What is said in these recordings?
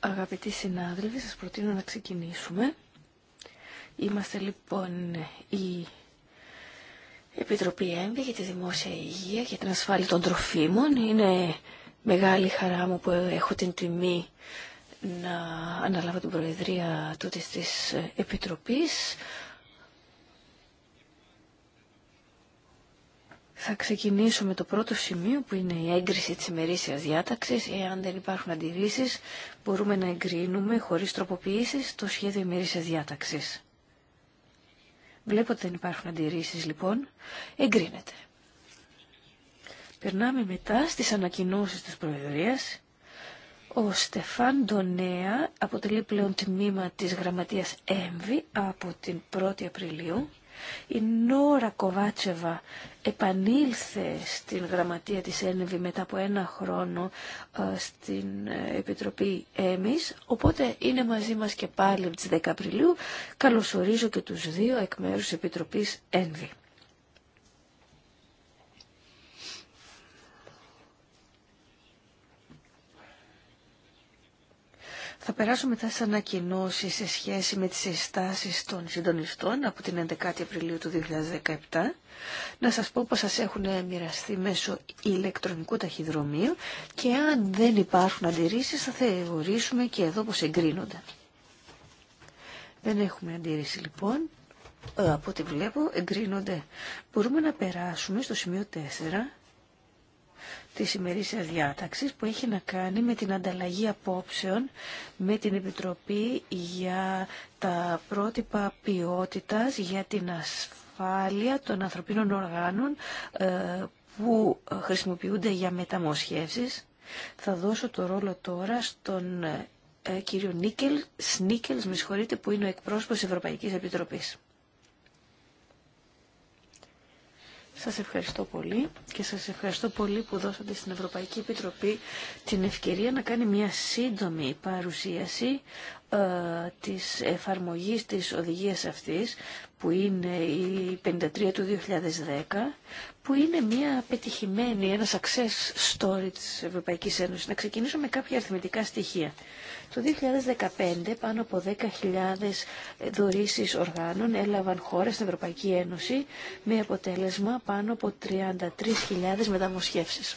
Αγαπητοί συνάδελφοι, σας προτείνω να ξεκινήσουμε. Είμαστε λοιπόν η Επιτροπή ΕΜΒΗ για τη Δημόσια Υγεία και την Ασφάλεια των Τροφίμων. Είναι μεγάλη χαρά μου που έχω την τιμή να αναλάβω την Προεδρία τούτης της Επιτροπής. Θα ξεκινήσω με το πρώτο σημείο που είναι η έγκριση της ημερήσιας διάταξης. Εάν δεν υπάρχουν αντιρρήσεις μπορούμε να εγκρίνουμε χωρίς τροποποιήσεις το σχέδιο ημερήσιας διάταξης. Βλέπω ότι δεν υπάρχουν αντιρρήσεις λοιπόν. Εγκρίνεται. Περνάμε μετά στις ανακοινώσεις της Προεδρίας. Ο Στεφάν Ντονέα αποτελεί πλέον τμήμα της γραμματείας ΕΜΒΗ από την 1η Απριλίου. Η Νόρα Κοβάτσεβα επανήλθε στην γραμματεία της Ένεβη μετά από ένα χρόνο ε, στην ε, Επιτροπή ΕΜΙΣ, οπότε είναι μαζί μας και πάλι από τις 10 Απριλίου. Καλωσορίζω και τους δύο εκ μέρους Επιτροπής ΕΝΒΗ. Θα περάσω μετά στις ανακοινώσει σε σχέση με τις συστάσει των συντονιστών από την 11η Απριλίου του 2017. Να σας πω πως σα έχουν μοιραστεί μέσω ηλεκτρονικού ταχυδρομείου και αν δεν υπάρχουν αντιρρήσει, θα θεωρήσουμε και εδώ πως εγκρίνονται. Δεν έχουμε αντίρρηση λοιπόν. Ε, από ό,τι βλέπω εγκρίνονται. Μπορούμε να περάσουμε στο σημείο 4 της ημερήσιας διάταξης που έχει να κάνει με την ανταλλαγή απόψεων με την Επιτροπή για τα πρότυπα ποιότητας για την ασφάλεια των ανθρωπίνων οργάνων ε, που χρησιμοποιούνται για μεταμοσχεύσεις. Θα δώσω το ρόλο τώρα στον ε, κύριο Νίκελ Σνίκελς, με συγχωρείτε, που είναι ο εκπρόσωπος της Ευρωπαϊκής Επιτροπής. Σας ευχαριστώ πολύ και σας ευχαριστώ πολύ που δώσατε στην Ευρωπαϊκή Επιτροπή την ευκαιρία να κάνει μια σύντομη παρουσίαση ε, της εφαρμογής της οδηγίας αυτής που είναι η 53 του 2010, που είναι μια πετυχημένη, ένα success story της Ευρωπαϊκής Ένωσης. Να ξεκινήσω με κάποια αριθμητικά στοιχεία. Το 2015 πάνω από 10.000 δωρήσεις οργάνων έλαβαν χώρα στην Ευρωπαϊκή Ένωση με αποτέλεσμα πάνω από 33.000 μεταμοσχεύσεις.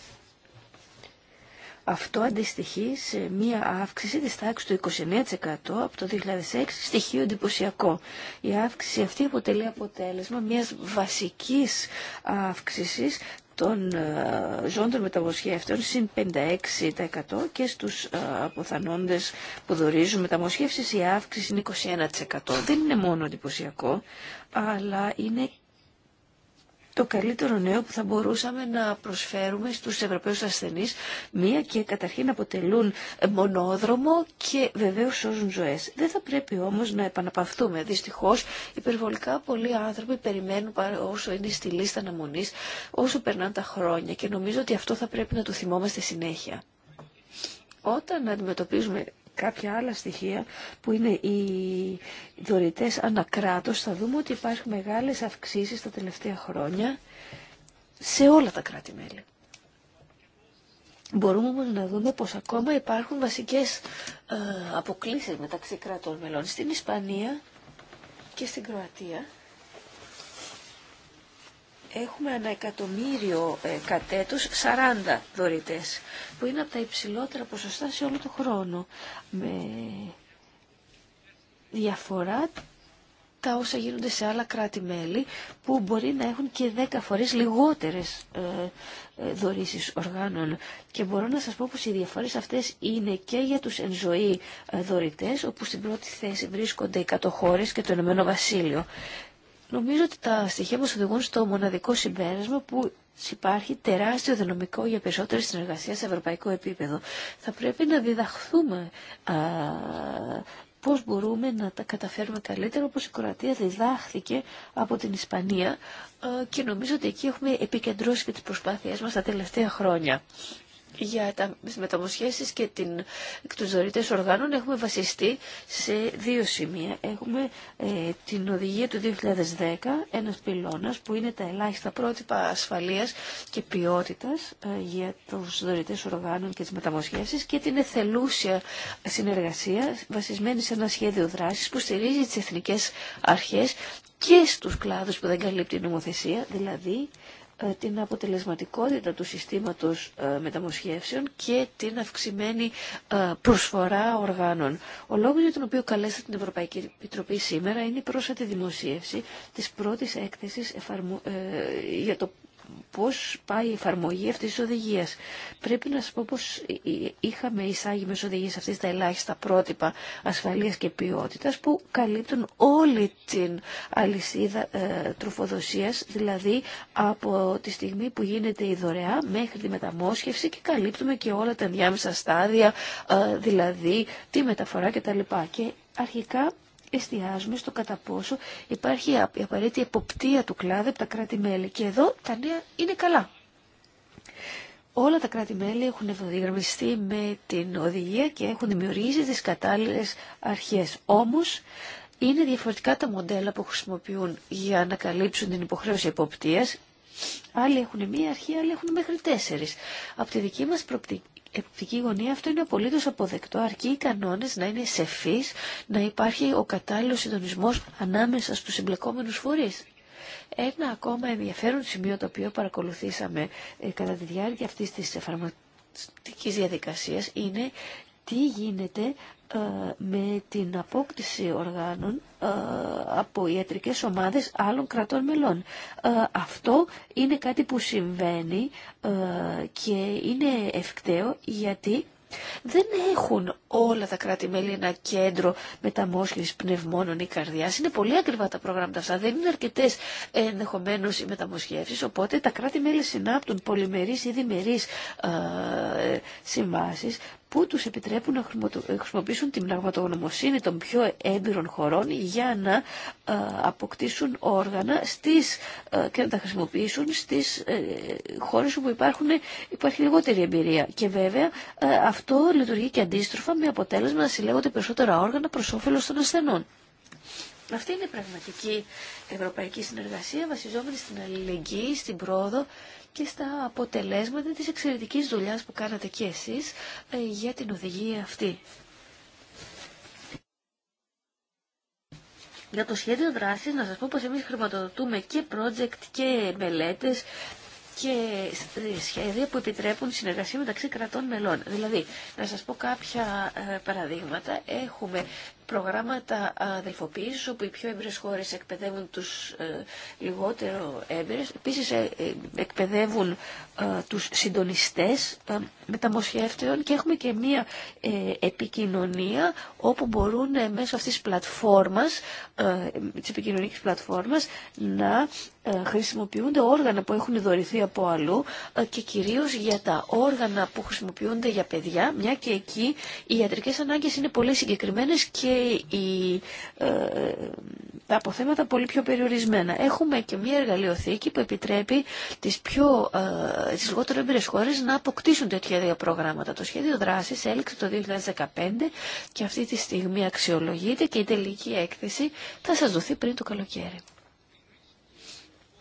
Αυτό αντιστοιχεί σε μία αύξηση της τάξης του 29% από το 2006, στοιχείο εντυπωσιακό. Η αύξηση αυτή αποτελεί αποτέλεσμα μιας βασικής αύξησης των ε, ζώων των μεταμοσχεύτων συν 56% και στους ε, αποθανόντες που δορίζουν μεταμοσχεύσεις η αύξηση είναι 21%. Δεν είναι μόνο εντυπωσιακό, αλλά είναι το καλύτερο νέο που θα μπορούσαμε να προσφέρουμε στους Ευρωπαίους ασθενείς, μία και καταρχήν αποτελούν μονόδρομο και βεβαίως σώζουν ζωές. Δεν θα πρέπει όμως να επαναπαυθούμε. Δυστυχώς υπερβολικά πολλοί άνθρωποι περιμένουν όσο είναι στη λίστα αναμονής, όσο περνάνε τα χρόνια και νομίζω ότι αυτό θα πρέπει να το θυμόμαστε συνέχεια. Όταν αντιμετωπίζουμε κάποια άλλα στοιχεία που είναι οι δωρητές ανακράτως. θα δούμε ότι υπάρχουν μεγάλες αυξήσεις τα τελευταία χρόνια σε όλα τα κράτη-μέλη. Μπορούμε όμως να δούμε πως ακόμα υπάρχουν βασικές ε, αποκλίσεις μεταξύ κρατών μελών στην Ισπανία και στην Κροατία έχουμε ένα εκατομμύριο ε, κατ' 40 δωρητές, που είναι από τα υψηλότερα ποσοστά σε όλο το χρόνο. Με διαφορά τα όσα γίνονται σε άλλα κράτη-μέλη που μπορεί να έχουν και 10 φορές λιγότερες ε, ε, δωρήσεις οργάνων. Και μπορώ να σας πω πως οι διαφορές αυτές είναι και για τους εν ζωή ε, δωρητές, όπου στην πρώτη θέση βρίσκονται οι κατοχώρες και το Ηνωμένο Βασίλειο. Νομίζω ότι τα στοιχεία μας οδηγούν στο μοναδικό συμπέρασμα που υπάρχει τεράστιο δυναμικό για περισσότερη συνεργασία σε ευρωπαϊκό επίπεδο. Θα πρέπει να διδαχθούμε α, πώς μπορούμε να τα καταφέρουμε καλύτερα, όπως η Κροατία διδάχθηκε από την Ισπανία και νομίζω ότι εκεί έχουμε επικεντρώσει και τις προσπάθειές μας τα τελευταία χρόνια για τα, μεταμοσχέσεις και την, τους δωρητές οργάνων έχουμε βασιστεί σε δύο σημεία. Έχουμε ε, την οδηγία του 2010, ένας πυλώνας που είναι τα ελάχιστα πρότυπα ασφαλείας και ποιότητας ε, για τους δωρητές οργάνων και τις μεταμοσχέσεις και την εθελούσια συνεργασία βασισμένη σε ένα σχέδιο δράσης που στηρίζει τις εθνικές αρχές και στους κλάδους που δεν καλύπτει η νομοθεσία, δηλαδή ε, την αποτελεσματικότητα του συστήματος ε, μεταμοσχεύσεων και την αυξημένη ε, προσφορά οργάνων. Ο λόγος για τον οποίο καλέσα την Ευρωπαϊκή Επιτροπή σήμερα είναι η πρόσφατη δημοσίευση της πρώτης έκθεσης για το πώς πάει η εφαρμογή αυτής της οδηγίας. Πρέπει να σας πω πως ε, ε, είχαμε εισάγει μες οδηγίες αυτής τα ελάχιστα πρότυπα ασφαλείας και ποιότητας που καλύπτουν όλη την αλυσίδα ε, τροφοδοσίας, δηλαδή από τη στιγμή που γίνεται η δωρεά μέχρι τη μεταμόσχευση και καλύπτουμε και όλα τα διάμεσα στάδια, ε, δηλαδή τη μεταφορά κτλ. Και αρχικά εστιάζουμε στο κατά πόσο υπάρχει η απαραίτητη εποπτεία του κλάδου από τα κράτη-μέλη. Και εδώ τα νέα είναι καλά. Όλα τα κράτη-μέλη έχουν ευδοδιγραμμιστεί με την οδηγία και έχουν δημιουργήσει τις κατάλληλες αρχές. Όμως, είναι διαφορετικά τα μοντέλα που χρησιμοποιούν για να καλύψουν την υποχρέωση εποπτείας. Άλλοι έχουν μία αρχή, άλλοι έχουν μέχρι τέσσερις. Από τη δική μας προπτική οπτική γωνία αυτό είναι απολύτως αποδεκτό, αρκεί οι κανόνες να είναι σεφείς, να υπάρχει ο κατάλληλος συντονισμός ανάμεσα στους εμπλεκόμενους φορείς. Ένα ακόμα ενδιαφέρον σημείο το οποίο παρακολουθήσαμε ε, κατά τη διάρκεια αυτής της εφαρμοστικής διαδικασίας είναι τι γίνεται ε, με την απόκτηση οργάνων ε, από ιατρικές ομάδες άλλων κρατών μελών. Ε, αυτό είναι κάτι που συμβαίνει και είναι ευκταίο γιατί δεν έχουν όλα τα κράτη-μέλη ένα κέντρο μεταμόσχευση πνευμόνων ή καρδιά. Είναι πολύ ακριβά τα προγράμματα αυτά. Δεν είναι αρκετέ ενδεχομένω οι μεταμοσχεύσει. Οπότε τα κράτη-μέλη συνάπτουν πολυμερεί ή διμερεί συμβάσει που τους επιτρέπουν να ε, χρησιμοποιήσουν την πραγματογνωμοσύνη των πιο έμπειρων χωρών για να ε, αποκτήσουν όργανα στις, ε, και να τα χρησιμοποιήσουν στις χώρες όπου υπάρχουν, υπάρχει λιγότερη εμπειρία. Και βέβαια αυτό λειτουργεί και αντίστροφα με αποτέλεσμα να συλλέγονται περισσότερα όργανα προς όφελος των ασθενών. Αυτή είναι η πραγματική ευρωπαϊκή συνεργασία βασιζόμενη στην αλληλεγγύη, στην πρόοδο και στα αποτελέσματα της εξαιρετικής δουλειάς που κάνατε και εσείς ε, για την οδηγία αυτή. Για το σχέδιο δράσης να σας πω πως εμείς χρηματοδοτούμε και project και μελέτες και σχέδια που επιτρέπουν συνεργασία μεταξύ κρατών μελών. Δηλαδή, να σας πω κάποια ε, παραδείγματα. Έχουμε προγράμματα αδελφοποίηση όπου οι πιο έμπειρες χώρε εκπαιδεύουν τους ε, λιγότερο έμπειρες. Επίσης ε, ε, εκπαιδεύουν τους συντονιστές μεταμοσχεύτεων και έχουμε και μία επικοινωνία όπου μπορούν μέσω αυτής της πλατφόρμας, της επικοινωνικής πλατφόρμας να χρησιμοποιούνται όργανα που έχουν δωρηθεί από αλλού και κυρίως για τα όργανα που χρησιμοποιούνται για παιδιά, μια και εκεί οι ιατρικές ανάγκες είναι πολύ συγκεκριμένε και ε, τα αποθέματα πολύ πιο περιορισμένα. Έχουμε και μια εργαλειοθήκη που επιτρέπει τις, πιο, ε, τις λιγότερο έμπειρε χώρε να αποκτήσουν τέτοια προγράμματα. Το σχέδιο δράσης έληξε το 2015 και αυτή τη στιγμή αξιολογείται και η τελική έκθεση θα σας δοθεί πριν το καλοκαίρι.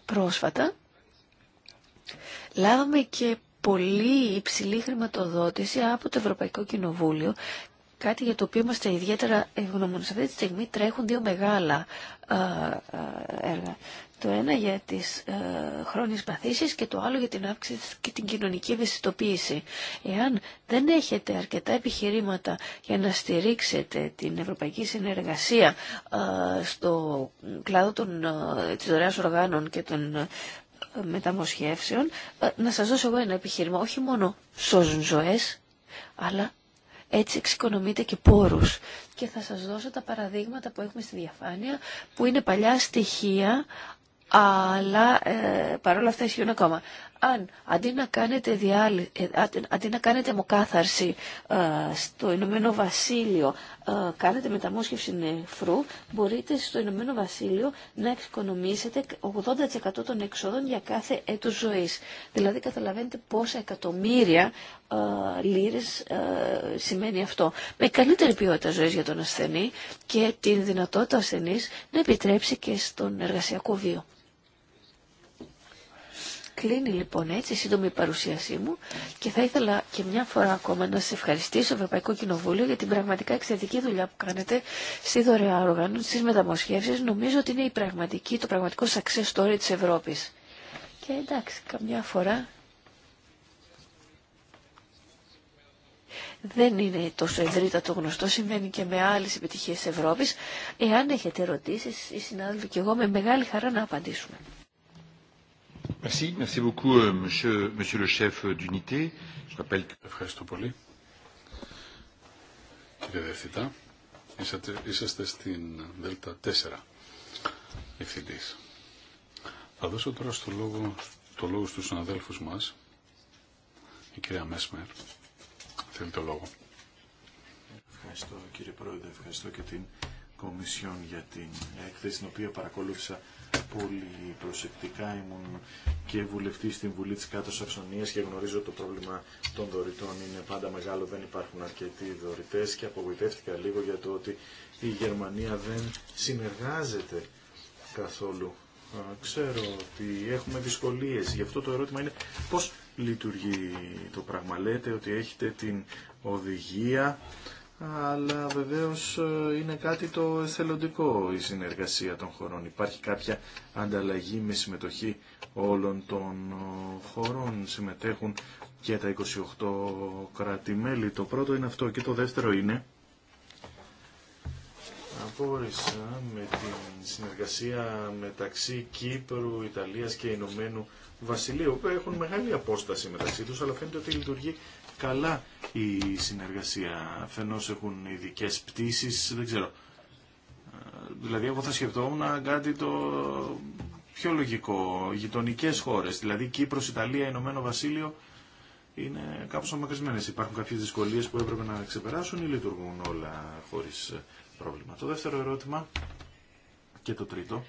Πρόσφατα λάβαμε και πολύ υψηλή χρηματοδότηση από το Ευρωπαϊκό Κοινοβούλιο κάτι για το οποίο είμαστε ιδιαίτερα ευγνωμόνες. Αυτή τη στιγμή τρέχουν δύο μεγάλα ε, ε, έργα. Το ένα για τις ε, χρόνιες παθήσεις και το άλλο για την αύξηση και την κοινωνική ευαισθητοποίηση. Εάν δεν έχετε αρκετά επιχειρήματα για να στηρίξετε την ευρωπαϊκή συνεργασία ε, στο κλάδο των, ε, της δωρεάς οργάνων και των ε, μεταμοσχεύσεων, να σας δώσω εγώ ένα επιχείρημα. Όχι μόνο σώζουν ζωές, αλλά έτσι εξοικονομείτε και πόρους. Και θα σας δώσω τα παραδείγματα που έχουμε στη διαφάνεια, που είναι παλιά στοιχεία, αλλά ε, παρόλα αυτά ισχύουν ακόμα αν αντί να κάνετε, διάλυ... Ε, αντί να κάνετε μοκάθαρση ε, στο Ηνωμένο Βασίλειο, ε, κάνετε μεταμόσχευση νεφρού, μπορείτε στο Ηνωμένο Βασίλειο να εξοικονομήσετε 80% των εξόδων για κάθε έτος ζωής. Δηλαδή καταλαβαίνετε πόσα εκατομμύρια λίρες σημαίνει αυτό. Με καλύτερη ποιότητα ζωής για τον ασθενή και την δυνατότητα ασθενής να επιτρέψει και στον εργασιακό βίο. Κλείνει λοιπόν έτσι η σύντομη παρουσίασή μου και θα ήθελα και μια φορά ακόμα να σα ευχαριστήσω, Ευρωπαϊκό Κοινοβούλιο, για την πραγματικά εξαιρετική δουλειά που κάνετε στη δωρεά όργανων, στι μεταμοσχεύσει. Νομίζω ότι είναι η πραγματική, το πραγματικό success story τη Ευρώπη. Και εντάξει, καμιά φορά δεν είναι τόσο το γνωστό, συμβαίνει και με άλλες επιτυχίες της Ευρώπης. Εάν έχετε ερωτήσεις, οι συνάδελφοι και εγώ με μεγάλη χαρά να απαντήσουμε. Merci, merci beaucoup, euh, monsieur, monsieur le chef d'unité. Je rappelle que... Ευχαριστώ πολύ. Κύριε Δευθυντά, είσαστε, στην ΔΕΛΤΑ 4, ευθυντής. Θα δώσω τώρα στο λόγο, το λόγο στους συναδέλφους μας. Η κυρία Μέσμερ θέλει το λόγο. Ευχαριστώ κύριε Πρόεδρε, ευχαριστώ και την Κομισιόν για την έκθεση την οποία παρακολούθησα πολύ προσεκτικά. Ήμουν και βουλευτή στην Βουλή της Κάτω Σαξονίας και γνωρίζω το πρόβλημα των δωρητών είναι πάντα μεγάλο, δεν υπάρχουν αρκετοί δωρητέ και απογοητεύτηκα λίγο για το ότι η Γερμανία δεν συνεργάζεται καθόλου. Ξέρω ότι έχουμε δυσκολίε. γι' αυτό το ερώτημα είναι πώ λειτουργεί το πράγμα. Λέτε ότι έχετε την οδηγία αλλά βεβαίως ε, είναι κάτι το εθελοντικό η συνεργασία των χωρών. Υπάρχει κάποια ανταλλαγή με συμμετοχή όλων των ε, χωρών. Συμμετέχουν και τα 28 κρατημέλη Το πρώτο είναι αυτό και το δεύτερο είναι απόρρισα με την συνεργασία μεταξύ Κύπρου, Ιταλίας και Ηνωμένου Βασιλείου που έχουν μεγάλη απόσταση μεταξύ τους αλλά φαίνεται ότι λειτουργεί καλά η συνεργασία. Αφενός έχουν ειδικέ πτήσει. δεν ξέρω. Ε, δηλαδή εγώ θα σκεφτόμουν κάτι το πιο λογικό. Γειτονικέ χώρες, δηλαδή Κύπρος, Ιταλία, Ηνωμένο Βασίλειο, είναι κάπως απομακρυσμένε. Υπάρχουν κάποιες δυσκολίες που έπρεπε να ξεπεράσουν ή λειτουργούν όλα χωρίς πρόβλημα. Το δεύτερο ερώτημα και το τρίτο.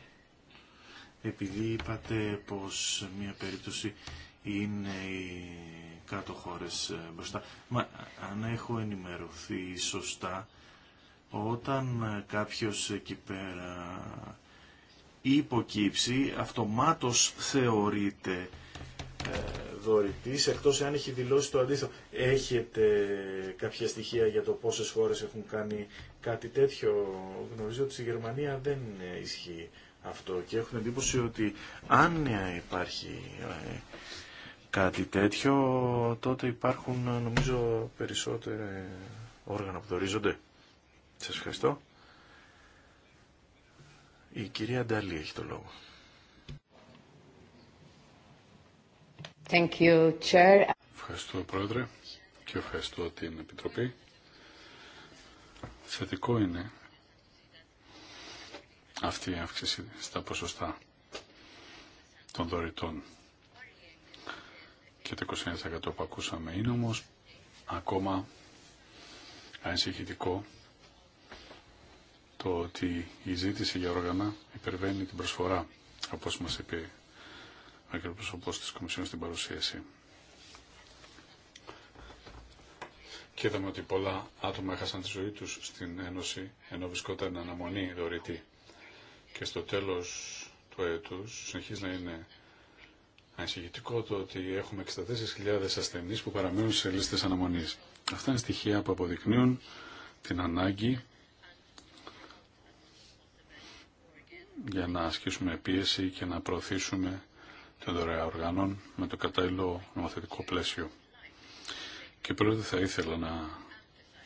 Επειδή είπατε πως μια περίπτωση είναι η κάτω χώρες ε, μπροστά. Μα αν έχω ενημερωθεί σωστά, όταν ε, κάποιος εκεί πέρα υποκύψει, αυτομάτως θεωρείται ε, δωρητής, εκτός αν έχει δηλώσει το αντίθετο. Έχετε κάποια στοιχεία για το πόσες χώρες έχουν κάνει κάτι τέτοιο. Γνωρίζω ότι στη Γερμανία δεν ισχύει αυτό και έχουν εντύπωση ότι αν υπάρχει κάτι τέτοιο, τότε υπάρχουν νομίζω περισσότερα όργανα που δορίζονται. Σας ευχαριστώ. Η κυρία Νταλή έχει το λόγο. Thank you, Chair. Ευχαριστώ, Πρόεδρε, και ευχαριστώ την Επιτροπή. Θετικό είναι αυτή η αύξηση στα ποσοστά των δωρητών και το 29% που ακούσαμε είναι όμως ακόμα ανησυχητικό το ότι η ζήτηση για όργανα υπερβαίνει την προσφορά, όπως μας είπε ο εκπροσωπός της Κομισιόν στην παρουσίαση. Και είδαμε ότι πολλά άτομα έχασαν τη ζωή τους στην Ένωση, ενώ βρισκόταν αναμονή δωρητή. Και στο τέλος του έτους συνεχίζει να είναι Ανησυχητικό το ότι έχουμε 64.000 ασθενείς που παραμένουν σε λίστες αναμονής. Αυτά είναι στοιχεία που αποδεικνύουν την ανάγκη για να ασκήσουμε πίεση και να προωθήσουμε τον δωρεά οργάνων με το κατάλληλο νομοθετικό πλαίσιο. Και πρώτα θα ήθελα να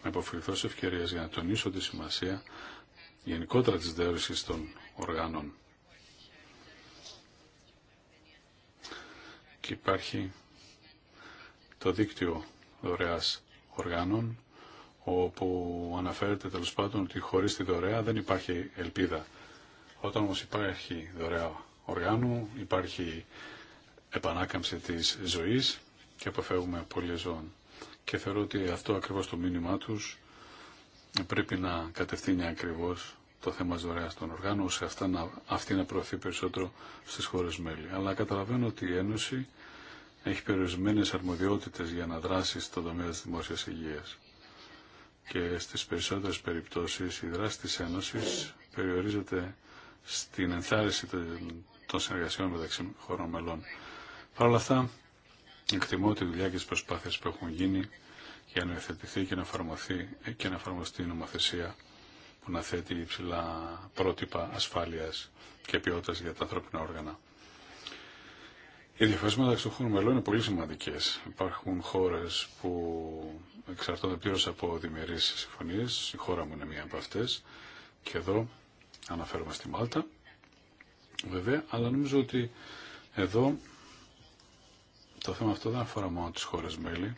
υποφελθώ σε ευκαιρία για να τονίσω τη σημασία γενικότερα της δέωσης των οργάνων και υπάρχει το δίκτυο δωρεάς οργάνων όπου αναφέρεται τέλο πάντων ότι χωρίς τη δωρεά δεν υπάρχει ελπίδα. Όταν όμως υπάρχει δωρεά οργάνου υπάρχει επανάκαμψη της ζωής και αποφεύγουμε απώλεια ζώων. Και θεωρώ ότι αυτό ακριβώς το μήνυμά τους πρέπει να κατευθύνει ακριβώς το θέμα της δωρεάς των οργάνων, ώστε αυτά να, αυτή να προωθεί περισσότερο στις χώρες μέλη. Αλλά καταλαβαίνω ότι η Ένωση έχει περιορισμένες αρμοδιότητες για να δράσει στον τομέα της δημόσιας υγείας. Και στις περισσότερες περιπτώσεις η δράση της Ένωσης περιορίζεται στην ενθάρρυνση των συνεργασιών μεταξύ χωρών μελών. Παρ' όλα αυτά, εκτιμώ τη δουλειά και τις προσπάθειες που έχουν γίνει για να υιοθετηθεί και να εφαρμοστεί, και να εφαρμοστεί η νομοθεσία που να θέτει υψηλά πρότυπα ασφάλειας και ποιότητας για τα ανθρώπινα όργανα. Οι διαφορές μεταξύ των χώρων μελών είναι πολύ σημαντικές. Υπάρχουν χώρες που εξαρτώνται πλήρω από διμερείς συμφωνίες, η χώρα μου είναι μία από αυτές και εδώ αναφέρομαι στη Μάλτα βέβαια, αλλά νομίζω ότι εδώ το θέμα αυτό δεν αφορά μόνο τις χώρες μέλη,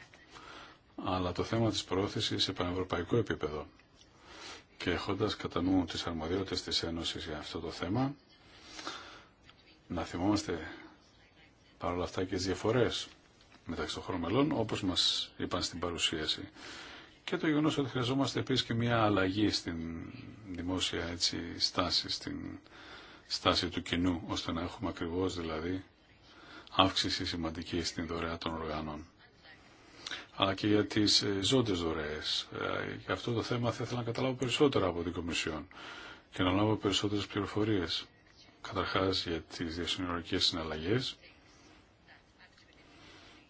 αλλά το θέμα της προώθησης σε πανευρωπαϊκό επίπεδο και έχοντας κατά νου τις αρμοδιότητες της Ένωσης για αυτό το θέμα, να θυμόμαστε παρόλα αυτά και τις διαφορές μεταξύ των χωρών όπως μας είπαν στην παρουσίαση. Και το γεγονός ότι χρειαζόμαστε επίσης και μια αλλαγή στην δημόσια έτσι, στάση, στην στάση του κοινού, ώστε να έχουμε ακριβώς δηλαδή αύξηση σημαντική στην δωρεά των οργάνων αλλά και για τις ε, ζώντε δωρεές. Ε, για αυτό το θέμα θα ήθελα να καταλάβω περισσότερα από την Κομισιόν και να λάβω περισσότερες πληροφορίες. Καταρχάς για τις διασυνορικές συναλλαγές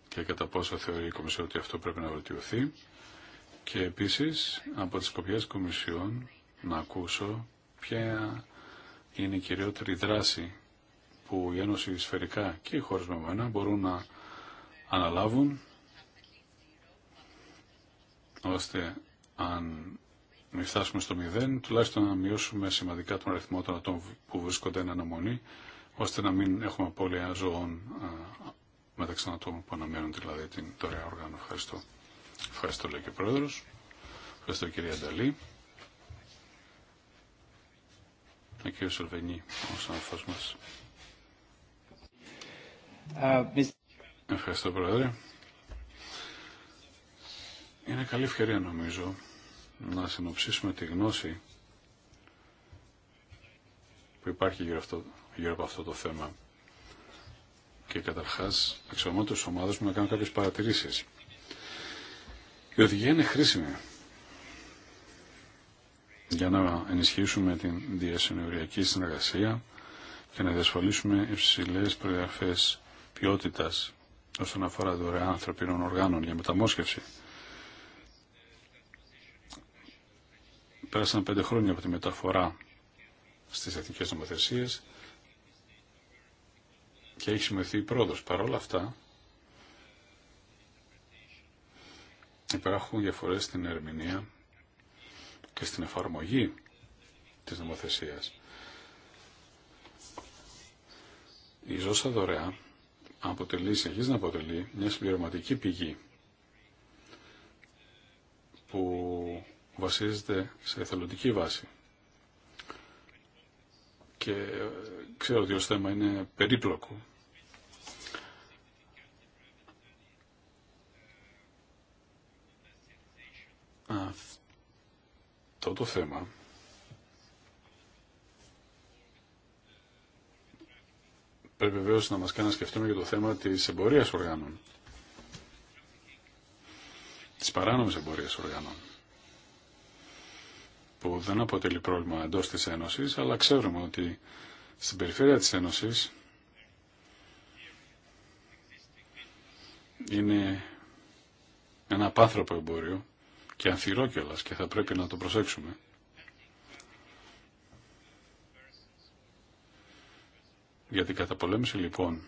και κατά πόσο θεωρεί η Κομισιόν ότι αυτό πρέπει να βελτιωθεί και επίσης από τις κοπιές Κομισιόν να ακούσω ποια είναι η κυριότερη δράση που η Ένωση σφαιρικά και οι χώρε με μπορούν να αναλάβουν ώστε αν μην φτάσουμε στο μηδέν, τουλάχιστον να μειώσουμε σημαντικά τον αριθμό των ατόμων που βρίσκονται εν αναμονή, ώστε να μην έχουμε απώλεια ζωών μεταξύ των ατόμων που αναμένουν δηλαδή την τωρία οργάνω. Ευχαριστώ. Ευχαριστώ λέει και ο Πρόεδρος. Ευχαριστώ κύριε Ανταλή. Ο κύριο Σελβενή, ο μας. Ευχαριστώ Πρόεδρε. Είναι καλή ευκαιρία νομίζω να συνοψίσουμε τη γνώση που υπάρχει γύρω, αυτό, από αυτό το θέμα. Και καταρχάς, εξωμάτως της ομάδας μου να κάνω κάποιες παρατηρήσεις. Η οδηγία είναι χρήσιμη για να ενισχύσουμε την διασυνοριακή συνεργασία και να διασφαλίσουμε υψηλέ προγραφές ποιότητας όσον αφορά δωρεάν ανθρωπίνων οργάνων για μεταμόσχευση. Πέρασαν πέντε χρόνια από τη μεταφορά στις εθνικές νομοθεσίες και έχει σημειωθεί η πρόοδος. Παρ' όλα αυτά υπάρχουν διαφορές στην ερμηνεία και στην εφαρμογή της νομοθεσίας. Η ζώσα δωρεά αποτελεί, συνεχίζει να αποτελεί μια συμπληρωματική πηγή που βασίζεται σε εθελοντική βάση. Και ε, ξέρω ότι ως θέμα είναι περίπλοκο. Αυτό το θέμα πρέπει βεβαίω να μας κάνει να σκεφτούμε για το θέμα της εμπορίας οργάνων. Της παράνομης εμπορίας οργάνων που δεν αποτελεί πρόβλημα εντό τη Ένωση, αλλά ξέρουμε ότι στην περιφέρεια της Ένωση είναι ένα απάνθρωπο εμπόριο και ανθυρό κιόλα και θα πρέπει να το προσέξουμε. Για την καταπολέμηση λοιπόν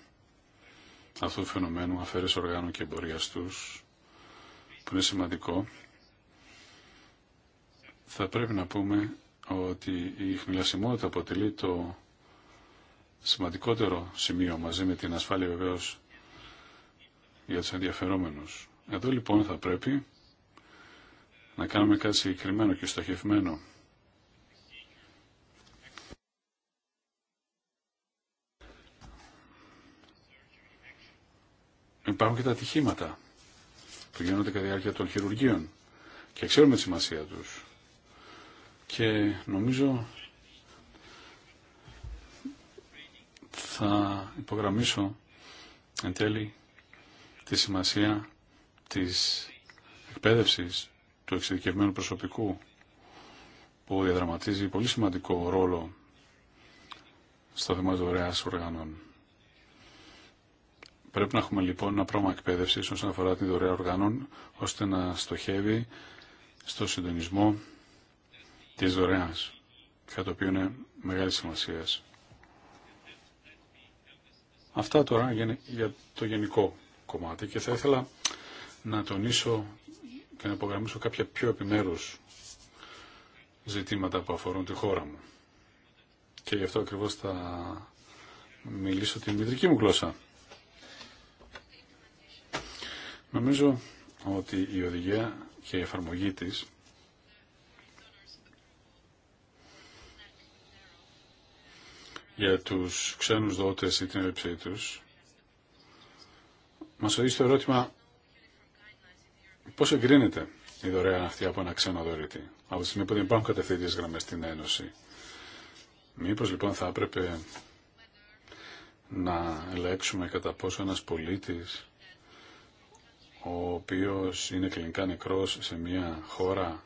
αυτού του φαινομένου αφαίρεση οργάνων και εμπορία τους, που είναι σημαντικό, θα πρέπει να πούμε ότι η χνηλασιμότητα αποτελεί το σημαντικότερο σημείο μαζί με την ασφάλεια βεβαίω για τους ενδιαφερόμενους. Εδώ λοιπόν θα πρέπει να κάνουμε κάτι συγκεκριμένο και στοχευμένο. Υπάρχουν και τα ατυχήματα που γίνονται κατά τη διάρκεια των χειρουργείων και ξέρουμε τη σημασία τους και νομίζω θα υπογραμμίσω εν τέλει τη σημασία της εκπαίδευσης του εξειδικευμένου προσωπικού που διαδραματίζει πολύ σημαντικό ρόλο στο θέμα δωρεάς οργανών. Πρέπει να έχουμε λοιπόν ένα πρόγραμμα εκπαίδευση όσον αφορά τη δωρεά οργάνων, ώστε να στοχεύει στο συντονισμό της δωρεάς, κάτι το οποίο είναι μεγάλη σημασία. Αυτά τώρα για το γενικό κομμάτι και θα ήθελα να τονίσω και να υπογραμμίσω κάποια πιο επιμέρους ζητήματα που αφορούν τη χώρα μου. Και γι' αυτό ακριβώς θα μιλήσω την μητρική μου γλώσσα. Νομίζω ότι η οδηγία και η εφαρμογή της για τους ξένους δότες ή την έλλειψή τους, μας οδηγεί στο ερώτημα πώς εγκρίνεται η δωρεάν αυτή από ένα ξένο δωρητή, από τη στιγμή που δεν υπάρχουν γραμμές στην Ένωση. Μήπως λοιπόν θα έπρεπε να ελέξουμε κατά πόσο ένας πολίτης ο οποίος είναι κλινικά νεκρός σε μια χώρα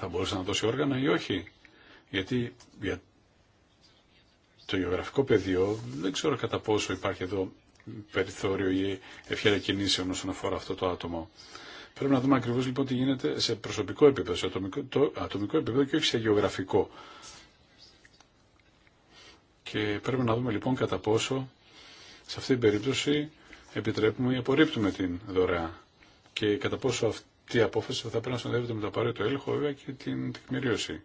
θα μπορούσε να δώσει όργανα ή όχι. Γιατί για το γεωγραφικό πεδίο δεν ξέρω κατά πόσο υπάρχει εδώ περιθώριο ή ευχαίρια κινήσεων όσον αφορά αυτό το άτομο. Πρέπει να δούμε ακριβώς λοιπόν τι γίνεται σε προσωπικό επίπεδο, σε ατομικό, το, ατομικό επίπεδο και όχι σε γεωγραφικό. Και πρέπει να δούμε λοιπόν κατά πόσο σε αυτή την περίπτωση επιτρέπουμε ή απορρίπτουμε την δωρεά και κατά πόσο αυτή τι απόφαση θα πρέπει να συνοδεύεται με το απαραίτητο έλεγχο βέβαια και την τεκμηρίωση.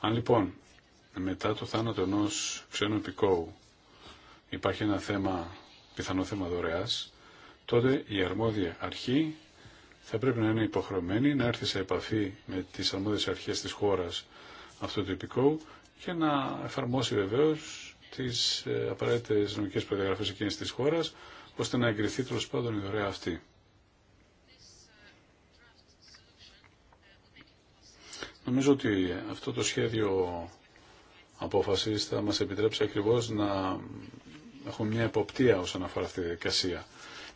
Αν λοιπόν μετά το θάνατο ενό ξένου επικόου υπάρχει ένα θέμα, πιθανό θέμα δωρεά, τότε η αρμόδια αρχή θα πρέπει να είναι υποχρεωμένη να έρθει σε επαφή με τις αρμόδιες αρχές της χώρας αυτού του επικόου και να εφαρμόσει βεβαίω τι ε, απαραίτητε νομικέ προδιαγραφέ εκείνη τη χώρα, ώστε να εγκριθεί τέλο πάντων η δωρεά αυτή. Νομίζω ότι αυτό το σχέδιο απόφασης θα μας επιτρέψει ακριβώς να έχουμε μια εποπτεία όσον αφορά αυτή τη διαδικασία.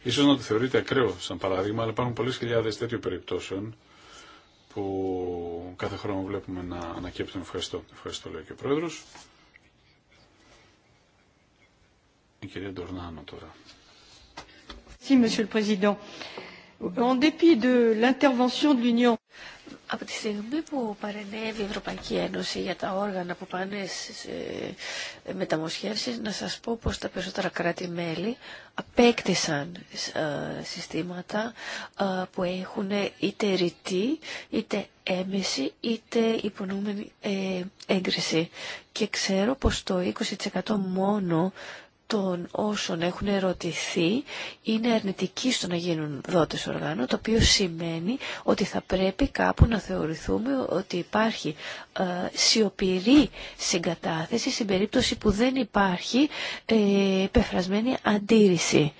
Ίσως να το θεωρείτε ακραίο σαν παράδειγμα, αλλά υπάρχουν πολλές χιλιάδες τέτοιων περιπτώσεων που κάθε χρόνο βλέπουμε να ανακέπτουν. Ευχαριστώ. Ευχαριστώ λέει και ο Πρόεδρος. Η κυρία Ντορνάνο τώρα. dépit de l'intervention de l'Union από τη στιγμή που παρενέβη η Ευρωπαϊκή Ένωση για τα όργανα που πάνε σε μεταμοσχεύσεις, να σας πω πως τα περισσότερα κράτη-μέλη απέκτησαν ε, συστήματα ε, που έχουν είτε ρητή, είτε έμεση, είτε υπονοούμενη ε, έγκριση. Και ξέρω πως το 20% μόνο των όσων έχουν ερωτηθεί είναι αρνητικοί στο να γίνουν δότες οργάνων, το οποίο σημαίνει ότι θα πρέπει κάπου να θεωρηθούμε ότι υπάρχει ε, σιωπηρή συγκατάθεση στην περίπτωση που δεν υπάρχει ε, πεφρασμένη αντίρρηση.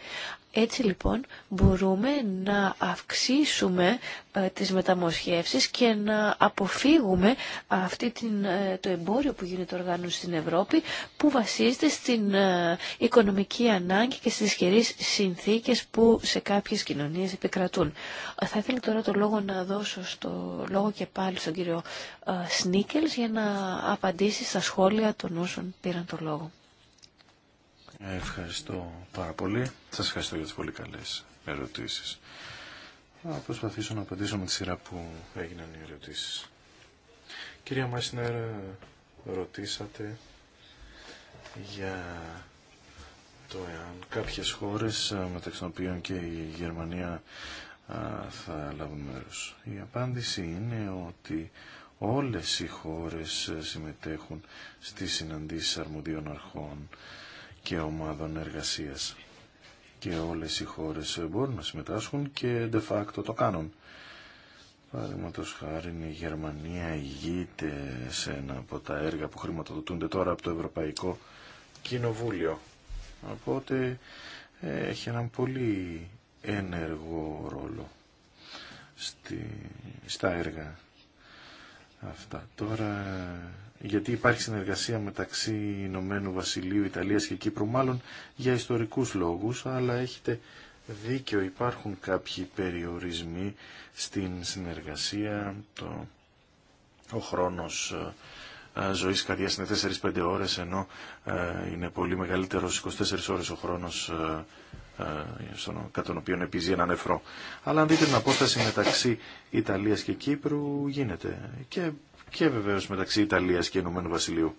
Έτσι λοιπόν μπορούμε να αυξήσουμε ε, τις μεταμοσχεύσεις και να αποφύγουμε αυτή την, ε, το εμπόριο που γίνεται οργάνωση στην Ευρώπη που βασίζεται στην ε, οικονομική ανάγκη και στις χερίς συνθήκες που σε κάποιες κοινωνίες επικρατούν. Θα ήθελα τώρα το λόγο να δώσω στο λόγο και πάλι στον κύριο Σνίκελς για να απαντήσει στα σχόλια των όσων πήραν το λόγο. Ευχαριστώ πάρα πολύ. Σας ευχαριστώ για τις πολύ καλές ερωτήσεις. Θα προσπαθήσω να απαντήσω με τη σειρά που έγιναν οι ερωτήσεις. Κυρία Μάσινερ, ρωτήσατε για το εάν κάποιες χώρες, ε, μεταξύ των οποίων και η Γερμανία, ε, θα λάβουν μέρος. Η απάντηση είναι ότι όλες οι χώρες ε, συμμετέχουν στις συναντήσεις αρμοδίων αρχών και ομάδων εργασίας. Και όλες οι χώρες μπορούν να συμμετάσχουν και de facto το κάνουν. Παραδείγματο χάρη η Γερμανία ηγείται σε ένα από τα έργα που χρηματοδοτούνται τώρα από το Ευρωπαϊκό Κοινοβούλιο. Οπότε έχει έναν πολύ ένεργο ρόλο στη, στα έργα αυτά. Τώρα γιατί υπάρχει συνεργασία μεταξύ Ηνωμένου Βασιλείου, Ιταλίας και Κύπρου, μάλλον για ιστορικούς λόγους, αλλά έχετε δίκιο, υπάρχουν κάποιοι περιορισμοί στην συνεργασία, το... ο χρόνος ε, ε, ζωής καρδιάς είναι 4-5 ώρες, ενώ ε, είναι πολύ μεγαλύτερος 24 ώρες ο χρόνος στον, κατά τον οποίο επιζεί ένα νεφρό. Αλλά αν δείτε την απόσταση μεταξύ Ιταλίας και Κύπρου γίνεται. Και και βεβαίω μεταξύ Ιταλία και Ηνωμένου Βασιλείου.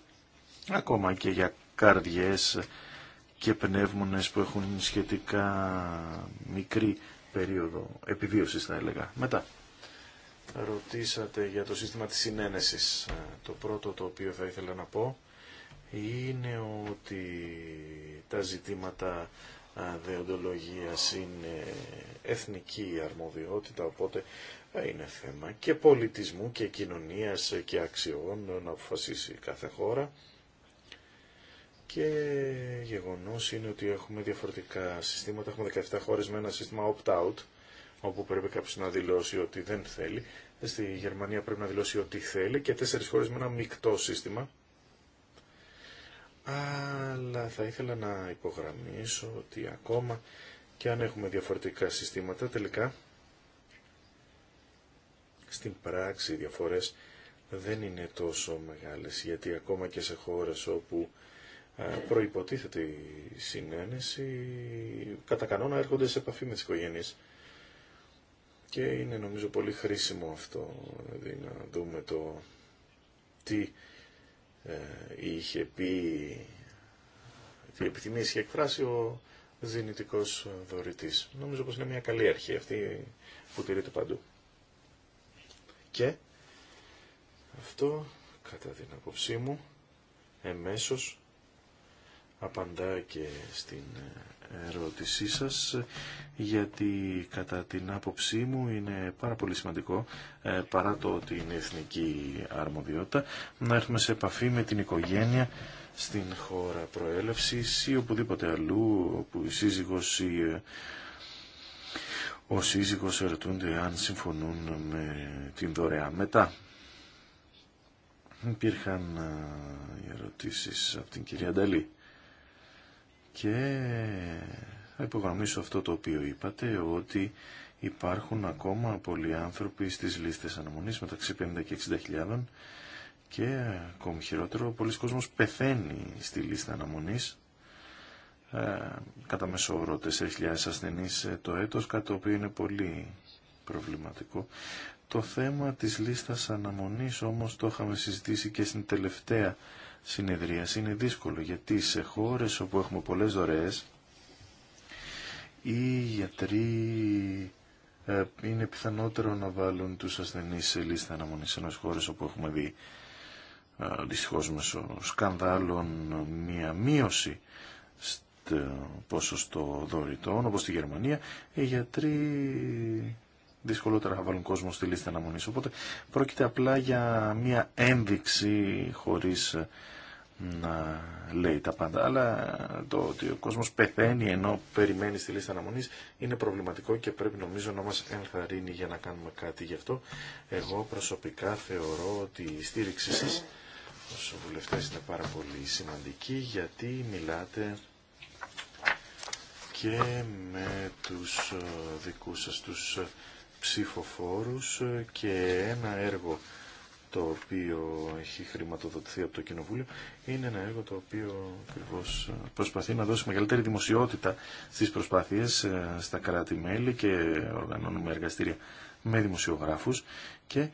Ακόμα και για καρδιές και πνεύμονες που έχουν σχετικά μικρή περίοδο επιβίωσης θα έλεγα. Μετά, ρωτήσατε για το σύστημα της συνένεσης. Ε, το πρώτο το οποίο θα ήθελα να πω είναι ότι τα ζητήματα ε, δεοντολογίας είναι εθνική αρμοδιότητα, οπότε είναι θέμα και πολιτισμού και κοινωνίας και αξιών να αποφασίσει κάθε χώρα και γεγονός είναι ότι έχουμε διαφορετικά συστήματα, έχουμε 17 χώρες με ένα σύστημα opt-out όπου πρέπει κάποιος να δηλώσει ότι δεν θέλει. Στη Γερμανία πρέπει να δηλώσει ότι θέλει και 4 χώρες με ένα μεικτό σύστημα. Αλλά θα ήθελα να υπογραμμίσω ότι ακόμα και αν έχουμε διαφορετικά συστήματα τελικά στην πράξη οι διαφορές δεν είναι τόσο μεγάλες, γιατί ακόμα και σε χώρες όπου προϋποτίθεται η συνένεση, κατά κανόνα έρχονται σε επαφή με τις οικογένειες. Και είναι νομίζω πολύ χρήσιμο αυτό, δηλαδή να δούμε το τι ε, είχε πει, τι επιθυμίες είχε εκφράσει ο δυνητικός δωρητής. Νομίζω πως είναι μια καλή αρχή αυτή που τηρείται παντού και αυτό κατά την απόψή μου εμέσως απαντά και στην ερώτησή σας γιατί κατά την άποψή μου είναι πάρα πολύ σημαντικό ε, παρά το ότι είναι εθνική αρμοδιότητα να έρθουμε σε επαφή με την οικογένεια στην χώρα προέλευσης ή οπουδήποτε αλλού όπου η σύζυγος ή ε, ο σύζυγος ερωτούνται αν συμφωνούν με την δωρεά μετά. Υπήρχαν ερωτήσεις από την κυρία Νταλή και θα υπογραμμίσω αυτό το οποίο είπατε ότι υπάρχουν ακόμα πολλοί άνθρωποι στις λίστες αναμονής μεταξύ 50 και 60 και ακόμη χειρότερο πολλοί κόσμος πεθαίνει στη λίστα αναμονής ε, κατά μέσο όρο 4.000 ασθενείς ε, το έτος, κάτι το οποίο είναι πολύ προβληματικό. Το θέμα της λίστας αναμονής όμως το είχαμε συζητήσει και στην τελευταία συνεδρίαση. Είναι δύσκολο γιατί σε χώρες όπου έχουμε πολλές δωρεές οι γιατροί ε, είναι πιθανότερο να βάλουν τους ασθενείς σε λίστα αναμονής ενός χώρες όπου έχουμε δει μέσω σκανδάλων μία μείωση το ε, στο δωρητών, όπως στη Γερμανία, οι γιατροί δυσκολότερα θα βάλουν κόσμο στη λίστα αναμονής. Οπότε πρόκειται απλά για μια ένδειξη χωρίς ε, να λέει τα πάντα. Αλλά το ότι ο κόσμος πεθαίνει ενώ περιμένει στη λίστα αναμονής είναι προβληματικό και πρέπει νομίζω να μας ενθαρρύνει για να κάνουμε κάτι γι' αυτό. Εγώ προσωπικά θεωρώ ότι η στήριξή σας ως βουλευτές είναι πάρα πολύ σημαντική γιατί μιλάτε και με τους ε, δικούς σας τους ε, ψηφοφόρους ε, και ένα έργο το οποίο έχει χρηματοδοτηθεί από το Κοινοβούλιο είναι ένα έργο το οποίο προσπαθεί να δώσει μεγαλύτερη δημοσιότητα στις προσπάθειες στα κράτη-μέλη και οργανώνουμε εργαστήρια με δημοσιογράφους και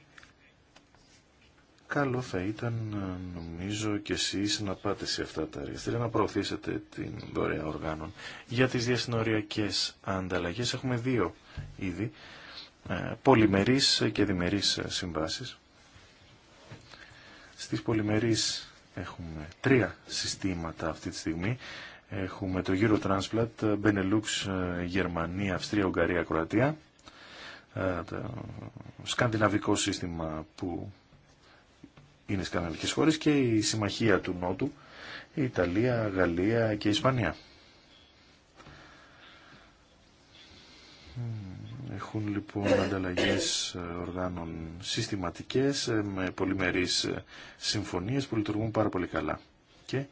καλό θα ήταν νομίζω και εσείς να πάτε σε αυτά τα εργαστήρια, να προωθήσετε την δωρεά οργάνων. Για τις διασυνοριακές ανταλλαγές έχουμε δύο ήδη, ε, πολυμερείς και διμερείς συμβάσεις. Στις πολυμερείς έχουμε τρία συστήματα αυτή τη στιγμή. Έχουμε το Euro Transplant, Benelux, Γερμανία, Αυστρία, Ουγγαρία, Κροατία. Ε, το σκανδιναβικό σύστημα που είναι σκανδαλικές χώρες και η συμμαχία του Νότου, η Ιταλία, Γαλλία και η Ισπανία. Έχουν λοιπόν ανταλλαγές ε, οργάνων συστηματικές ε, με πολυμερείς ε, συμφωνίες που λειτουργούν πάρα πολύ καλά. Και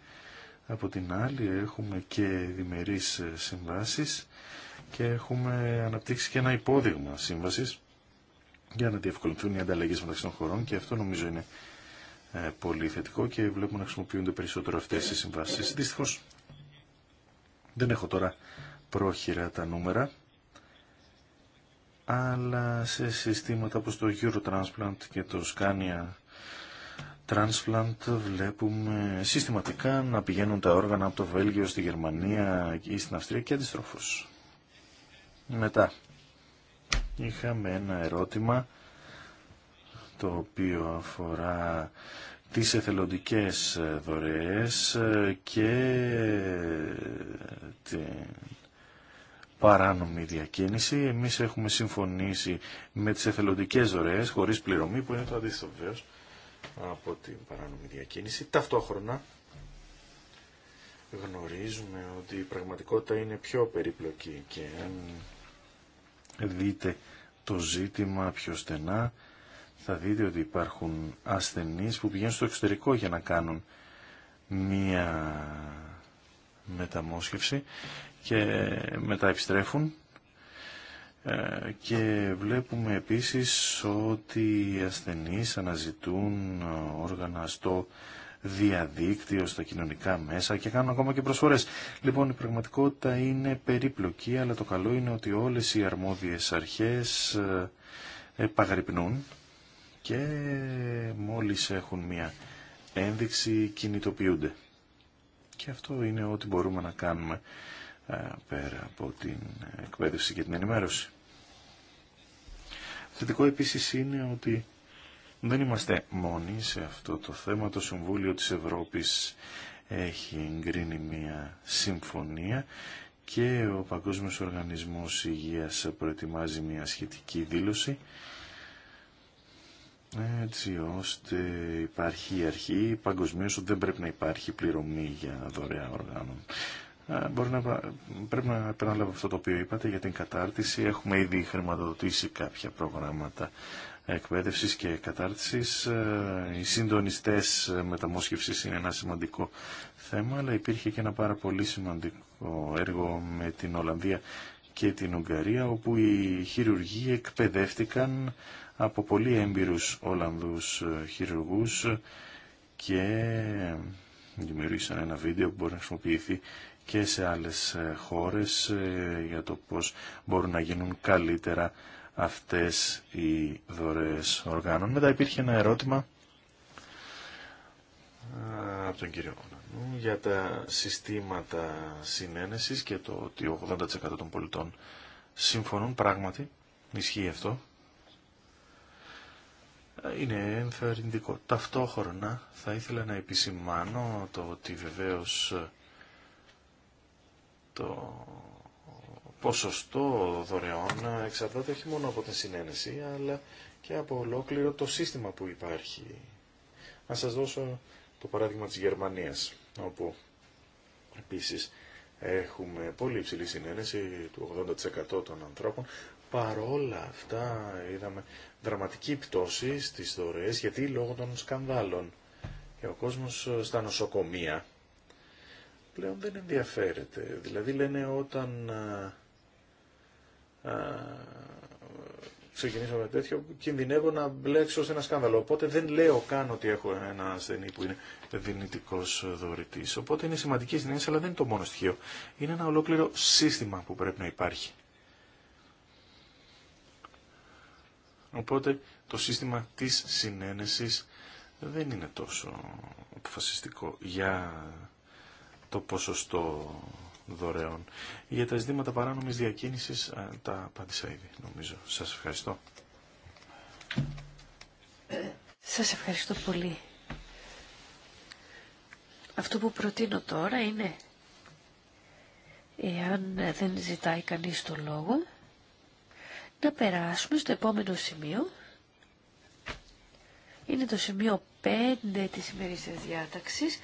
από την άλλη έχουμε και διμερείς συμβάσεις και έχουμε αναπτύξει και ένα υπόδειγμα σύμβασης για να διευκολυνθούν οι ανταλλαγές μεταξύ των χωρών και αυτό νομίζω είναι ε, πολύ θετικό και βλέπουμε να χρησιμοποιούνται περισσότερο αυτές οι συμβάσεις. Δυστυχώς δεν έχω τώρα πρόχειρα τα νούμερα, αλλά σε συστήματα όπως το Eurotransplant και το Scania Transplant βλέπουμε συστηματικά να πηγαίνουν τα όργανα από το Βέλγιο στη Γερμανία ή στην Αυστρία και αντιστροφώς. Μετά είχαμε ένα ερώτημα το οποίο αφορά τις εθελοντικές δωρεές και την παράνομη διακίνηση. Εμείς έχουμε συμφωνήσει με τις εθελοντικές δωρεές χωρίς πληρωμή που είναι το αντίθετο από την παράνομη διακίνηση. Ταυτόχρονα γνωρίζουμε ότι η πραγματικότητα είναι πιο περίπλοκη και αν δείτε το ζήτημα πιο στενά θα δείτε ότι υπάρχουν ασθενείς που πηγαίνουν στο εξωτερικό για να κάνουν μία μεταμόσχευση και μετά επιστρέφουν ε, και βλέπουμε επίσης ότι οι ασθενείς αναζητούν όργανα στο διαδίκτυο, στα κοινωνικά μέσα και κάνουν ακόμα και προσφορές. Λοιπόν, η πραγματικότητα είναι περίπλοκη, αλλά το καλό είναι ότι όλες οι αρμόδιες αρχές ε, επαγρυπνούν και μόλις έχουν μία ένδειξη κινητοποιούνται. Και αυτό είναι ό,τι μπορούμε να κάνουμε ε, πέρα από την εκπαίδευση και την ενημέρωση. Θετικό επίσης είναι ότι δεν είμαστε μόνοι σε αυτό το θέμα. Το Συμβούλιο της Ευρώπης έχει εγκρίνει μία συμφωνία και ο Παγκόσμιος Οργανισμός Υγείας προετοιμάζει μία σχετική δήλωση έτσι ώστε υπάρχει η αρχή παγκοσμίω ότι δεν πρέπει να υπάρχει πληρωμή για δωρεά οργάνων. να, πρέπει να επαναλάβω αυτό το οποίο είπατε για την κατάρτιση. Έχουμε ήδη χρηματοδοτήσει κάποια προγράμματα εκπαίδευσης και κατάρτισης. Οι συντονιστές μεταμόσχευσης είναι ένα σημαντικό θέμα, αλλά υπήρχε και ένα πάρα πολύ σημαντικό έργο με την Ολλανδία και την Ουγγαρία, όπου οι χειρουργοί εκπαιδεύτηκαν από πολύ έμπειρους Ολλανδούς ε, χειρουργούς και δημιούργησαν ένα βίντεο που μπορεί να χρησιμοποιηθεί και σε άλλες ε, χώρες ε, για το πώς μπορούν να γίνουν καλύτερα αυτές οι δωρεές οργάνων. Μετά υπήρχε ένα ερώτημα από τον κύριο για τα συστήματα συνένεσης και το ότι 80% των πολιτών συμφωνούν πράγματι, ισχύει αυτό είναι ενθαρρυντικό. Ταυτόχρονα θα ήθελα να επισημάνω το ότι βεβαίως ε, το ποσοστό δωρεών εξαρτάται όχι μόνο από την συνένεση αλλά και από ολόκληρο το σύστημα που υπάρχει. Να σας δώσω το παράδειγμα της Γερμανίας όπου επίσης έχουμε πολύ υψηλή συνένεση του 80% των ανθρώπων. Παρόλα αυτά είδαμε δραματική πτώση στις δωρεές γιατί λόγω των σκανδάλων και ο κόσμος ε, στα νοσοκομεία πλέον δεν ενδιαφέρεται. Δηλαδή λένε όταν ε, ε, ξεκινήσω με τέτοιο, κινδυνεύω να μπλέξω σε ένα σκάνδαλο. Οπότε δεν λέω καν ότι έχω ένα ασθενή που είναι δυνητικό δωρητή. Οπότε είναι σημαντική συνέντευξη, αλλά δεν είναι το μόνο στοιχείο. Είναι ένα ολόκληρο σύστημα που πρέπει να υπάρχει. Οπότε το σύστημα της συνένεσης δεν είναι τόσο αποφασιστικό για το ποσοστό δωρεών. Για τα ζητήματα παράνομης διακίνησης ε, τα απάντησα ήδη, νομίζω. Σας ευχαριστώ. Σας ευχαριστώ πολύ. Αυτό που προτείνω τώρα είναι, εάν δεν ζητάει κανείς το λόγο, να περάσουμε στο επόμενο σημείο. Είναι το σημείο 5 της ημερής διάταξης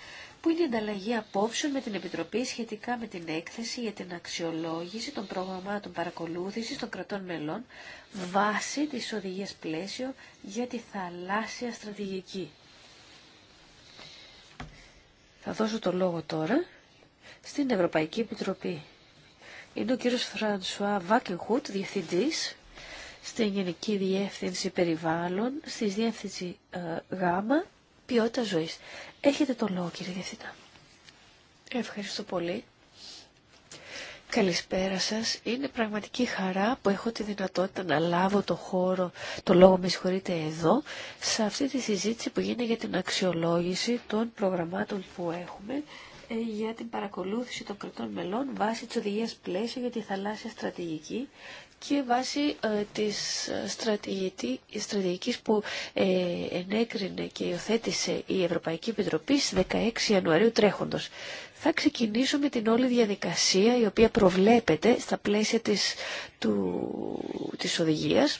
που είναι η ανταλλαγή απόψεων με την Επιτροπή σχετικά με την έκθεση για την αξιολόγηση των προγραμμάτων παρακολούθησης των κρατών μελών βάσει της οδηγία πλαίσιο για τη θαλάσσια στρατηγική. Θα δώσω το λόγο τώρα στην Ευρωπαϊκή Επιτροπή. Είναι ο κύριος Φρανσουά Βάκενχουτ, διευθυντής στην Γενική Διεύθυνση Περιβάλλον, στη Διεύθυνση ε, ΓΑΜΑ ποιότητα ζωής. Έχετε το λόγο κύριε Διευθυντά. Ευχαριστώ πολύ. Καλησπέρα σας. Είναι πραγματική χαρά που έχω τη δυνατότητα να λάβω το χώρο, το λόγο με συγχωρείτε εδώ, σε αυτή τη συζήτηση που γίνεται για την αξιολόγηση των προγραμμάτων που έχουμε ε, για την παρακολούθηση των κρατών μελών βάσει της οδηγίας πλαίσια για τη θαλάσσια στρατηγική και βάσει ε, της ε, στρατηγικής που ε, ενέκρινε και υιοθέτησε η Ευρωπαϊκή Επιτροπή στις 16 Ιανουαρίου τρέχοντος. Θα ξεκινήσουμε την όλη διαδικασία η οποία προβλέπεται στα πλαίσια της, του, της οδηγίας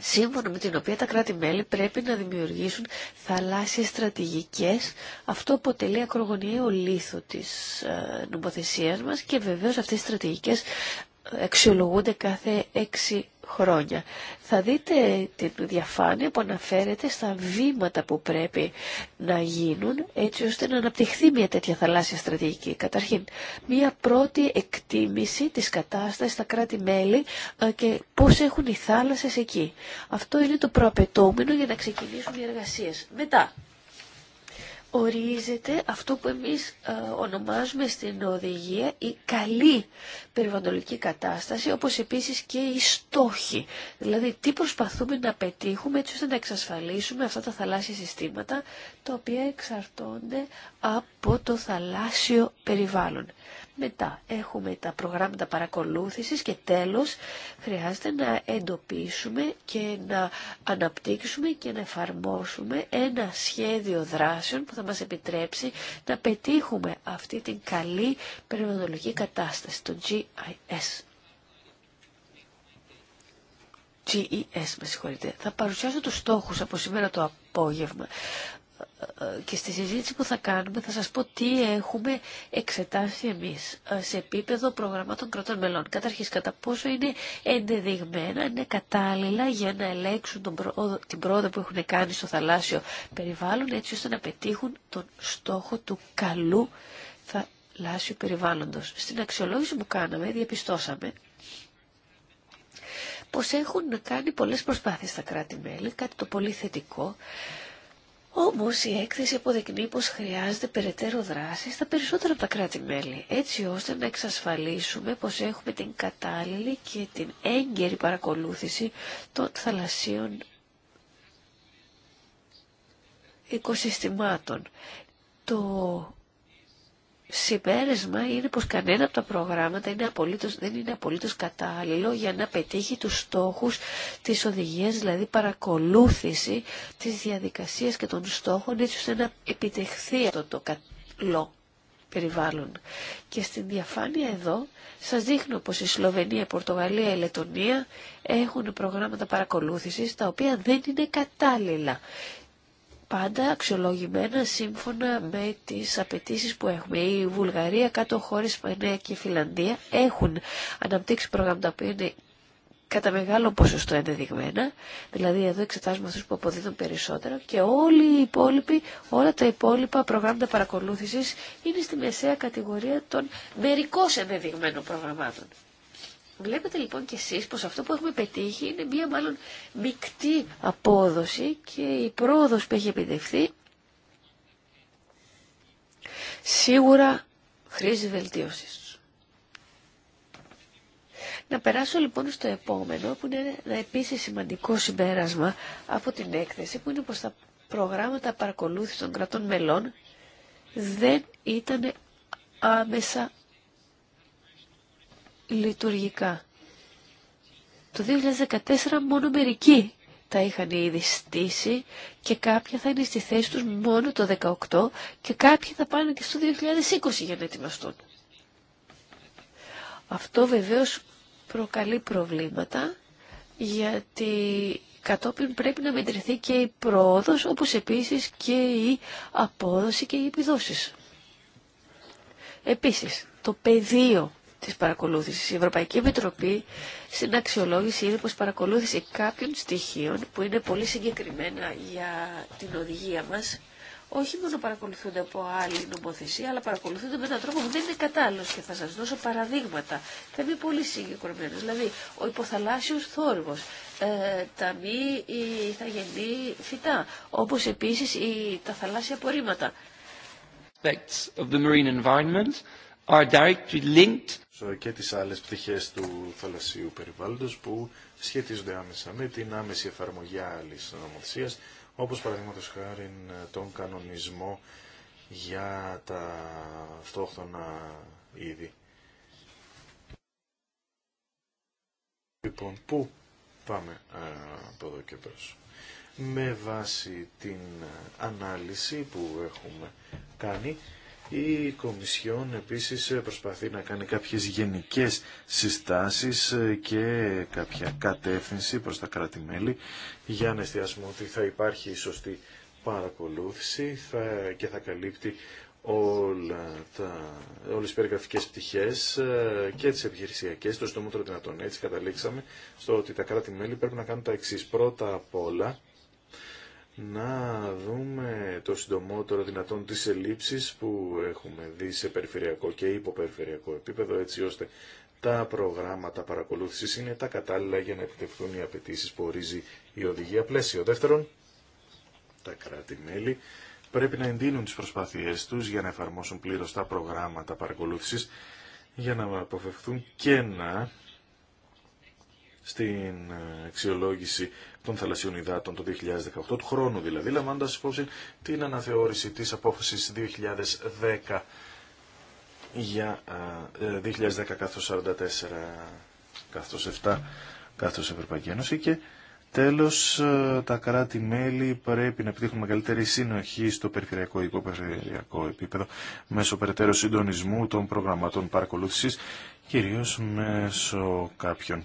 σύμφωνα με την οποία τα κράτη-μέλη πρέπει να δημιουργήσουν θαλάσσιες στρατηγικές. Αυτό αποτελεί ακρογωνιαίο λίθο της ε, νομοθεσίας μας και βεβαίως αυτές οι στρατηγικές αξιολογούνται κάθε έξι χρόνια. Θα δείτε την διαφάνεια που αναφέρεται στα βήματα που πρέπει να γίνουν έτσι ώστε να αναπτυχθεί μια τέτοια θαλάσσια στρατηγική. Καταρχήν, μια πρώτη εκτίμηση της κατάστασης στα κράτη-μέλη ε, και πώς έχουν οι θάλασσες εκεί. Αυτό είναι το προαπαιτούμενο για να ξεκινήσουν οι εργασίες. Μετά, ορίζεται αυτό που εμείς ε, ονομάζουμε στην οδηγία η καλή περιβαλλοντική κατάσταση, όπως επίσης και οι στόχοι. Δηλαδή τι προσπαθούμε να πετύχουμε έτσι ώστε να εξασφαλίσουμε αυτά τα θαλάσσια συστήματα, τα οποία εξαρτώνται από το θαλάσσιο περιβάλλον. Μετά έχουμε τα προγράμματα παρακολούθησης και τέλος χρειάζεται να εντοπίσουμε και να αναπτύξουμε και να εφαρμόσουμε ένα σχέδιο δράσεων που θα μας επιτρέψει να πετύχουμε αυτή την καλή περιβαλλοντολογική κατάσταση, το GIS. GES, με Θα παρουσιάσω τους στόχους από σήμερα το απόγευμα και στη συζήτηση που θα κάνουμε θα σας πω τι έχουμε εξετάσει εμείς ε, σε επίπεδο προγραμμάτων κρατών μελών. Καταρχής, κατά πόσο είναι ενδεδειγμένα, είναι κατάλληλα για να ελέγξουν τον την πρόοδο που έχουν κάνει στο θαλάσσιο περιβάλλον έτσι ώστε να πετύχουν τον στόχο του καλού θαλάσσιου περιβάλλοντος. Στην αξιολόγηση που κάναμε διαπιστώσαμε πως έχουν κάνει πολλές προσπάθειες στα κράτη-μέλη, κάτι το πολύ θετικό, Όμω η έκθεση αποδεικνύει πω χρειάζεται περαιτέρω δράση στα περισσότερα από τα κράτη-μέλη, έτσι ώστε να εξασφαλίσουμε πως έχουμε την κατάλληλη και την έγκαιρη παρακολούθηση των θαλασσίων οικοσυστημάτων. Το συμπέρασμα είναι πως κανένα από τα προγράμματα είναι απολύτως, δεν είναι απολύτως κατάλληλο για να πετύχει τους στόχους της οδηγίας, δηλαδή παρακολούθηση της διαδικασίας και των στόχων έτσι ώστε να επιτευχθεί αυτό το καλό περιβάλλον. Και στην διαφάνεια εδώ σας δείχνω πως η Σλοβενία, η Πορτογαλία, η Λετωνία έχουν προγράμματα παρακολούθησης τα οποία δεν είναι κατάλληλα πάντα αξιολογημένα σύμφωνα με τις απαιτήσεις που έχουμε. Η Βουλγαρία, κάτω χώρες, Ισπανία και η Φιλανδία έχουν αναπτύξει προγράμματα που είναι κατά μεγάλο ποσοστό ενδεδειγμένα, δηλαδή εδώ εξετάζουμε αυτούς που αποδίδουν περισσότερο και όλοι οι υπόλοιποι, όλα τα υπόλοιπα προγράμματα παρακολούθησης είναι στη μεσαία κατηγορία των μερικώς ενδεδειγμένων προγραμμάτων. Βλέπετε λοιπόν και εσείς πως αυτό που έχουμε πετύχει είναι μία μάλλον μεικτή απόδοση και η πρόοδος που έχει επιτευχθεί σίγουρα χρήζει βελτίωσης. Να περάσω λοιπόν στο επόμενο που είναι ένα επίσης σημαντικό συμπέρασμα από την έκθεση που είναι πως τα προγράμματα παρακολούθησης των κρατών μελών δεν ήταν άμεσα λειτουργικά. Το 2014 μόνο μερικοί τα είχαν ήδη στήσει και κάποια θα είναι στη θέση τους μόνο το 2018 και κάποιοι θα πάνε και στο 2020 για να ετοιμαστούν. Αυτό βεβαίως προκαλεί προβλήματα γιατί κατόπιν πρέπει να μετρηθεί και η πρόοδος όπως επίσης και η απόδοση και οι επιδόσεις. Επίσης, το πεδίο της παρακολούθησης. Η Ευρωπαϊκή Επιτροπή στην αξιολόγηση είδε πως παρακολούθηση κάποιων στοιχείων που είναι πολύ συγκεκριμένα για την οδηγία μας όχι μόνο παρακολουθούνται από άλλη νομοθεσία, αλλά παρακολουθούνται με έναν τρόπο που δεν είναι κατάλληλο και θα σα δώσω παραδείγματα. Θα είμαι πολύ συγκεκριμένο. Δηλαδή, ο υποθαλάσσιο θόρυβο, ε, τα μη η, τα γεννή φυτά, όπω επίση τα θαλάσσια απορρίμματα. of the marine environment are directly linked και τις άλλες πτυχές του θαλασσίου περιβάλλοντος που σχετίζονται άμεσα με την άμεση εφαρμογή άλλης νομοθεσίας, όπως παραδείγματο χάρη τον κανονισμό για τα αυτόχθονα είδη. Λοιπόν, πού πάμε ε, από εδώ και προς. Με βάση την ανάλυση που έχουμε κάνει, η Κομισιόν επίσης προσπαθεί να κάνει κάποιες γενικές συστάσεις και κάποια κατεύθυνση προς τα κράτη-μέλη για να εστιάσουμε ότι θα υπάρχει η σωστή παρακολούθηση και θα καλύπτει όλα τα, όλες τις περιγραφικές πτυχές ε, και τις επιχειρησιακές, το συντομότερο δυνατόν. Έτσι καταλήξαμε στο ότι τα κράτη-μέλη πρέπει να κάνουν τα εξής. Πρώτα απ' όλα να δούμε το συντομότερο δυνατόν τις ελλείψεις που έχουμε δει σε περιφερειακό και υποπεριφερειακό επίπεδο, έτσι ώστε τα προγράμματα παρακολούθησης είναι τα κατάλληλα για να επιτευχθούν οι απαιτήσει που ορίζει η οδηγία πλαίσιο. Δεύτερον, τα κράτη-μέλη πρέπει να εντείνουν τις προσπάθειές τους για να εφαρμόσουν πλήρως τα προγράμματα παρακολούθησης για να και να στην ε, αξιολόγηση των θαλασσιών υδάτων το 2018, του χρόνου δηλαδή, λαμβάνοντας υπόψη την αναθεώρηση της απόφασης 2010 για 2010 καθώς 44 καθώς 7 καθώς Ευρωπαϊκή Ένωση και τέλος ε, τα κράτη-μέλη πρέπει να επιτύχουν μεγαλύτερη συνοχή στο περιφερειακό ή επίπεδο μέσω περαιτέρω συντονισμού των προγραμματών παρακολούθησης κυρίως μέσω κάποιων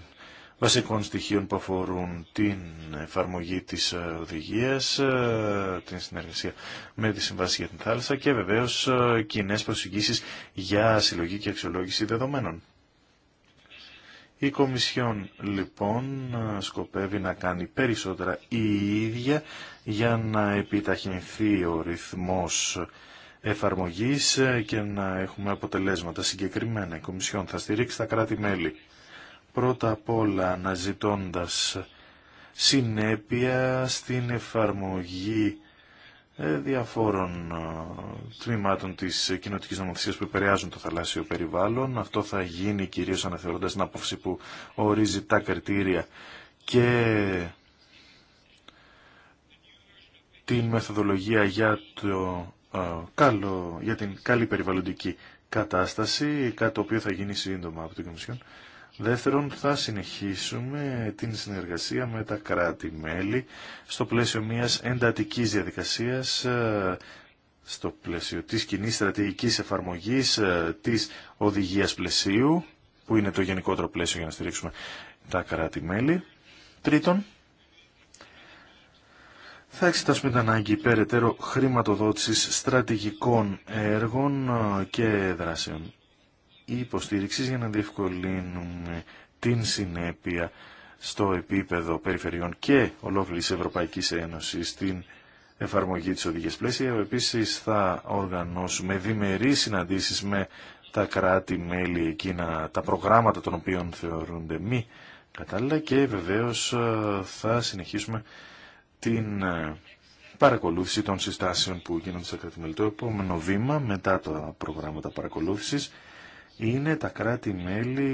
βασικών στοιχείων που αφορούν την εφαρμογή της ε, οδηγίας, ε, την συνεργασία με τη Συμβάση για την Θάλασσα και βεβαίως ε, κοινέ προσεγγίσεις για συλλογή και αξιολόγηση δεδομένων. Η Κομισιόν λοιπόν σκοπεύει να κάνει περισσότερα η ίδια για να επιταχυνθεί ο ρυθμός εφαρμογής και να έχουμε αποτελέσματα συγκεκριμένα. Η Κομισιόν θα στηρίξει τα κράτη-μέλη πρώτα απ' όλα αναζητώντας συνέπεια στην εφαρμογή ε, διαφόρων ε, τμήματων της κοινωτικής νομοθεσίας που επηρεάζουν το θαλάσσιο περιβάλλον. Αυτό θα γίνει κυρίως αναθεωρώντας την άποψη που ορίζει τα κριτήρια και την μεθοδολογία για, το, ε, καλό, για την καλή περιβαλλοντική κατάσταση, κάτι το οποίο θα γίνει σύντομα από την Κομισιόν. Δεύτερον, θα συνεχίσουμε την συνεργασία με τα κράτη-μέλη στο πλαίσιο μιας εντατικής διαδικασίας, ε, στο πλαίσιο της κοινή στρατηγικής εφαρμογής ε, της οδηγίας πλαισίου, που είναι το γενικότερο πλαίσιο για να στηρίξουμε τα κράτη-μέλη. Τρίτον, θα εξετάσουμε την ανάγκη περαιτέρω χρηματοδότησης στρατηγικών έργων ε, και δράσεων υποστήριξη για να διευκολύνουμε την συνέπεια στο επίπεδο περιφερειών και ολόκληρης Ευρωπαϊκής Ένωσης στην εφαρμογή της οδηγίας πλαίσια. Επίσης θα οργανώσουμε διμερείς συναντήσεις με τα κράτη-μέλη εκείνα, τα προγράμματα των οποίων θεωρούνται μη κατάλληλα και βεβαίως ε, θα συνεχίσουμε την ε, παρακολούθηση των συστάσεων που γίνονται στα κράτη-μέλη. Το επόμενο βήμα μετά τα προγράμματα παρακολούθησης είναι τα κράτη-μέλη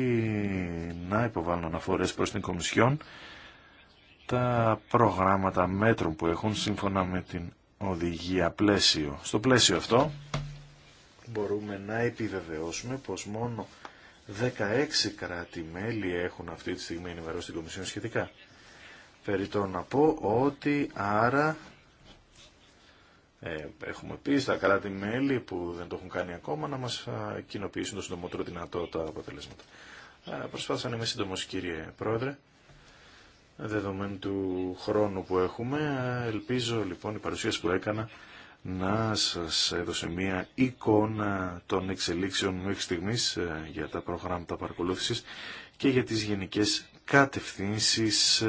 να υποβάλουν αναφορές προς την Κομισιόν τα προγράμματα μέτρων που έχουν σύμφωνα με την οδηγία πλαίσιο. Στο πλαίσιο αυτό μπορούμε να επιβεβαιώσουμε πως μόνο 16 κράτη-μέλη έχουν αυτή τη στιγμή ενημερώσει την Κομισιόν σχετικά. Περιτώ να πω ότι άρα ε, έχουμε πει στα κράτη-μέλη που δεν το έχουν κάνει ακόμα να μας κοινοποιήσουν το συντομότερο δυνατό τα αποτελέσματα. Ε, Προσπάθησα να είμαι σύντομο κύριε Πρόεδρε, δεδομένου του χρόνου που έχουμε. Ε, ελπίζω λοιπόν η παρουσίαση που έκανα να σας έδωσε μία εικόνα των εξελίξεων μέχρι στιγμής για τα προγράμματα παρακολούθησης και για τις γενικές κατευθύνσεις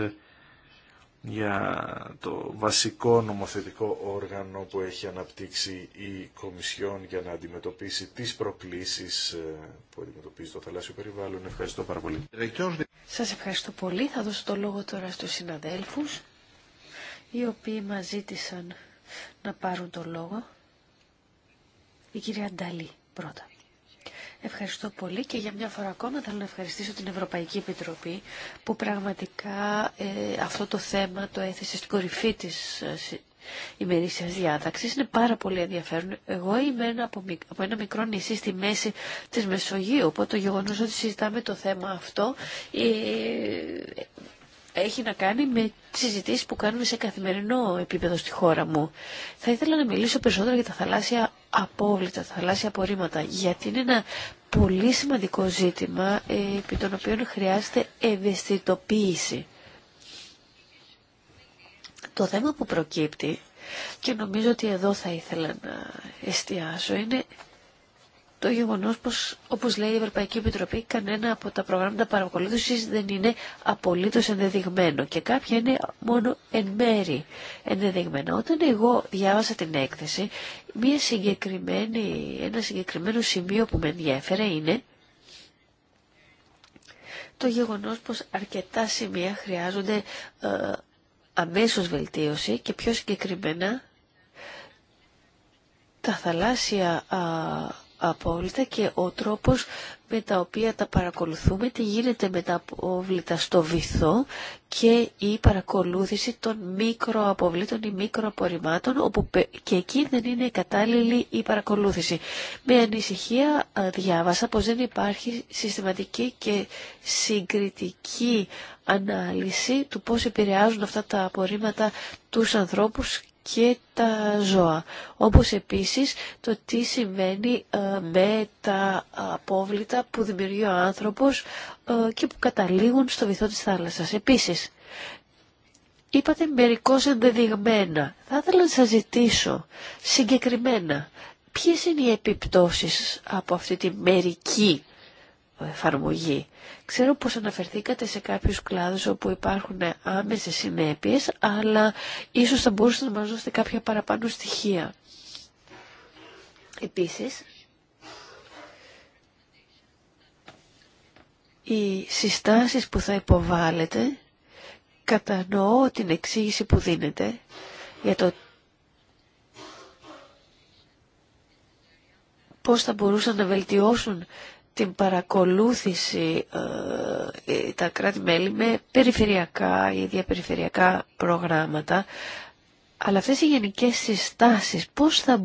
για το βασικό νομοθετικό όργανο που έχει αναπτύξει η Κομισιόν για να αντιμετωπίσει τις προκλήσεις ε, που αντιμετωπίζει το θαλάσσιο περιβάλλον. Ευχαριστώ πάρα πολύ. Σας ευχαριστώ πολύ. Θα δώσω το λόγο τώρα στους συναδέλφους οι οποίοι μας ζήτησαν να πάρουν το λόγο. Η κυρία Νταλή πρώτα. Ευχαριστώ πολύ και για μια φορά ακόμα θέλω να ευχαριστήσω την Ευρωπαϊκή Επιτροπή που πραγματικά ε, αυτό το θέμα το έθεσε στην κορυφή της ε, ημερήσια διάταξη. Είναι πάρα πολύ ενδιαφέρον. Εγώ είμαι από, από ένα μικρό νησί στη μέση τη Μεσογείου, οπότε το γεγονό ότι συζητάμε το θέμα αυτό ε, έχει να κάνει με συζητήσεις που κάνουμε σε καθημερινό επίπεδο στη χώρα μου. Θα ήθελα να μιλήσω περισσότερο για τα θαλάσσια απόβλητα, θαλάσσια απορρίμματα, γιατί είναι ένα πολύ σημαντικό ζήτημα ε, επί των οποίων χρειάζεται ευαισθητοποίηση. Το θέμα που προκύπτει και νομίζω ότι εδώ θα ήθελα να εστιάσω είναι το γεγονός πως, όπως λέει η Ευρωπαϊκή Επιτροπή, κανένα από τα προγράμματα παρακολούθησης δεν είναι απολύτως ενδεδειγμένο και κάποια είναι μόνο εν μέρη ενδεδειγμένα. Όταν εγώ διάβασα την έκθεση, μια συγκεκριμένη, ένα συγκεκριμένο σημείο που με ενδιέφερε είναι το γεγονός πως αρκετά σημεία χρειάζονται ε, αμέσως βελτίωση και πιο συγκεκριμένα τα θαλάσσια και ο τρόπος με τα οποία τα παρακολουθούμε, τι γίνεται με τα απόβλητα στο βυθό και η παρακολούθηση των μικροαποβλήτων ή μικροαπορριμμάτων, όπου και εκεί δεν είναι κατάλληλη η παρακολούθηση. Με ανησυχία διάβασα πως δεν υπάρχει συστηματική και συγκριτική ανάλυση του πώς επηρεάζουν αυτά τα απορρίμματα τους ανθρώπους και τα ζώα. Όπως επίσης το τι συμβαίνει ε, με τα απόβλητα που δημιουργεί ο άνθρωπος ε, και που καταλήγουν στο βυθό της θάλασσας. Επίσης, είπατε μερικώς ενδεδειγμένα. Θα ήθελα να σας ζητήσω συγκεκριμένα ποιες είναι οι επιπτώσεις από αυτή τη μερική εφαρμογή Ξέρω πως αναφερθήκατε σε κάποιους κλάδους όπου υπάρχουν άμεσες συνέπειες, αλλά ίσως θα μπορούσατε να μας δώσετε κάποια παραπάνω στοιχεία. Επίσης, οι συστάσεις που θα υποβάλλετε, κατανοώ την εξήγηση που δίνετε για το πώς θα μπορούσαν να βελτιώσουν την παρακολούθηση ε, ε, τα κράτη-μέλη με περιφερειακά ή διαπεριφερειακά προγράμματα. Αλλά αυτές οι γενικές συστάσεις πώς θα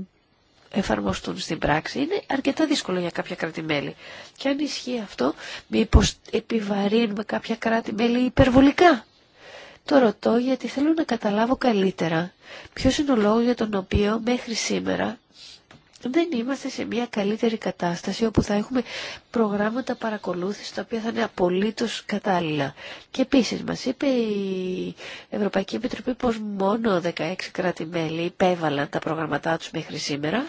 εφαρμοστούν στην πράξη είναι αρκετά δύσκολο για κάποια κράτη-μέλη. Και αν ισχύει αυτό, μήπως επιβαρύνουμε κάποια κράτη-μέλη υπερβολικά. Το ρωτώ γιατί θέλω να καταλάβω καλύτερα ποιος είναι ο λόγος για τον οποίο μέχρι σήμερα δεν είμαστε σε μια καλύτερη κατάσταση όπου θα έχουμε προγράμματα παρακολούθηση τα οποία θα είναι απολύτως κατάλληλα. Και επίσης μας είπε η Ευρωπαϊκή Επιτροπή πως μόνο 16 κράτη-μέλη υπέβαλαν τα προγραμματά τους μέχρι σήμερα.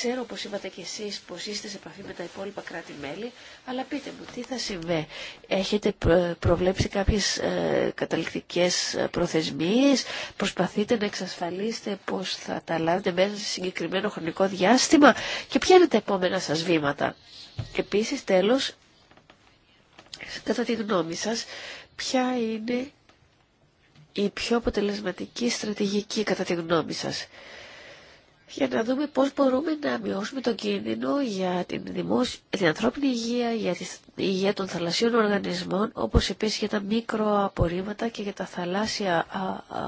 Ξέρω, όπως είπατε κι εσείς, πως είστε σε επαφή με τα υπόλοιπα κράτη-μέλη, αλλά πείτε μου, τι θα συμβεί. Έχετε προβλέψει κάποιες ε, καταληκτικές ε, προθεσμίες, προσπαθείτε να εξασφαλίσετε πως θα τα λάβετε μέσα σε συγκεκριμένο χρονικό διάστημα και ποια είναι τα επόμενα σας βήματα. Επίσης, τέλος, κατά τη γνώμη σας, ποια είναι η πιο αποτελεσματική στρατηγική κατά τη γνώμη σας για να δούμε πώς μπορούμε να μειώσουμε το κίνδυνο για την, δημόσια, την ανθρώπινη υγεία, για την υγεία των θαλασσίων οργανισμών, όπως επίσης για τα μικροαπορρίμματα και για τα θαλάσσια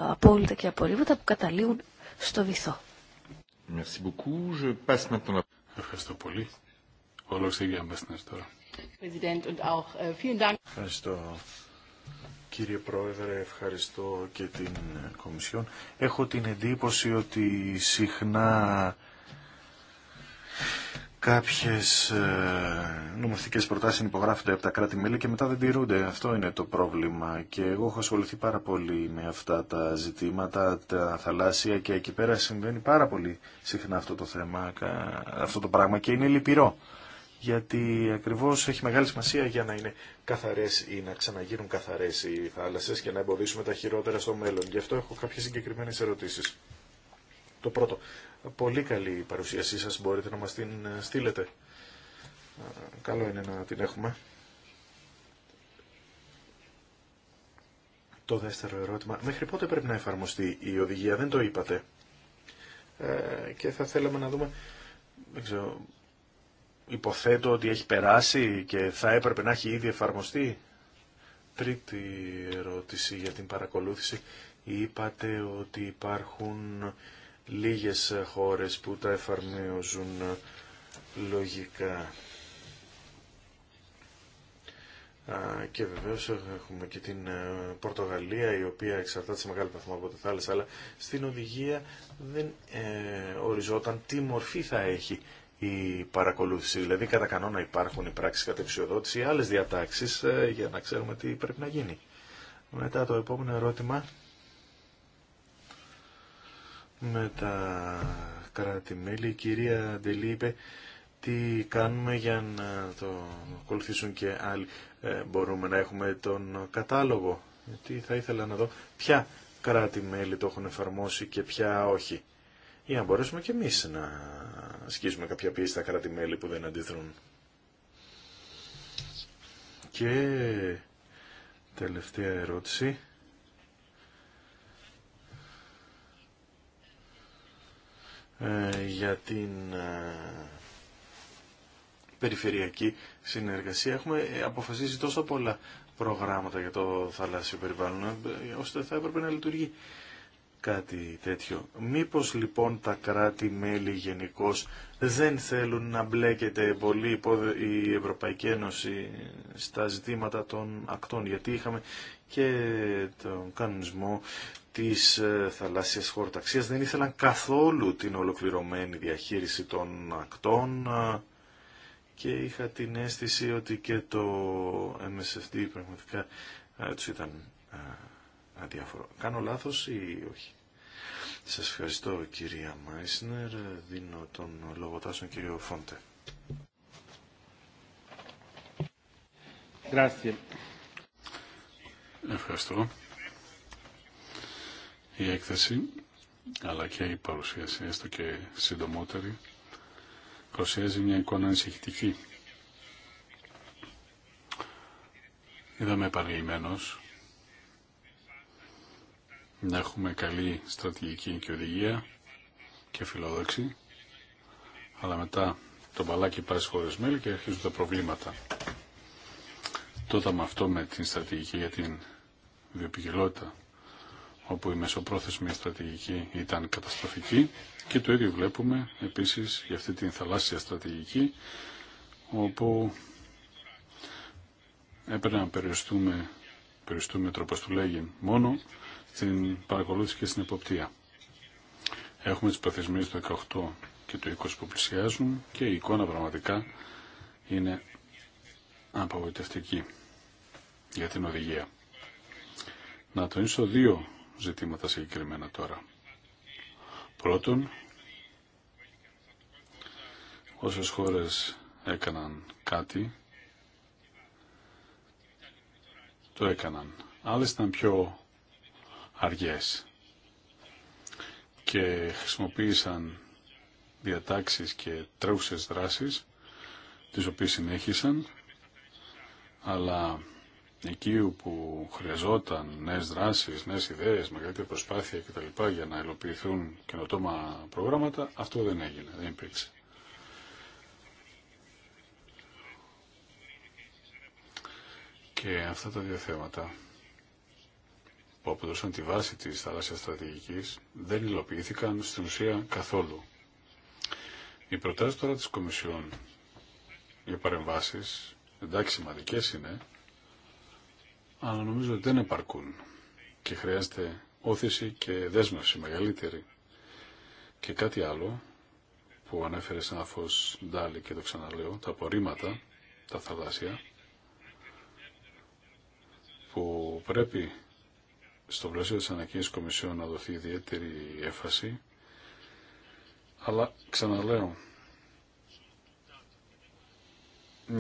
απόλυτα και απορρίμματα που καταλήγουν στο βυθό. Ευχαριστώ πολύ. Ο λόγος uh, Ευχαριστώ. Κύριε Πρόεδρε, ευχαριστώ και την Κομισιόν. Έχω την εντύπωση ότι συχνά κάποιες ε, νομοθετικές προτάσεις υπογράφονται από τα κράτη-μέλη και μετά δεν τηρούνται. Αυτό είναι το πρόβλημα και εγώ έχω ασχοληθεί πάρα πολύ με αυτά τα ζητήματα, τα θαλάσσια και εκεί πέρα συμβαίνει πάρα πολύ συχνά αυτό το θέμα, αυτό το πράγμα και είναι λυπηρό γιατί ακριβώς έχει μεγάλη σημασία για να είναι καθαρές ή να ξαναγίνουν καθαρές οι θάλασσες και να εμποδίσουμε τα χειρότερα στο μέλλον. Γι' αυτό έχω κάποιες συγκεκριμένες ερωτήσεις. Το πρώτο, πολύ καλή η παρουσίασή σας, μπορείτε να μας την ε, στείλετε. Καλό είναι να την έχουμε. Το δεύτερο ερώτημα, μέχρι πότε πρέπει να εφαρμοστεί η οδηγία, δεν το είπατε. Ε, και θα θέλαμε να δούμε, υποθέτω ότι έχει περάσει και θα έπρεπε να έχει ήδη εφαρμοστεί. Τρίτη ερώτηση για την παρακολούθηση. Είπατε ότι υπάρχουν λίγες χώρες που τα εφαρμόζουν λογικά. Και βεβαίως έχουμε και την ε, Πορτογαλία η οποία εξαρτάται σε μεγάλο βαθμό από τη θάλασσα αλλά στην οδηγία δεν ε, οριζόταν τι μορφή θα έχει η παρακολούθηση. Δηλαδή, κατά κανόνα υπάρχουν οι πράξεις κατευσιοδότηση ή άλλες διατάξεις ε, για να ξέρουμε τι πρέπει να γίνει. Μετά το επόμενο ερώτημα με τα κράτη-μέλη. Η κυρία Ντελή είπε τι κάνουμε για να το ακολουθήσουν και άλλοι. Ε, μπορούμε να έχουμε τον κατάλογο. Γιατί θα ήθελα να δω ποια κράτη-μέλη το έχουν εφαρμόσει και ποια όχι για να μπορέσουμε και εμείς να ασκήσουμε κάποια πίεση στα κράτη-μέλη που δεν αντιδρούν. Και τελευταία ερώτηση. Ε, για την ε, περιφερειακή συνεργασία έχουμε ε, αποφασίσει τόσο πολλά προγράμματα για το θαλάσσιο περιβάλλον ε, ώστε θα έπρεπε να λειτουργεί κάτι τέτοιο. Μήπως λοιπόν τα κράτη-μέλη γενικώ δεν θέλουν να μπλέκεται πολύ η Ευρωπαϊκή Ένωση στα ζητήματα των ακτών, γιατί είχαμε και τον κανονισμό της ε, θαλάσσιας χορταξίας, δεν ήθελαν καθόλου την ολοκληρωμένη διαχείριση των ακτών ε, και είχα την αίσθηση ότι και το MSFD πραγματικά ε, τους ήταν αδιάφορο. Κάνω λάθος ή όχι. Σας ευχαριστώ κυρία Μάισνερ. Δίνω τον λόγο τάσο, κύριο Φόντε. Ευχαριστώ. Η έκθεση αλλά και η παρουσίαση, έστω και συντομότερη, προσιάζει μια εικόνα ανησυχητική. Είδαμε επανειλημμένως να έχουμε καλή στρατηγική και οδηγία και φιλόδοξη, αλλά μετά το μπαλάκι πάει χώρε μέλη και αρχίζουν τα προβλήματα. Τότε με αυτό με την στρατηγική για την βιοπικιλότητα, όπου η μεσοπρόθεσμη στρατηγική ήταν καταστροφική και το ίδιο βλέπουμε επίσης για αυτή την θαλάσσια στρατηγική, όπου έπρεπε να περιοριστούμε, περιοριστούμε τρόπος του λέγει μόνο στην παρακολούθηση και στην εποπτεία. Έχουμε τις προθεσμίες του 18 και του 20 που πλησιάζουν και η εικόνα πραγματικά είναι απογοητευτική για την οδηγία. Να τονίσω δύο ζητήματα συγκεκριμένα τώρα. Πρώτον, όσες χώρες έκαναν κάτι, το έκαναν. Άλλες ήταν πιο αργές και χρησιμοποίησαν διατάξεις και τρέχουσες δράσεις τις οποίες συνέχισαν αλλά εκεί που χρειαζόταν νέες δράσεις νέες ιδέες μεγαλύτερη προσπάθεια κτλ. για να υλοποιηθούν καινοτόμα προγράμματα, αυτό δεν έγινε, δεν υπήρξε. Και αυτά τα δύο θέματα που αποτελούσαν τη βάση τη θαλάσσιας στρατηγική δεν υλοποιήθηκαν στην ουσία καθόλου. Οι προτάσει τώρα της Κομισιόν για παρεμβάσεις, εντάξει σημαντικέ είναι, αλλά νομίζω ότι δεν επαρκούν και χρειάζεται όθηση και δέσμευση μεγαλύτερη. Και κάτι άλλο που ανέφερε σαν αφός Ντάλι και το ξαναλέω, τα απορρίμματα, τα θαλάσσια, που πρέπει στο πλαίσιο της ανακοίνησης Κομισιόν να δοθεί ιδιαίτερη έφαση, αλλά ξαναλέω,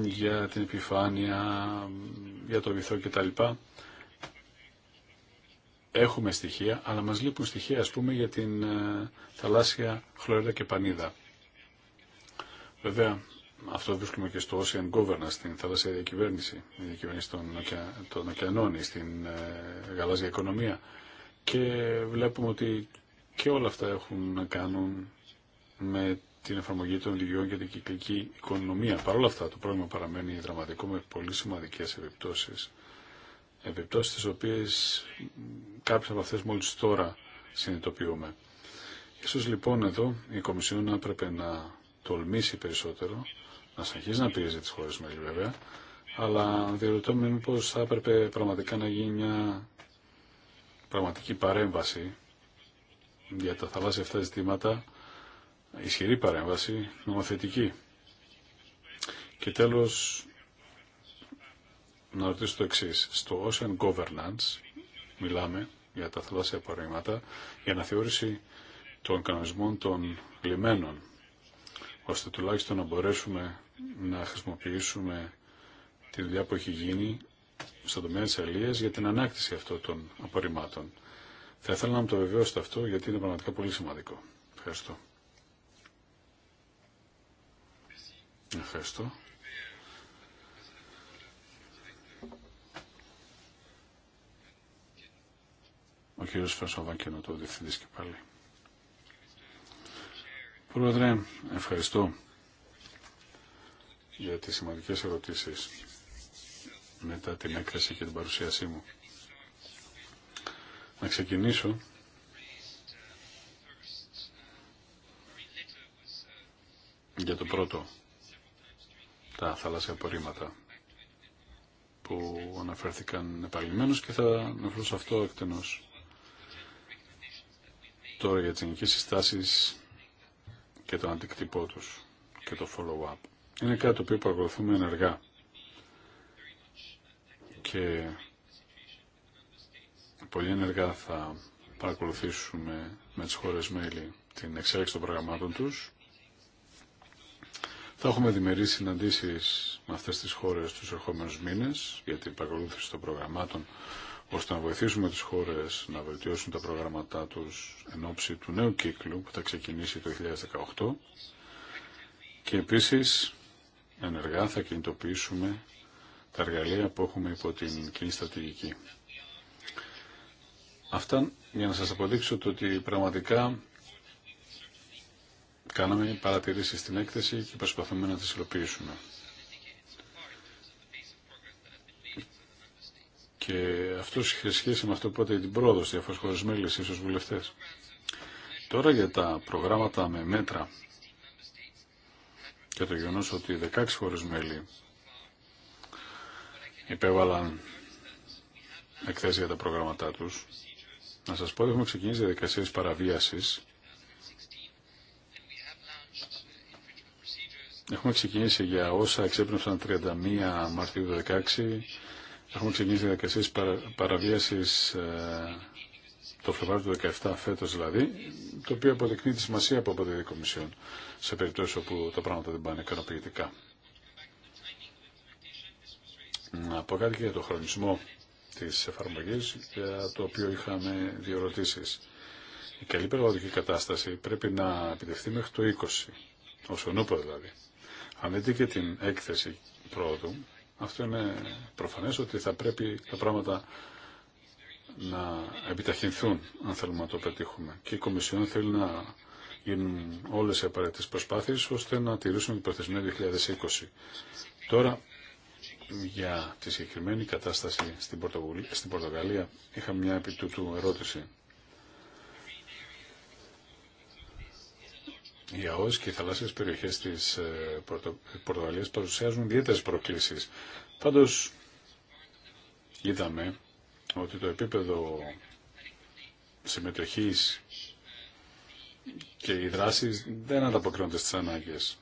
για την επιφάνεια, για το βυθό κτλ. Έχουμε στοιχεία, αλλά μας λείπουν στοιχεία, ας πούμε, για την ε, θαλάσσια χλωρίδα και πανίδα. Βέβαια, αυτό βρίσκουμε και στο Ocean Governance, στην θαλασσία διακυβέρνηση, η διακυβέρνηση των, ωκεα... των στην ε, γαλάζια οικονομία. Και βλέπουμε ότι και όλα αυτά έχουν να κάνουν με την εφαρμογή των λιγιών για την κυκλική οικονομία. Παρ' όλα αυτά το πρόβλημα παραμένει δραματικό με πολύ σημαντικές επιπτώσεις. Επιπτώσεις τις οποίες κάποιες από αυτές μόλις τώρα συνειδητοποιούμε. Ίσως λοιπόν εδώ η Κομισιόν έπρεπε να τολμήσει περισσότερο να συνεχίζει να πιέζει τι χώρε μέλη βέβαια, αλλά διαρωτώ με μήπω θα έπρεπε πραγματικά να γίνει μια πραγματική παρέμβαση για τα θαλάσσια αυτά ζητήματα, ισχυρή παρέμβαση, νομοθετική. Και τέλος, να ρωτήσω το εξή. Στο Ocean Governance μιλάμε για τα θαλάσσια παρέμβατα, για να θεώρηση των κανονισμών των λιμένων, ώστε τουλάχιστον να μπορέσουμε να χρησιμοποιήσουμε τη δουλειά που έχει γίνει στον τομέα της αλίας για την ανάκτηση αυτών των απορριμμάτων. Θα ήθελα να μου το βεβαιώσετε αυτό γιατί είναι πραγματικά πολύ σημαντικό. Ευχαριστώ. Ευχαριστώ. Ο κύριος να το διευθυντής και πάλι. Πρόεδρε, ευχαριστώ για τις σημαντικές ερωτήσεις μετά την έκθεση και την παρουσίασή μου. Να ξεκινήσω για το πρώτο, τα θαλάσσια απορρίμματα που αναφέρθηκαν επαγγελμένως και θα αναφέρω σε αυτό εκτενώς. Τώρα για τις γενικές συστάσεις και το αντικτυπώ τους και το follow-up είναι κάτι το οποίο παρακολουθούμε ενεργά. Και πολύ ενεργά θα παρακολουθήσουμε με τις χώρες μέλη την εξέλιξη των προγραμμάτων τους. Θα έχουμε διμερείς συναντήσεις με αυτές τις χώρες τους ερχόμενους μήνες για την παρακολούθηση των προγραμμάτων ώστε να βοηθήσουμε τις χώρες να βελτιώσουν τα προγράμματά τους εν ώψη του νέου κύκλου που θα ξεκινήσει το 2018 και επίσης ενεργά θα κινητοποιήσουμε τα εργαλεία που έχουμε υπό την κοινή στρατηγική. Αυτά για να σας αποδείξω το ότι πραγματικά κάναμε παρατηρήσεις στην έκθεση και προσπαθούμε να τις υλοποιήσουμε. Και αυτό είχε σχέση με αυτό που είπατε την πρόοδο στι διάφορε χώρε μέλη, ίσω βουλευτέ. Τώρα για τα προγράμματα με μέτρα και το γεγονό ότι 16 χώρε μέλη υπέβαλαν εκθέσει για τα προγράμματά του. Να σα πω ότι έχουμε ξεκινήσει διαδικασίε παραβίαση. Έχουμε ξεκινήσει για όσα εξέπνευσαν 31 Μαρτίου 2016. Έχουμε ξεκινήσει διαδικασίε παραβίαση ε, το Φεβρουάριο του 2017 φέτος δηλαδή, το οποίο αποδεικνύει τη σημασία που αποδίδει η Κομισιόν σε περιπτώσει όπου τα πράγματα δεν πάνε ικανοποιητικά. Να πω κάτι και για το χρονισμό της εφαρμογής, για το οποίο είχαμε δύο ερωτήσει. Η καλή περιβαλλοντική κατάσταση πρέπει να επιτευχθεί μέχρι το 20, ως ονούπο δηλαδή. Αν δείτε και την έκθεση πρόοδου, αυτό είναι προφανές ότι θα πρέπει τα πράγματα να επιταχυνθούν αν θέλουμε να το πετύχουμε. Και η Κομισιόν θέλει να γίνουν όλες οι απαραίτητε προσπάθειες ώστε να τηρήσουν την προθεσμία 2020. Τώρα, για τη συγκεκριμένη κατάσταση στην, στην Πορτογαλία, είχα μια επί τούτου ερώτηση. Οι ΑΟΣ και οι θαλάσσιες περιοχές της ε, Πορτο... Πορτογαλίας παρουσιάζουν ιδιαίτερες προκλήσεις. Πάντως, είδαμε ότι το επίπεδο συμμετοχής και οι δράσει δεν ανταποκρίνονται στις ανάγκες.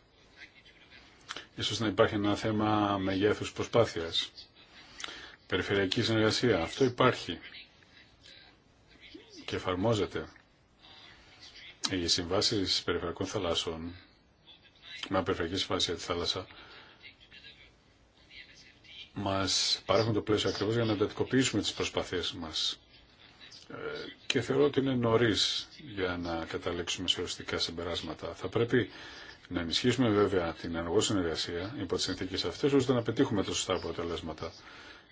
Ίσως να υπάρχει ένα θέμα μεγέθους προσπάθειας. Περιφερειακή συνεργασία. Αυτό υπάρχει και εφαρμόζεται. Οι συμβάσει περιφερειακών θαλάσσων, με περιφερειακή συμβάση για τη θάλασσα, μας παρέχουν το πλαίσιο ακριβώς για να εντατικοποιήσουμε τις προσπαθίες μας. Ε, και θεωρώ ότι είναι νωρί για να καταλήξουμε σε οριστικά συμπεράσματα. Θα πρέπει να ενισχύσουμε βέβαια την ενεργό συνεργασία υπό τι συνθήκε αυτέ, ώστε να πετύχουμε τα σωστά αποτελέσματα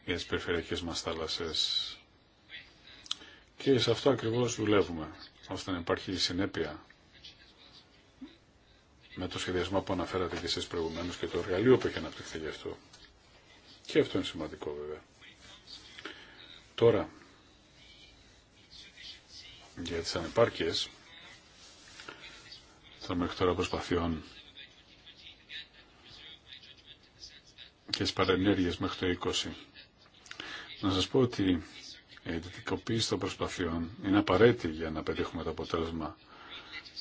για τις περιφερειακές μας θάλασσε. Και σε αυτό ακριβώ δουλεύουμε, ώστε να υπάρχει συνέπεια με το σχεδιασμό που αναφέρατε και εσεί προηγουμένω και το εργαλείο που έχει αναπτυχθεί γι' αυτό. Και αυτό είναι σημαντικό βέβαια. Τώρα, για τις ανεπάρκειες των μέχρι τώρα προσπαθειών και τις παρενέργειες μέχρι το 20. Να σας πω ότι η ειδικοποίηση των προσπαθειών είναι απαραίτητη για να πετύχουμε το αποτέλεσμα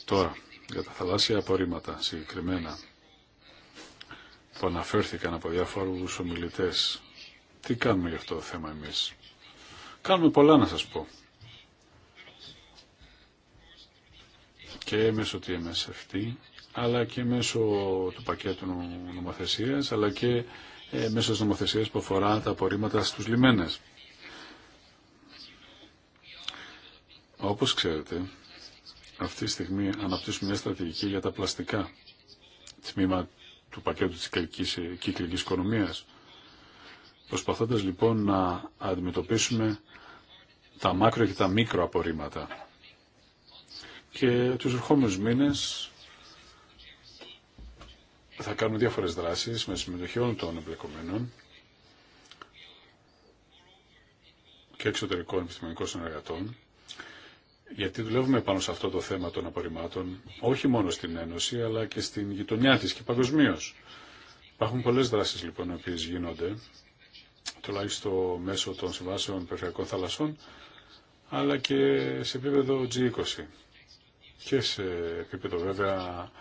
τώρα για τα θαλάσσια απορρίμματα συγκεκριμένα που αναφέρθηκαν από διάφορους ομιλητές. Τι κάνουμε γι' αυτό το θέμα εμείς. Κάνουμε πολλά να σας πω. Και μέσω TMSFT, αλλά και μέσω του πακέτου νομοθεσίας, αλλά και ε, μέσω της νομοθεσίας που αφορά τα απορρίμματα στους λιμένες. Όπως ξέρετε, αυτή τη στιγμή αναπτύσσουμε μια στρατηγική για τα πλαστικά. Τμήμα του πακέτου της κυκλικής οικονομίας. Προσπαθώντας λοιπόν να αντιμετωπίσουμε τα μάκρο και τα μικρο απορρίμματα. Και τους ερχόμενους μήνες θα κάνουμε διάφορες δράσεις με συμμετοχή όλων των εμπλεκομένων και εξωτερικών επιστημονικών συνεργατών γιατί δουλεύουμε πάνω σε αυτό το θέμα των απορριμμάτων, όχι μόνο στην Ένωση, αλλά και στην γειτονιά της και παγκοσμίω. Υπάρχουν πολλές δράσεις λοιπόν οι οποίες γίνονται, τουλάχιστον μέσω των συμβάσεων περιφερειακών θαλασσών, αλλά και σε επίπεδο G20 και σε επίπεδο βέβαια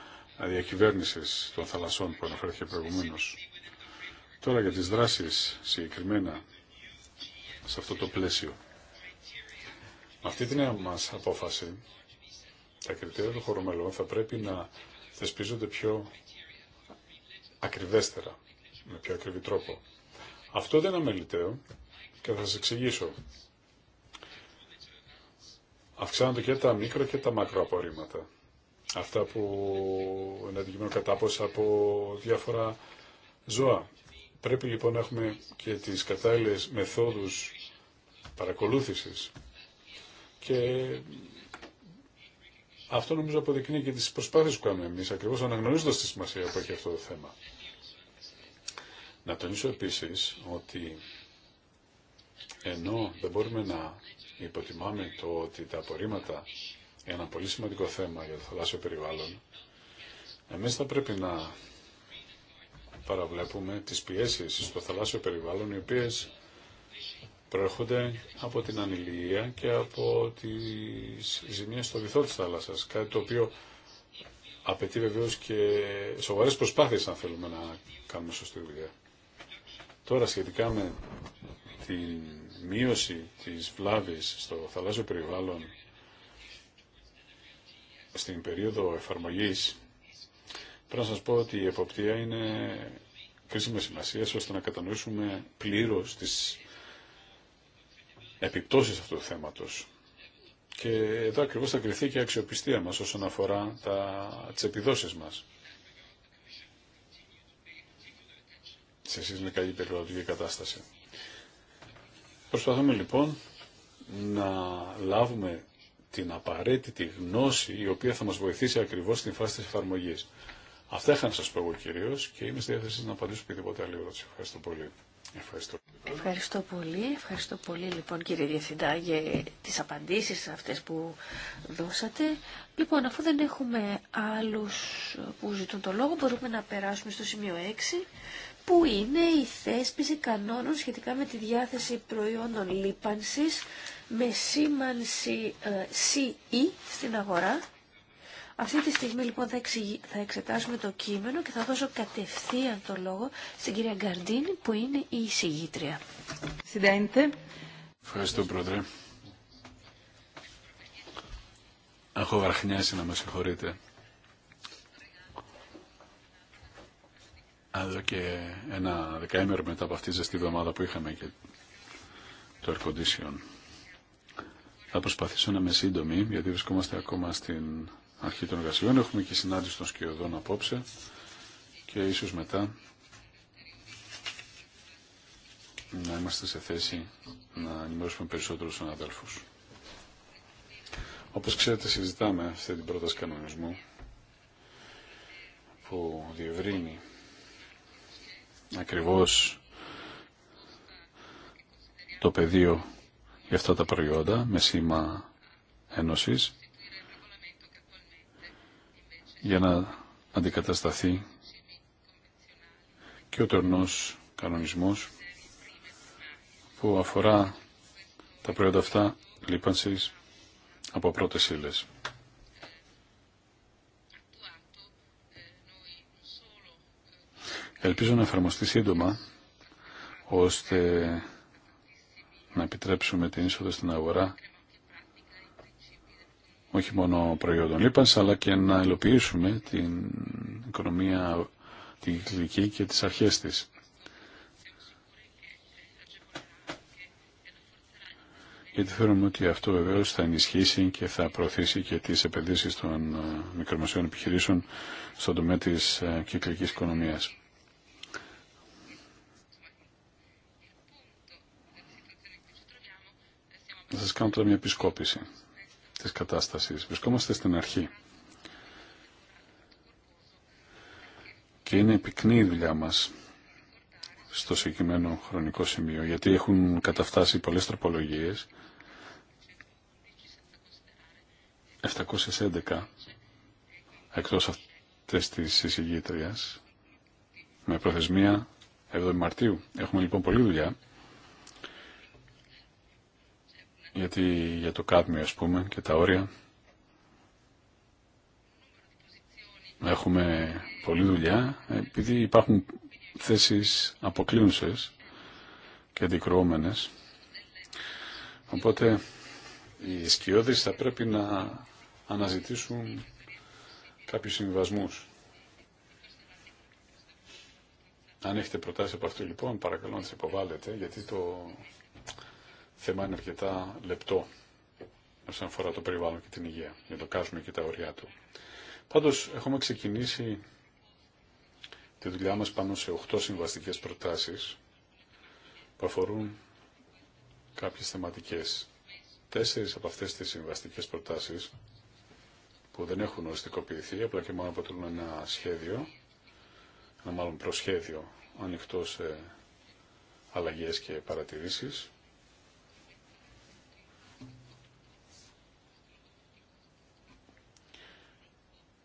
διακυβέρνησης των θαλασσών που αναφέρθηκε προηγουμένω. Τώρα για τις δράσεις συγκεκριμένα σε αυτό το πλαίσιο αυτή την νέα μας απόφαση, τα κριτήρια των χωρομελών θα πρέπει να θεσπίζονται πιο ακριβέστερα, με πιο ακριβή τρόπο. Αυτό δεν είναι αμεληταίο και θα σας εξηγήσω. Αυξάνονται και τα μικρο και τα απορρίμματα. Αυτά που είναι αντικείμενο κατάποση από διάφορα ζώα. Πρέπει λοιπόν να έχουμε και τις κατάλληλες μεθόδους παρακολούθησης και αυτό νομίζω αποδεικνύει και τις προσπάθειες που κάνουμε εμείς, ακριβώς αναγνωρίζοντα τη σημασία που έχει αυτό το θέμα. Να τονίσω επίσης ότι ενώ δεν μπορούμε να υποτιμάμε το ότι τα απορρίμματα είναι ένα πολύ σημαντικό θέμα για το θαλάσσιο περιβάλλον, εμείς θα πρέπει να παραβλέπουμε τις πιέσεις στο θαλάσσιο περιβάλλον, οι οποίες προέρχονται από την ανηλία και από τις ζημίες στο βυθό της θάλασσας. Κάτι το οποίο απαιτεί βεβαίω και σοβαρές προσπάθειες αν θέλουμε να κάνουμε σωστή δουλειά. Τώρα σχετικά με τη μείωση της βλάβης στο θαλάσσιο περιβάλλον στην περίοδο εφαρμογής πρέπει να σας πω ότι η εποπτεία είναι κρίσιμη σημασία ώστε να κατανοήσουμε πλήρως τις επιπτώσεις αυτού του θέματος. Και εδώ ακριβώς θα κρυθεί και η αξιοπιστία μας όσον αφορά τα, τις επιδόσεις μας. Σε εσείς είναι καλή περιβαλλοντική κατάσταση. Προσπαθούμε λοιπόν να λάβουμε την απαραίτητη γνώση η οποία θα μας βοηθήσει ακριβώς στην φάση της εφαρμογής. Αυτά είχα να σας πω εγώ κυρίως και είμαι στη διάθεση να απαντήσω οποιοδήποτε άλλη ερώτηση. Ευχαριστώ πολύ. Ευχαριστώ. Ευχαριστώ πολύ. Ευχαριστώ πολύ λοιπόν κύριε Διευθυντά για τις απαντήσεις αυτές που δώσατε. Λοιπόν, αφού δεν έχουμε άλλους που ζητούν το λόγο, μπορούμε να περάσουμε στο σημείο 6, που είναι η θέσπιση κανόνων σχετικά με τη διάθεση προϊόντων λίπανσης με σήμανση ε, CE στην αγορά αυτή τη στιγμή λοιπόν θα, εξετάσουμε το κείμενο και θα δώσω κατευθείαν το λόγο στην κυρία Γκαρντίνη που είναι η εισηγήτρια. Συντέντε. Ευχαριστώ πρόεδρε. Έχω βαρχνιάσει να με συγχωρείτε. Εδώ και ένα δεκαήμερο μετά από αυτή τη ζεστή εβδομάδα που είχαμε και το air condition. Θα προσπαθήσω να είμαι σύντομη, γιατί βρισκόμαστε ακόμα στην αρχή των εργασιών. Έχουμε και συνάντηση των σκιωδών απόψε και ίσως μετά να είμαστε σε θέση να ενημερώσουμε περισσότερους συναδέλφους. Όπως ξέρετε συζητάμε αυτή την πρόταση κανονισμού που διευρύνει ακριβώς το πεδίο για αυτά τα προϊόντα με σήμα ένωσης για να αντικατασταθεί και ο τερνός κανονισμός που αφορά τα προϊόντα αυτά λίπανσης από πρώτες ύλες. Ελπίζω να εφαρμοστεί σύντομα ώστε να επιτρέψουμε την είσοδο στην αγορά όχι μόνο προϊόντων λίπας, αλλά και να ελοποιήσουμε την οικονομία την κυκλική και τις αρχές της. γιατί θεωρούμε ότι αυτό βεβαίω θα ενισχύσει και θα προωθήσει και τις επενδύσεις των ε, μικρομεσαίων επιχειρήσεων στον τομέα της ε, κυκλική οικονομίας. Θα σα κάνω τώρα μια επισκόπηση της κατάστασης. Βρισκόμαστε στην αρχή. Και είναι πυκνή η δουλειά μας στο συγκεκριμένο χρονικό σημείο, γιατί έχουν καταφτάσει πολλές τροπολογίες. 711, εκτός αυτές της εισηγήτριας, με προθεσμία 7 Μαρτίου. Έχουμε λοιπόν πολλή δουλειά γιατί για το κάδμιο ας πούμε και τα όρια έχουμε πολλή δουλειά επειδή υπάρχουν θέσεις αποκλίνουσες και αντικρουόμενες οπότε οι σκιώδεις θα πρέπει να αναζητήσουν κάποιους συμβιβασμούς αν έχετε προτάσει από αυτό λοιπόν παρακαλώ να τις υποβάλλετε γιατί το θέμα είναι αρκετά λεπτό όσον αφορά το περιβάλλον και την υγεία, για το κάσμιο και τα ωριά του. Πάντως έχουμε ξεκινήσει τη δουλειά μας πάνω σε 8 συμβαστικές προτάσεις που αφορούν κάποιες θεματικές. Τέσσερις από αυτές τις συμβαστικές προτάσεις που δεν έχουν οριστικοποιηθεί, απλά και μόνο αποτελούν ένα σχέδιο, ένα μάλλον προσχέδιο ανοιχτό σε αλλαγές και παρατηρήσεις.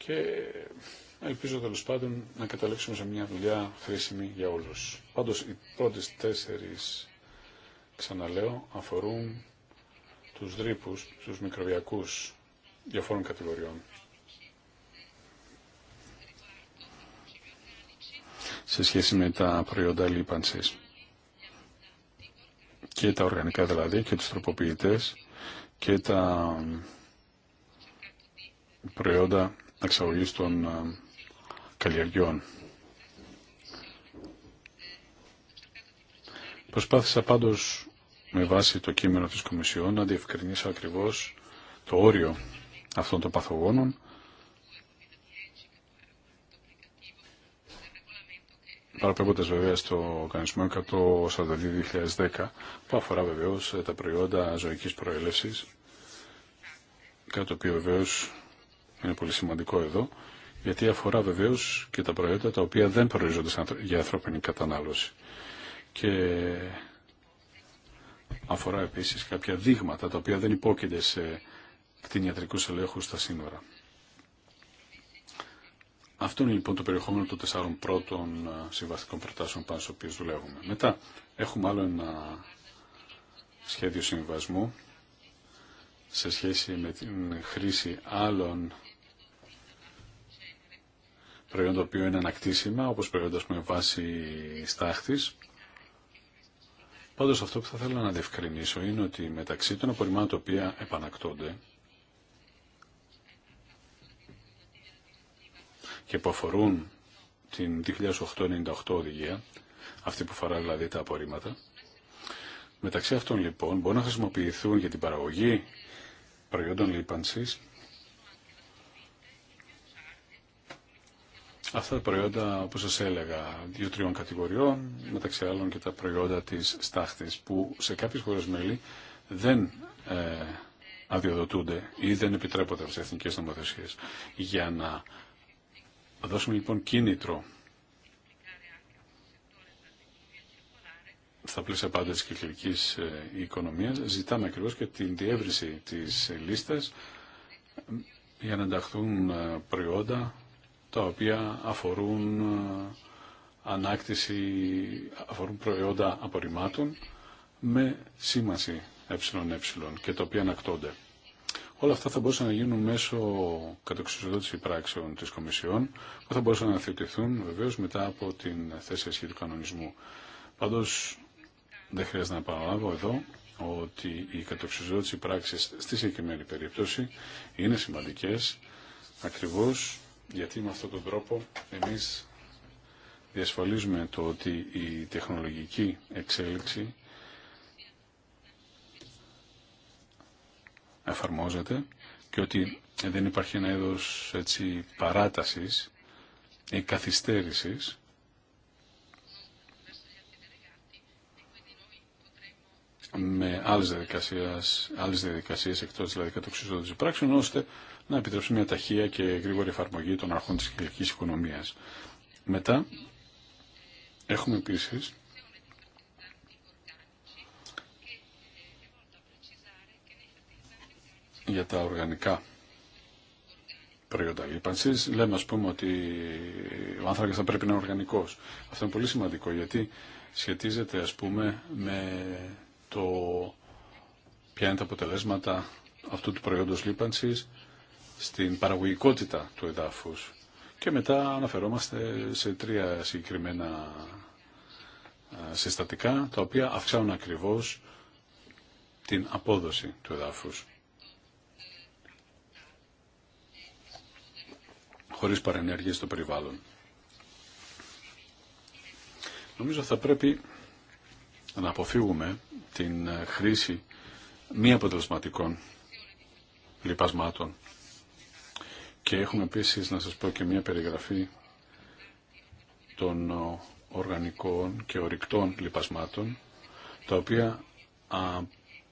και ελπίζω τέλο πάντων να καταλήξουμε σε μια δουλειά χρήσιμη για όλους. Πάντως οι πρώτες τέσσερις, ξαναλέω, αφορούν τους δρύπους, τους μικροβιακούς διαφόρων κατηγοριών. σε σχέση με τα προϊόντα λίπανσης και τα οργανικά δηλαδή και τους τροποποιητές και τα προϊόντα εξαγωγής των ε, καλλιεργιών. Προσπάθησα πάντως με βάση το κείμενο της Κομισιόν να διευκρινίσω ακριβώς το όριο αυτών των παθογόνων παραπέμποντας βέβαια στο οργανισμο 142 142-2010 που αφορά βεβαίω τα προϊόντα ζωικής προέλευσης κάτι το οποίο βεβαίω είναι πολύ σημαντικό εδώ, γιατί αφορά βεβαίως και τα προϊόντα τα οποία δεν προορίζονται για ανθρώπινη κατανάλωση. Και αφορά επίσης κάποια δείγματα τα οποία δεν υπόκεινται σε κτηνιατρικούς ελέγχους στα σύνορα. Αυτό είναι λοιπόν το περιεχόμενο των τεσσάρων πρώτων ε, συμβαστικών προτάσεων πάνω στους οποίες δουλεύουμε. Μετά έχουμε άλλο ένα σχέδιο συμβασμού σε σχέση με την χρήση άλλων προϊόντα που είναι ανακτήσιμα, όπως προϊόντα με βάση στάχτης. Πάντως αυτό που θα θέλω να διευκρινίσω είναι ότι μεταξύ των απορριμμάτων τα οποία επανακτώνται και που αφορούν την 2008-98 οδηγία, αυτή που φορά δηλαδή τα απορρίμματα, μεταξύ αυτών λοιπόν μπορούν να χρησιμοποιηθούν για την παραγωγή προϊόντων λίπανσης αυτά τα προϊόντα, όπως σας έλεγα, δύο-τριών κατηγοριών, μεταξύ άλλων και τα προϊόντα της στάχτης, που σε κάποιες χώρες μέλη δεν ε, αδειοδοτούνται ή δεν επιτρέπονται από εθνικές νομοθεσίες. Για να δώσουμε λοιπόν κίνητρο στα πλαίσια πάντα της κυκλικής ε, οικονομίας, ζητάμε ακριβώς και την διεύρυνση της λίστας ε, για να ενταχθούν ε, προϊόντα τα οποία αφορούν ε, ανάκτηση, αφορούν προϊόντα απορριμμάτων με σήμανση ΕΕ και τα οποία ανακτώνται. Όλα αυτά θα μπορούσαν να γίνουν μέσω κατοξιδότηση πράξεων της Κομισιόν που θα μπορούσαν να θεωτηθούν βεβαίως μετά από την θέση ισχύ του κανονισμού. Πάντως δεν χρειάζεται να παραλάβω εδώ ότι οι κατοξιδότηση πράξεις στη συγκεκριμένη περίπτωση είναι σημαντικές ακριβώς γιατί με αυτόν τον τρόπο εμείς διασφαλίζουμε το ότι η τεχνολογική εξέλιξη εφαρμόζεται και ότι δεν υπάρχει ένα είδος έτσι, παράτασης ή καθυστέρησης με άλλες διαδικασίες, άλλες διαδικασίες εκτός δηλαδή της πράξεων, ώστε να επιτρέψουμε μια ταχεία και γρήγορη εφαρμογή των αρχών της κυκλικής οικονομίας. Μετά έχουμε επίσης για τα οργανικά προϊόντα εσείς Λέμε ας πούμε ότι ο άνθρακας θα πρέπει να είναι οργανικός. Αυτό είναι πολύ σημαντικό γιατί σχετίζεται ας πούμε με το ποια είναι τα αποτελέσματα αυτού του προϊόντος λίπανσης στην παραγωγικότητα του εδάφους. Και μετά αναφερόμαστε σε τρία συγκεκριμένα συστατικά, τα οποία αυξάνουν ακριβώς την απόδοση του εδάφους. Χωρίς παρενέργειες στο περιβάλλον. Νομίζω θα πρέπει να αποφύγουμε την ε, χρήση μη αποτελεσματικών λιπασμάτων. Και έχουμε επίσης να σας πω και μια περιγραφή των ε, οργανικών και ορυκτών λιπασμάτων, τα οποία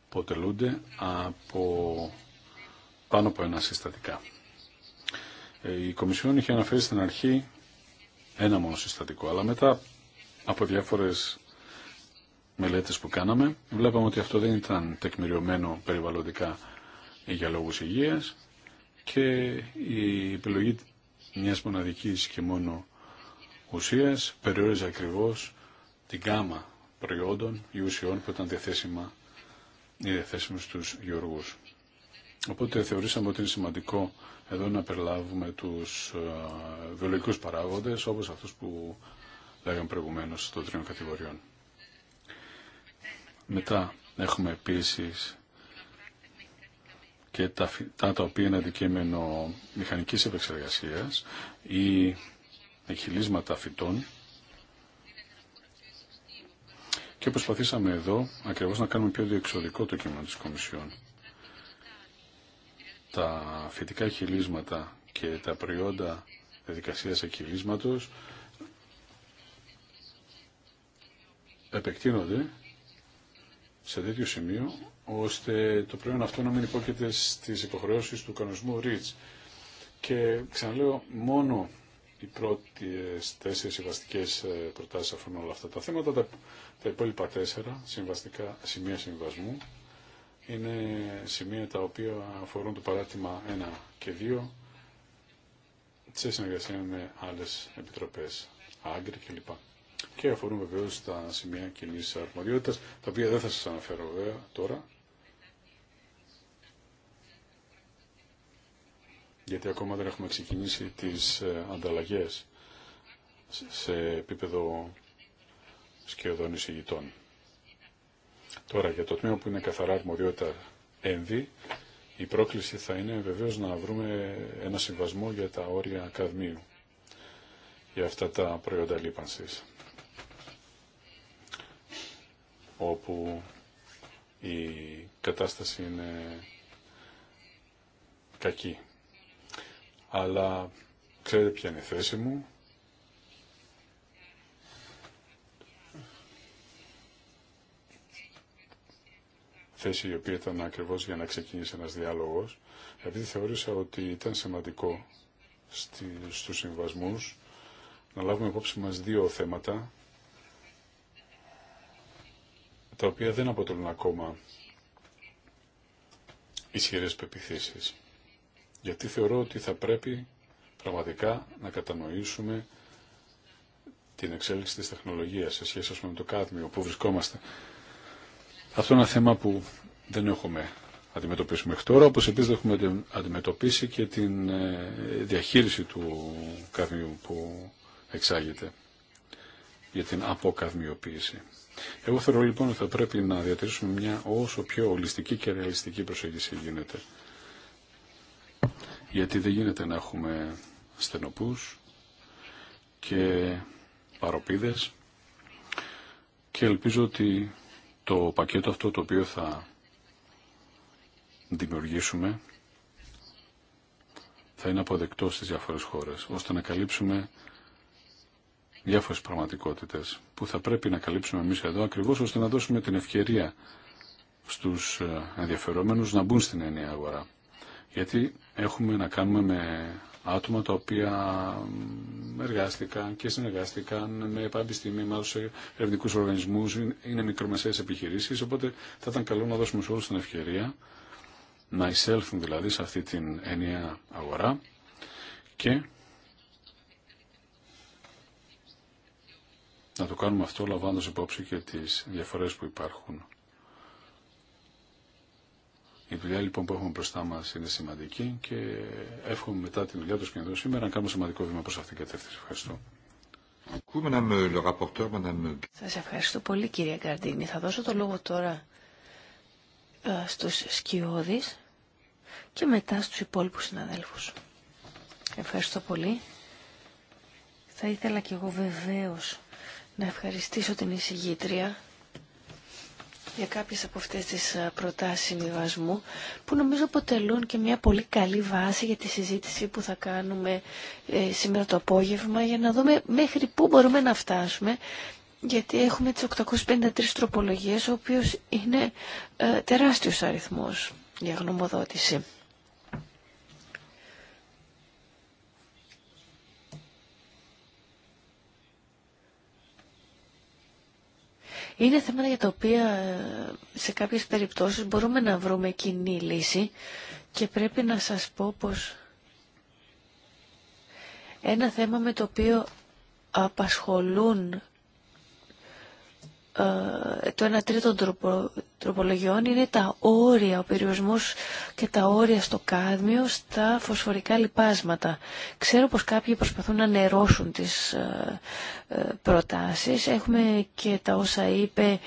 αποτελούνται από πάνω από ένα συστατικά. Ε, η Κομισιόν είχε αναφέρει στην αρχή ένα μόνο συστατικό, αλλά μετά από διάφορες μελέτες που κάναμε, βλέπαμε ότι αυτό δεν ήταν τεκμηριωμένο περιβαλλοντικά για λόγους υγείας και η επιλογή μιας μοναδικής και μόνο ουσίας περιόριζε ακριβώς την γάμα προϊόντων ή ουσιών που ήταν διαθέσιμα ή διαθέσιμα στους γεωργούς. Οπότε θεωρήσαμε ότι είναι σημαντικό εδώ να περιλάβουμε τους ε, βιολογικούς παράγοντες όπως αυτούς που λέγαμε προηγουμένως των τριών κατηγοριών. Μετά έχουμε επίσης και τα φυτά τα οποία είναι αντικείμενο μηχανικής επεξεργασίας ή εχειλίσματα φυτών και προσπαθήσαμε εδώ ακριβώς να κάνουμε πιο διεξοδικό το κείμενο της Κομισιόν. Τα φυτικά χιλίσματα και τα προϊόντα διαδικασίας εκχυλίσματος επεκτείνονται σε τέτοιο σημείο ώστε το πλέον αυτό να μην υπόκειται στις υποχρεώσεις του κανονισμού REACH. Και ξαναλέω, μόνο οι πρώτες τέσσερις συμβαστικές ε, προτάσεις αφορούν όλα αυτά τα θέματα. Τα, υπόλοιπα τέσσερα συμβαστικά σημεία συμβασμού είναι σημεία τα οποία αφορούν το παράτημα 1 και 2 σε συνεργασία με άλλες επιτροπές, άγκρι κλπ και αφορούν βεβαίω τα σημεία κοινή αρμοδιότητα, τα οποία δεν θα σα αναφέρω βέβαια ε, τώρα. Γιατί ακόμα δεν έχουμε ξεκινήσει τι ε, ανταλλαγέ σε επίπεδο σκιωδών εισηγητών. Τώρα για το τμήμα που είναι καθαρά αρμοδιότητα έμβη, η πρόκληση θα είναι βεβαίω να βρούμε ένα συμβασμό για τα όρια καδμίου για αυτά τα προϊόντα λίπανσης όπου η κατάσταση είναι κακή. Αλλά ξέρετε ποια είναι η θέση μου. Θέση η οποία ήταν ακριβώς για να ξεκινήσει ένας διάλογος, επειδή θεώρησα ότι ήταν σημαντικό στους συμβασμούς να λάβουμε υπόψη μας δύο θέματα τα οποία δεν αποτελούν ακόμα ισχυρές πεπιθήσεις. Γιατί θεωρώ ότι θα πρέπει πραγματικά να κατανοήσουμε την εξέλιξη της τεχνολογίας σε σχέση με το κάδμιο που βρισκόμαστε. Αυτό είναι ένα θέμα που δεν έχουμε αντιμετωπίσει μέχρι τώρα, όπως επίσης δεν έχουμε αντιμετωπίσει και την ε, διαχείριση του καδμίου που εξάγεται για την αποκαδμιοποίηση. Εγώ θεωρώ λοιπόν ότι θα πρέπει να διατηρήσουμε μια όσο πιο ολιστική και ρεαλιστική προσέγγιση γίνεται. Γιατί δεν γίνεται να έχουμε στενοπούς και παροπίδες και ελπίζω ότι το πακέτο αυτό το οποίο θα δημιουργήσουμε θα είναι αποδεκτό στις διάφορες χώρες, ώστε να καλύψουμε διάφορες πραγματικότητες που θα πρέπει να καλύψουμε εμείς εδώ ακριβώς ώστε να δώσουμε την ευκαιρία στους ε, ενδιαφερόμενους να μπουν στην ενιαία αγορά. Γιατί έχουμε να κάνουμε με άτομα τα οποία εργάστηκαν και συνεργάστηκαν με πανεπιστήμια, με άλλου ερευνητικού οργανισμού, είναι μικρομεσαίες επιχειρήσεις, οπότε θα ήταν καλό να δώσουμε σε όλους την ευκαιρία να εισέλθουν δηλαδή σε αυτή την ενιαία αγορά και να το κάνουμε αυτό λαμβάνοντας υπόψη και τις διαφορές που υπάρχουν. Η δουλειά λοιπόν που έχουμε μπροστά μα είναι σημαντική και εύχομαι μετά τη δουλειά του σκηνικού σήμερα να κάνουμε σημαντικό βήμα προ αυτήν την κατεύθυνση. Ευχαριστώ. Σα ευχαριστώ πολύ κύριε Καρδίνη. Θα δώσω το λόγο τώρα ε, στους σκιώδεις και μετά στους υπόλοιπους συναδέλφους. Ευχαριστώ πολύ. Θα ήθελα κι εγώ βεβαίως να ευχαριστήσω την εισηγήτρια για κάποιες από αυτές τις ε, προτάσεις συμβιβασμού που νομίζω αποτελούν και μια πολύ καλή βάση για τη συζήτηση που θα κάνουμε ε, σήμερα το απόγευμα για να δούμε μέχρι πού μπορούμε να φτάσουμε γιατί έχουμε τις 853 τροπολογίες ο οποίος είναι ε, τεράστιος αριθμός για γνωμοδότηση. Είναι θέματα για τα οποία ε, σε κάποιες περιπτώσεις μπορούμε να βρούμε κοινή λύση και πρέπει να σας πω πως ένα θέμα με το οποίο απασχολούν ε, το ένα τρίτο τροπολογιών είναι τα όρια, ο περιορισμός και τα όρια στο κάδμιο στα φωσφορικά λιπάσματα. Ξέρω πως κάποιοι προσπαθούν να νερώσουν τις ε, ε, προτάσεις. Έχουμε και τα όσα είπε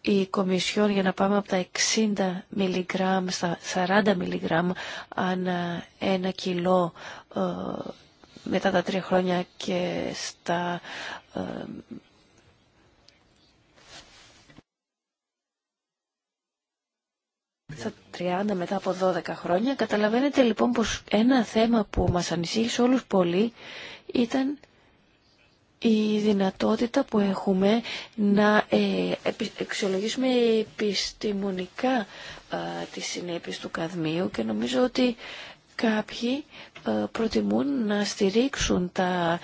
η Κομισιόν για να πάμε από τα 60 μιλιγκράμμ στα 40 μιλιγκράμμ ανά ένα κιλό ε, μετά τα τρία χρόνια και στα Στα 30 μετά από 12 χρόνια. Καταλαβαίνετε λοιπόν πως ένα θέμα που μας ανησύχησε όλους πολύ ήταν η δυνατότητα που έχουμε να ε, εξολογήσουμε επιστημονικά τις συνέπειες του καδμίου και νομίζω ότι κάποιοι προτιμούν να στηρίξουν τα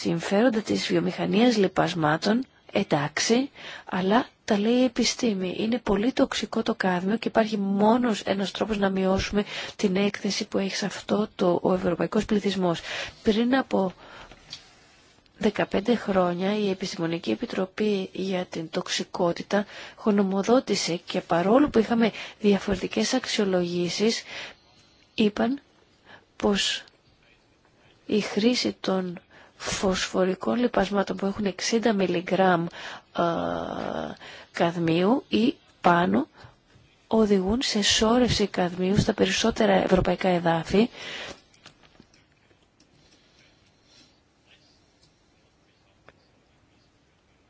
συμφέροντα της βιομηχανίας λιπασμάτων, εντάξει, αλλά τα λέει η επιστήμη. Είναι πολύ τοξικό το κάδμιο και υπάρχει μόνος ένας τρόπος να μειώσουμε την έκθεση που έχει σε αυτό το, ο ευρωπαϊκός πληθυσμός. Πριν από 15 χρόνια η Επιστημονική Επιτροπή για την Τοξικότητα χονομοδότησε και παρόλο που είχαμε διαφορετικές αξιολογήσεις είπαν πως η χρήση των φωσφορικών λιπασμάτων που έχουν 60 μιλιγκράμμ ε, καδμίου ή πάνω οδηγούν σε σώρευση καδμίου στα περισσότερα ευρωπαϊκά εδάφη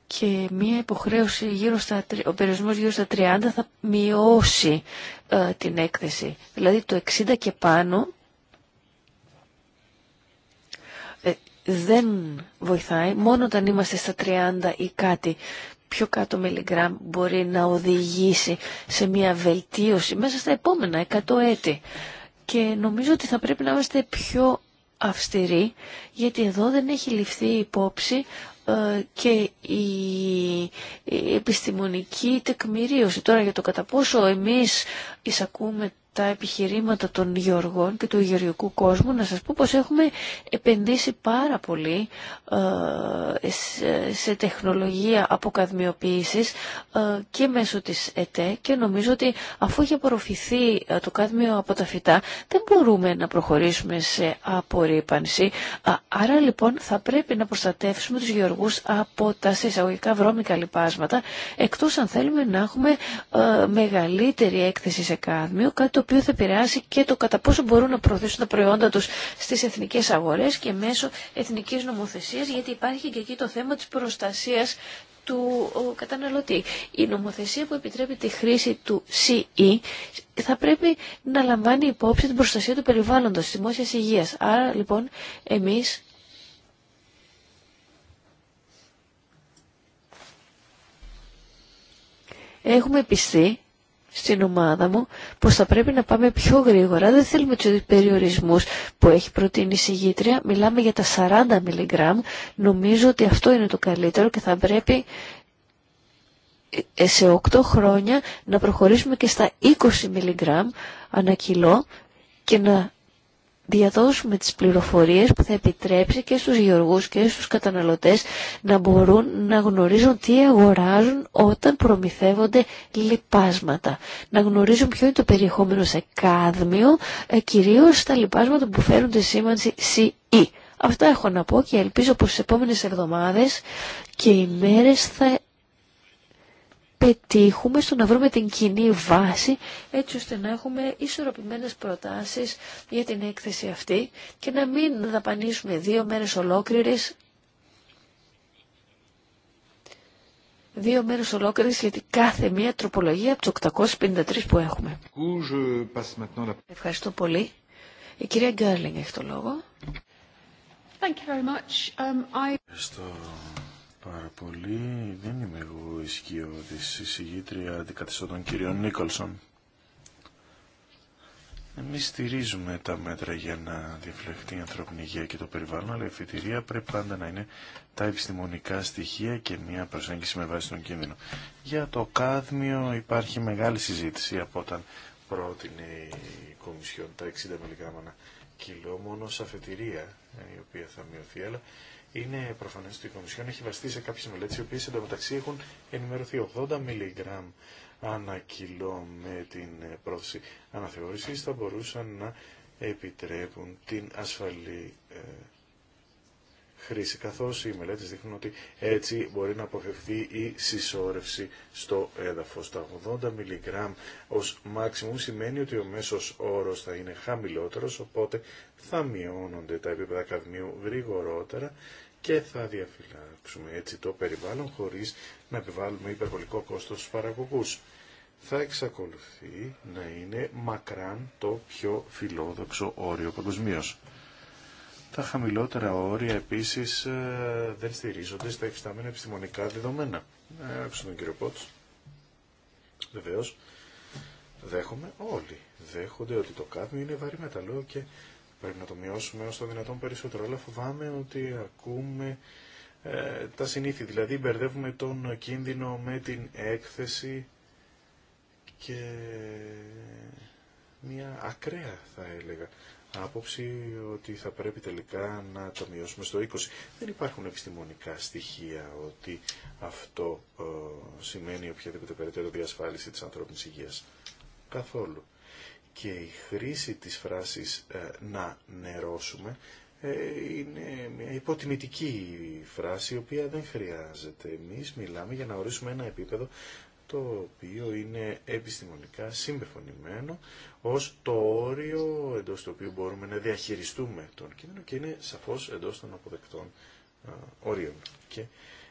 και μία υποχρέωση γύρω στα, ο περιορισμός γύρω στα 30 θα μειώσει ε, την έκθεση. Δηλαδή το 60 και πάνω δεν βοηθάει. Μόνο όταν είμαστε στα 30 ή κάτι πιο κάτω μιλιγκράμμ μπορεί να οδηγήσει σε μια βελτίωση μέσα στα επόμενα 100 έτη. Και νομίζω ότι θα πρέπει να είμαστε πιο αυστηροί γιατί εδώ δεν έχει ληφθεί υπόψη ε, και η επιστημονική τεκμηρίωση. Τώρα για το κατά πόσο εμείς εισακούμε τα επιχειρήματα των γεωργών και του γεωργικού κόσμου να σας πω πως έχουμε επενδύσει πάρα πολύ ε, σε τεχνολογία αποκαδμιοποίησης ε, και μέσω της ΕΤΕ και νομίζω ότι αφού έχει απορροφηθεί ε, το κάδμιο από τα φυτά δεν μπορούμε να προχωρήσουμε σε απορρίπανση άρα λοιπόν θα πρέπει να προστατεύσουμε τους γεωργούς από τα συσσαγωγικά βρώμικα λοιπάσματα εκτός αν θέλουμε να έχουμε μεγαλύτερη έκθεση σε κάδμιο κάτι οποίο θα επηρεάσει και το κατά πόσο μπορούν να προωθήσουν τα προϊόντα τους στις εθνικές αγορές και μέσω εθνικής νομοθεσίας, γιατί υπάρχει και εκεί το θέμα της προστασίας του καταναλωτή. Η νομοθεσία που επιτρέπει τη χρήση του CE θα πρέπει να λαμβάνει υπόψη την προστασία του περιβάλλοντος, της δημόσιας υγείας. Άρα λοιπόν εμείς έχουμε πιστεί στην ομάδα μου πως θα πρέπει να πάμε πιο γρήγορα. Δεν θέλουμε τους περιορισμούς που έχει προτείνει η συγγήτρια. Μιλάμε για τα 40 μιλιγκράμμ. Νομίζω ότι αυτό είναι το καλύτερο και θα πρέπει ε, σε 8 χρόνια να προχωρήσουμε και στα 20 μιλιγκράμμ ανά κιλό και να διαδώσουμε τις πληροφορίες που θα επιτρέψει και στους γεωργούς και στους καταναλωτές να μπορούν να γνωρίζουν τι αγοράζουν όταν προμηθεύονται λιπάσματα. Να γνωρίζουν ποιο είναι το περιεχόμενο σε κάδμιο, ε, κυρίως στα λιπάσματα που φέρουν τη σήμανση CE. Αυτά έχω να πω και ελπίζω πως στις επόμενες εβδομάδες και οι θα πετύχουμε στο να βρούμε την κοινή βάση έτσι ώστε να έχουμε ισορροπημένες προτάσεις για την έκθεση αυτή και να μην δαπανίσουμε δύο μέρες ολόκληρες δύο μέρες ολόκληρες γιατί κάθε μία τροπολογία από τους 853 που έχουμε. Ευχαριστώ πολύ. Η κυρία Γκέρλινγκ έχει το λόγο. Um, πάρα πολύ. Δεν είμαι εγώ ισχύω της εισηγήτρια αντικαθιστώ τον κύριο Νίκολσον. Εμείς στηρίζουμε τα μέτρα για να διαφλεχτεί η ανθρώπινη υγεία και το περιβάλλον, αλλά η φοιτηρία πρέπει πάντα να είναι τα επιστημονικά στοιχεία και μια προσέγγιση με βάση τον κίνδυνο. Για το κάδμιο υπάρχει μεγάλη συζήτηση από όταν πρότεινε η Κομισιόν τα 60 μιλιγράμμα κιλό μόνο σε αφετηρία, ε, η οποία θα μειωθεί, αλλά είναι προφανέ ότι η Κομισιόν έχει βαστεί σε κάποιε μελέτε οι οποίε εντωμεταξύ έχουν ενημερωθεί 80 μιλιγκράμμ ανά κιλό με την πρόθεση αναθεώρηση θα μπορούσαν να επιτρέπουν την ασφαλή ε, χρήση, καθώς οι μελέτες δείχνουν ότι έτσι μπορεί να αποφευθεί η συσσόρευση στο έδαφος. Τα 80 μιλιγκράμμ ως μάξιμου σημαίνει ότι ο μέσο όρο θα είναι χαμηλότερο, οπότε θα μειώνονται τα επίπεδα καδμίου γρηγορότερα και θα διαφυλάξουμε έτσι το περιβάλλον χωρίς να επιβάλλουμε υπερβολικό κόστος στους παραγωγούς. Θα εξακολουθεί να είναι μακράν το πιο φιλόδοξο όριο παγκοσμίω. Τα χαμηλότερα όρια επίσης ε, δεν στηρίζονται στα υφιστάμενα επιστημονικά δεδομένα. Ε, άκουσα τον κύριο Πότς. Βεβαίως, δέχομαι όλοι. Δέχονται ότι το κάδμιο είναι βαρύ μεταλλό και πρέπει να το μειώσουμε όσο το δυνατόν περισσότερο. Αλλά φοβάμαι ότι ακούμε ε, τα συνήθη. Δηλαδή μπερδεύουμε τον κίνδυνο με την έκθεση και μια ακραία θα έλεγα άποψη ότι θα πρέπει τελικά να το μειώσουμε στο 20. Δεν υπάρχουν επιστημονικά στοιχεία ότι αυτό ε, σημαίνει οποιαδήποτε περαιτέρω διασφάλιση της ανθρώπινης υγείας. Καθόλου και η χρήση της φράσης ε, να νερώσουμε ε, είναι μια υποτιμητική φράση η οποία δεν χρειάζεται. Εμείς μιλάμε για να ορίσουμε ένα επίπεδο το οποίο είναι επιστημονικά συμπεφωνημένο ως το όριο εντός του οποίου μπορούμε να διαχειριστούμε τον κίνδυνο και είναι σαφώς εντός των αποδεκτών ε, ορίων. Και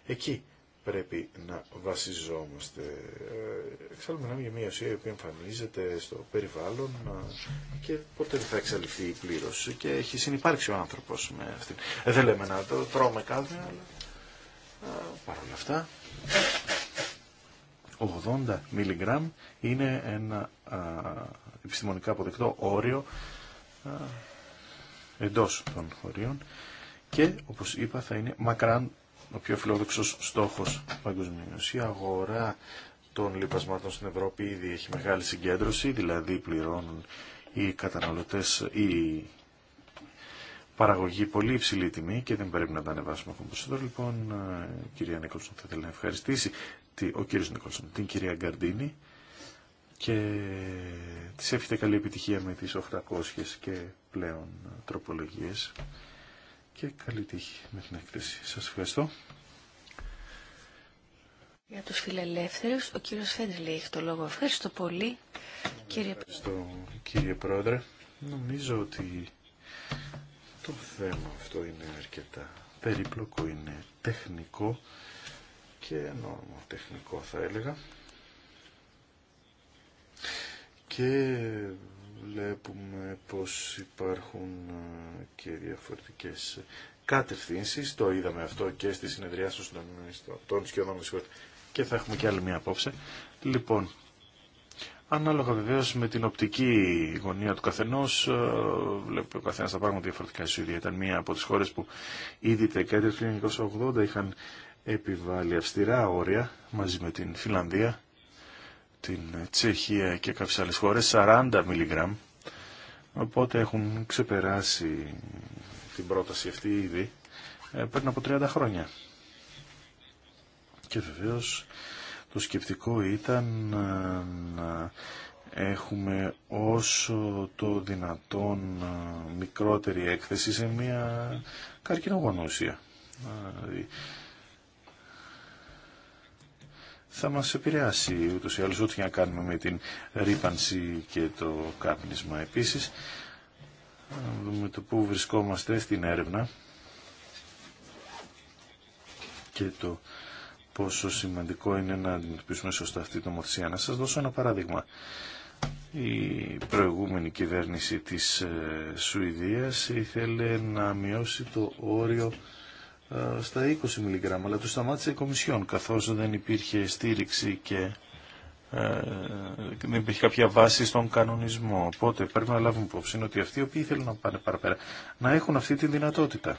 εκεί πρέπει να βασιζόμαστε. Ε, εξάλλου μιλάμε για μια ουσία η οποία εμφανίζεται στο περιβάλλον ε, και ποτέ δεν θα εξαλειφθεί πλήρω και έχει συνεπάρξει ο άνθρωπος με αυτήν. Ε, δεν λέμε να το τρώμε κάθε, αλλά παρ' όλα αυτά 80 μιλιγκράμμ είναι ένα επιστημονικά αποδεκτό όριο α, εντός των χωρίων και όπως είπα θα είναι μακράν ο πιο φιλόδοξος στόχος παγκοσμίω. Η αγορά των λοιπασμάτων στην Ευρώπη ήδη έχει μεγάλη συγκέντρωση, δηλαδή πληρώνουν οι καταναλωτές η παραγωγή πολύ υψηλή τιμή και δεν πρέπει να τα ανεβάσουμε ακόμα Λοιπόν, η ε, κυρία Νίκολσον θα ήθελα να ευχαριστήσει ο κύριος Νίκολσον, την κυρία Γκαρντίνη και της εύχεται καλή επιτυχία με τις 800 και πλέον τροπολογίες και καλή τύχη με την έκθεση. Σας ευχαριστώ. Για τους φιλελεύθερους, ο κύριος Φέντριλη έχει το λόγο. Ευχαριστώ πολύ, κύριε Ευχαριστώ, κύριε Πρόεδρε. Νομίζω ότι το θέμα αυτό είναι αρκετά περίπλοκο, είναι τεχνικό και τεχνικό, θα έλεγα. Και βλέπουμε πως υπάρχουν ε, και διαφορετικές κατευθύνσεις. Το είδαμε αυτό και στη συνεδριά των σχεδόν και θα έχουμε και άλλη μία απόψε. Λοιπόν, ανάλογα βεβαίω με την οπτική γωνία του καθενό, ε, βλέπει ο καθένα τα πράγματα διαφορετικά. Η Σουηδία ήταν μία από τι χώρε που ήδη δεκαετία του 1980 είχαν επιβάλει αυστηρά όρια μαζί με την Φιλανδία, την Τσεχία και κάποιε άλλε χώρε, 40 μιλιγκράμμ. Οπότε έχουν ξεπεράσει την πρόταση αυτή ήδη ε, πριν από 30 χρόνια. Και βεβαίως το σκεπτικό ήταν ε, να έχουμε όσο το δυνατόν ε, μικρότερη έκθεση σε μια καρκινογονούσια. Δηλαδή, θα μας επηρεάσει ούτως ή άλλως ό,τι να κάνουμε με την ρήπανση και το κάπνισμα. Επίσης, να δούμε το πού βρισκόμαστε στην έρευνα και το πόσο σημαντικό είναι να αντιμετωπίσουμε σωστά αυτή την ομοθεσία. Να σας δώσω ένα παράδειγμα. Η προηγούμενη κυβέρνηση της ε, Σουηδίας ήθελε να μειώσει το όριο ε, στα 20 μιλιγκράμμα, αλλά το σταμάτησε η Κομισιόν, καθώς δεν υπήρχε στήριξη και ε, δεν υπήρχε κάποια βάση στον κανονισμό. Οπότε πρέπει να λάβουμε υπόψη ότι αυτοί οι οποίοι θέλουν να πάνε παραπέρα να έχουν αυτή τη δυνατότητα.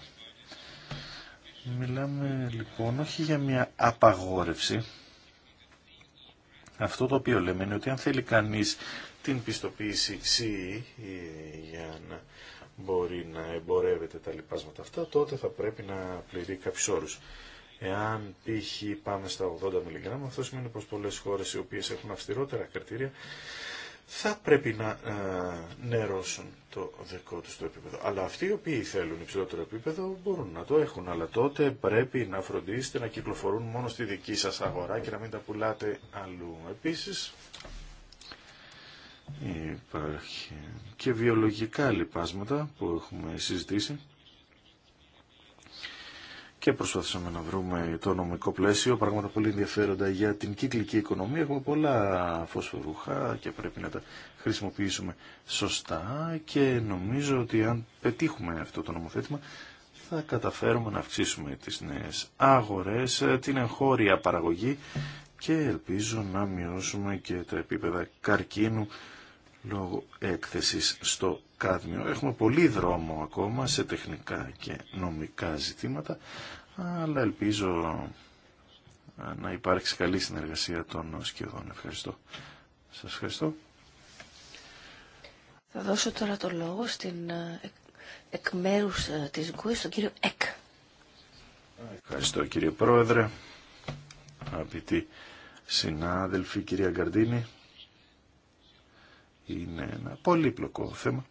Μιλάμε λοιπόν όχι για μια απαγόρευση. Αυτό το οποίο λέμε είναι ότι αν θέλει κανείς την πιστοποίηση CE για να μπορεί να εμπορεύεται τα λοιπάσματα αυτά, τότε θα πρέπει να πληρεί κάποιους όρους. Εάν π.χ. πάμε στα 80 μιλιγράμμα, αυτό σημαίνει πως πολλές χώρες οι οποίες έχουν αυστηρότερα κριτήρια θα πρέπει να ε, νερώσουν το δικό του το επίπεδο. Αλλά αυτοί οι οποίοι θέλουν υψηλότερο επίπεδο μπορούν να το έχουν. Αλλά τότε πρέπει να φροντίσετε να κυκλοφορούν μόνο στη δική σας αγορά και να μην τα πουλάτε αλλού. Επίσης υπάρχει και βιολογικά λοιπάσματα που έχουμε συζητήσει και προσπαθήσαμε να βρούμε το νομικό πλαίσιο, πράγματα πολύ ενδιαφέροντα για την κύκλική οικονομία. Έχουμε πολλά φωσφορούχα και πρέπει να τα χρησιμοποιήσουμε σωστά και νομίζω ότι αν πετύχουμε αυτό το νομοθέτημα θα καταφέρουμε να αυξήσουμε τις νέες αγορές, την εγχώρια παραγωγή και ελπίζω να μειώσουμε και τα επίπεδα καρκίνου λόγω έκθεσης στο κάδμιο. Έχουμε πολύ δρόμο ακόμα σε τεχνικά και νομικά ζητήματα, αλλά ελπίζω να υπάρξει καλή συνεργασία των σκιωδών. Ευχαριστώ. Σας ευχαριστώ. Θα δώσω τώρα το λόγο στην ε, εκ ε, της ΓΚΟΥ στον κύριο Εκ. Ευχαριστώ κύριε Πρόεδρε, αγαπητοί συνάδελφοι, κυρία Γκαρντίνη. Είναι ένα πολύπλοκο θέμα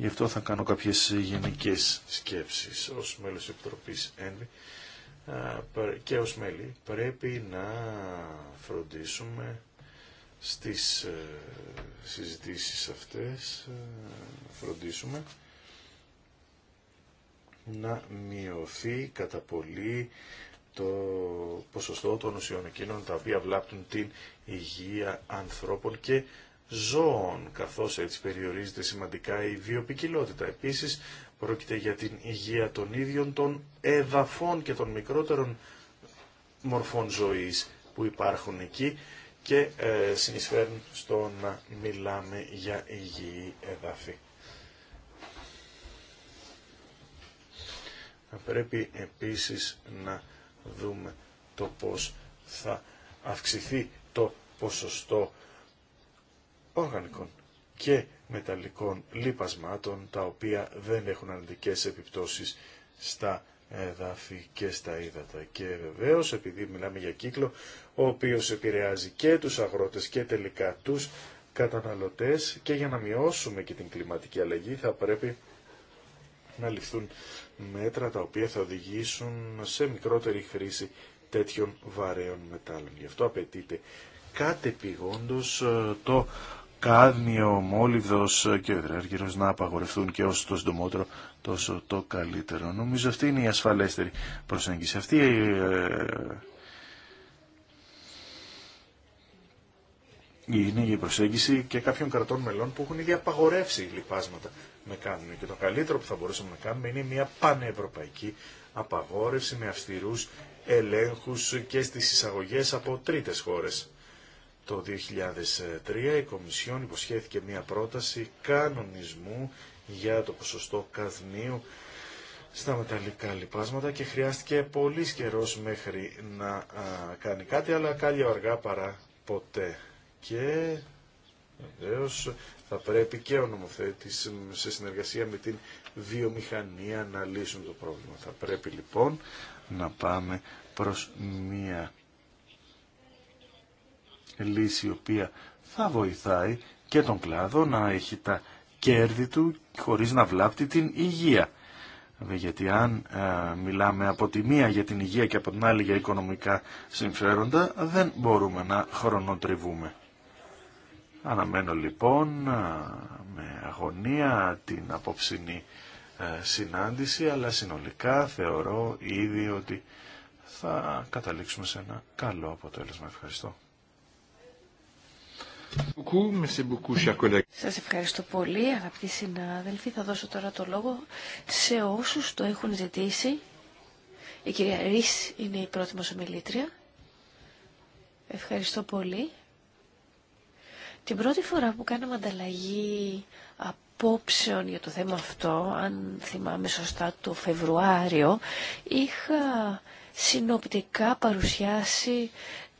Γι' αυτό θα κάνω κάποιες γενικές σκέψεις ως μέλος της Επιτροπής ΕΝΒΗ και ως μέλη πρέπει να φροντίσουμε στις ε, συζητήσεις αυτές ε, φροντίσουμε να μειωθεί κατά πολύ το ποσοστό των ουσιών εκείνων τα οποία βλάπτουν την υγεία ανθρώπων και ζώων, καθώς έτσι περιορίζεται σημαντικά η βιοπικιλότητα. Επίσης, πρόκειται για την υγεία των ίδιων των εδαφών και των μικρότερων μορφών ζωής που υπάρχουν εκεί και ε, συνεισφέρουν στο να μιλάμε για υγιή εδάφη. Θα πρέπει επίσης να δούμε το πώς θα αυξηθεί το ποσοστό οργανικών και μεταλλικών λίπασμάτων τα οποία δεν έχουν αρνητικές επιπτώσεις στα εδάφη και στα ύδατα. Και βεβαίως επειδή μιλάμε για κύκλο ο οποίος επηρεάζει και τους αγρότες και τελικά τους καταναλωτές και για να μειώσουμε και την κλιματική αλλαγή θα πρέπει να ληφθούν μέτρα τα οποία θα οδηγήσουν σε μικρότερη χρήση τέτοιων βαρέων μετάλλων. Γι' αυτό απαιτείται κατεπηγόντως ε, το κάδμιο, μόλιβδος και ο υδραργύρος να απαγορευτούν και όσο το συντομότερο τόσο το καλύτερο. Νομίζω αυτή είναι η ασφαλέστερη προσέγγιση. Αυτή ε, είναι η προσέγγιση και κάποιων κρατών μελών που έχουν ήδη απαγορεύσει λοιπάσματα με κάδμιο. Και το καλύτερο που θα μπορούσαμε να κάνουμε είναι μια πανευρωπαϊκή απαγόρευση με αυστηρούς ελέγχους και στις εισαγωγές από τρίτες χώρες. Το 2003 η Κομισιόν υποσχέθηκε μία πρόταση κανονισμού για το ποσοστό καδμίου στα μεταλλικά λοιπάσματα και χρειάστηκε πολύ καιρό μέχρι να κάνει κάτι, αλλά καλή αργά παρά ποτέ. Και βεβαίω θα πρέπει και ο νομοθέτης σε συνεργασία με την βιομηχανία να λύσουν το πρόβλημα. Θα πρέπει λοιπόν να πάμε προς μία λύση η οποία θα βοηθάει και τον κλάδο να έχει τα κέρδη του χωρίς να βλάπτει την υγεία. Γιατί αν ε, μιλάμε από τη μία για την υγεία και από την άλλη για οικονομικά συμφέροντα, δεν μπορούμε να χρονοτριβούμε. Αναμένω λοιπόν ε, με αγωνία την απόψινή ε, συνάντηση, αλλά συνολικά θεωρώ ήδη ότι θα καταλήξουμε σε ένα καλό αποτέλεσμα. Ευχαριστώ. Σας ευχαριστώ πολύ αγαπητοί συνάδελφοι. Θα δώσω τώρα το λόγο σε όσους το έχουν ζητήσει. Η κυρία Ρίς είναι η πρώτη μας ομιλήτρια. Ευχαριστώ πολύ. Την πρώτη φορά που κάναμε ανταλλαγή απόψεων για το θέμα αυτό, αν θυμάμαι σωστά το Φεβρουάριο, είχα συνοπτικά παρουσιάσει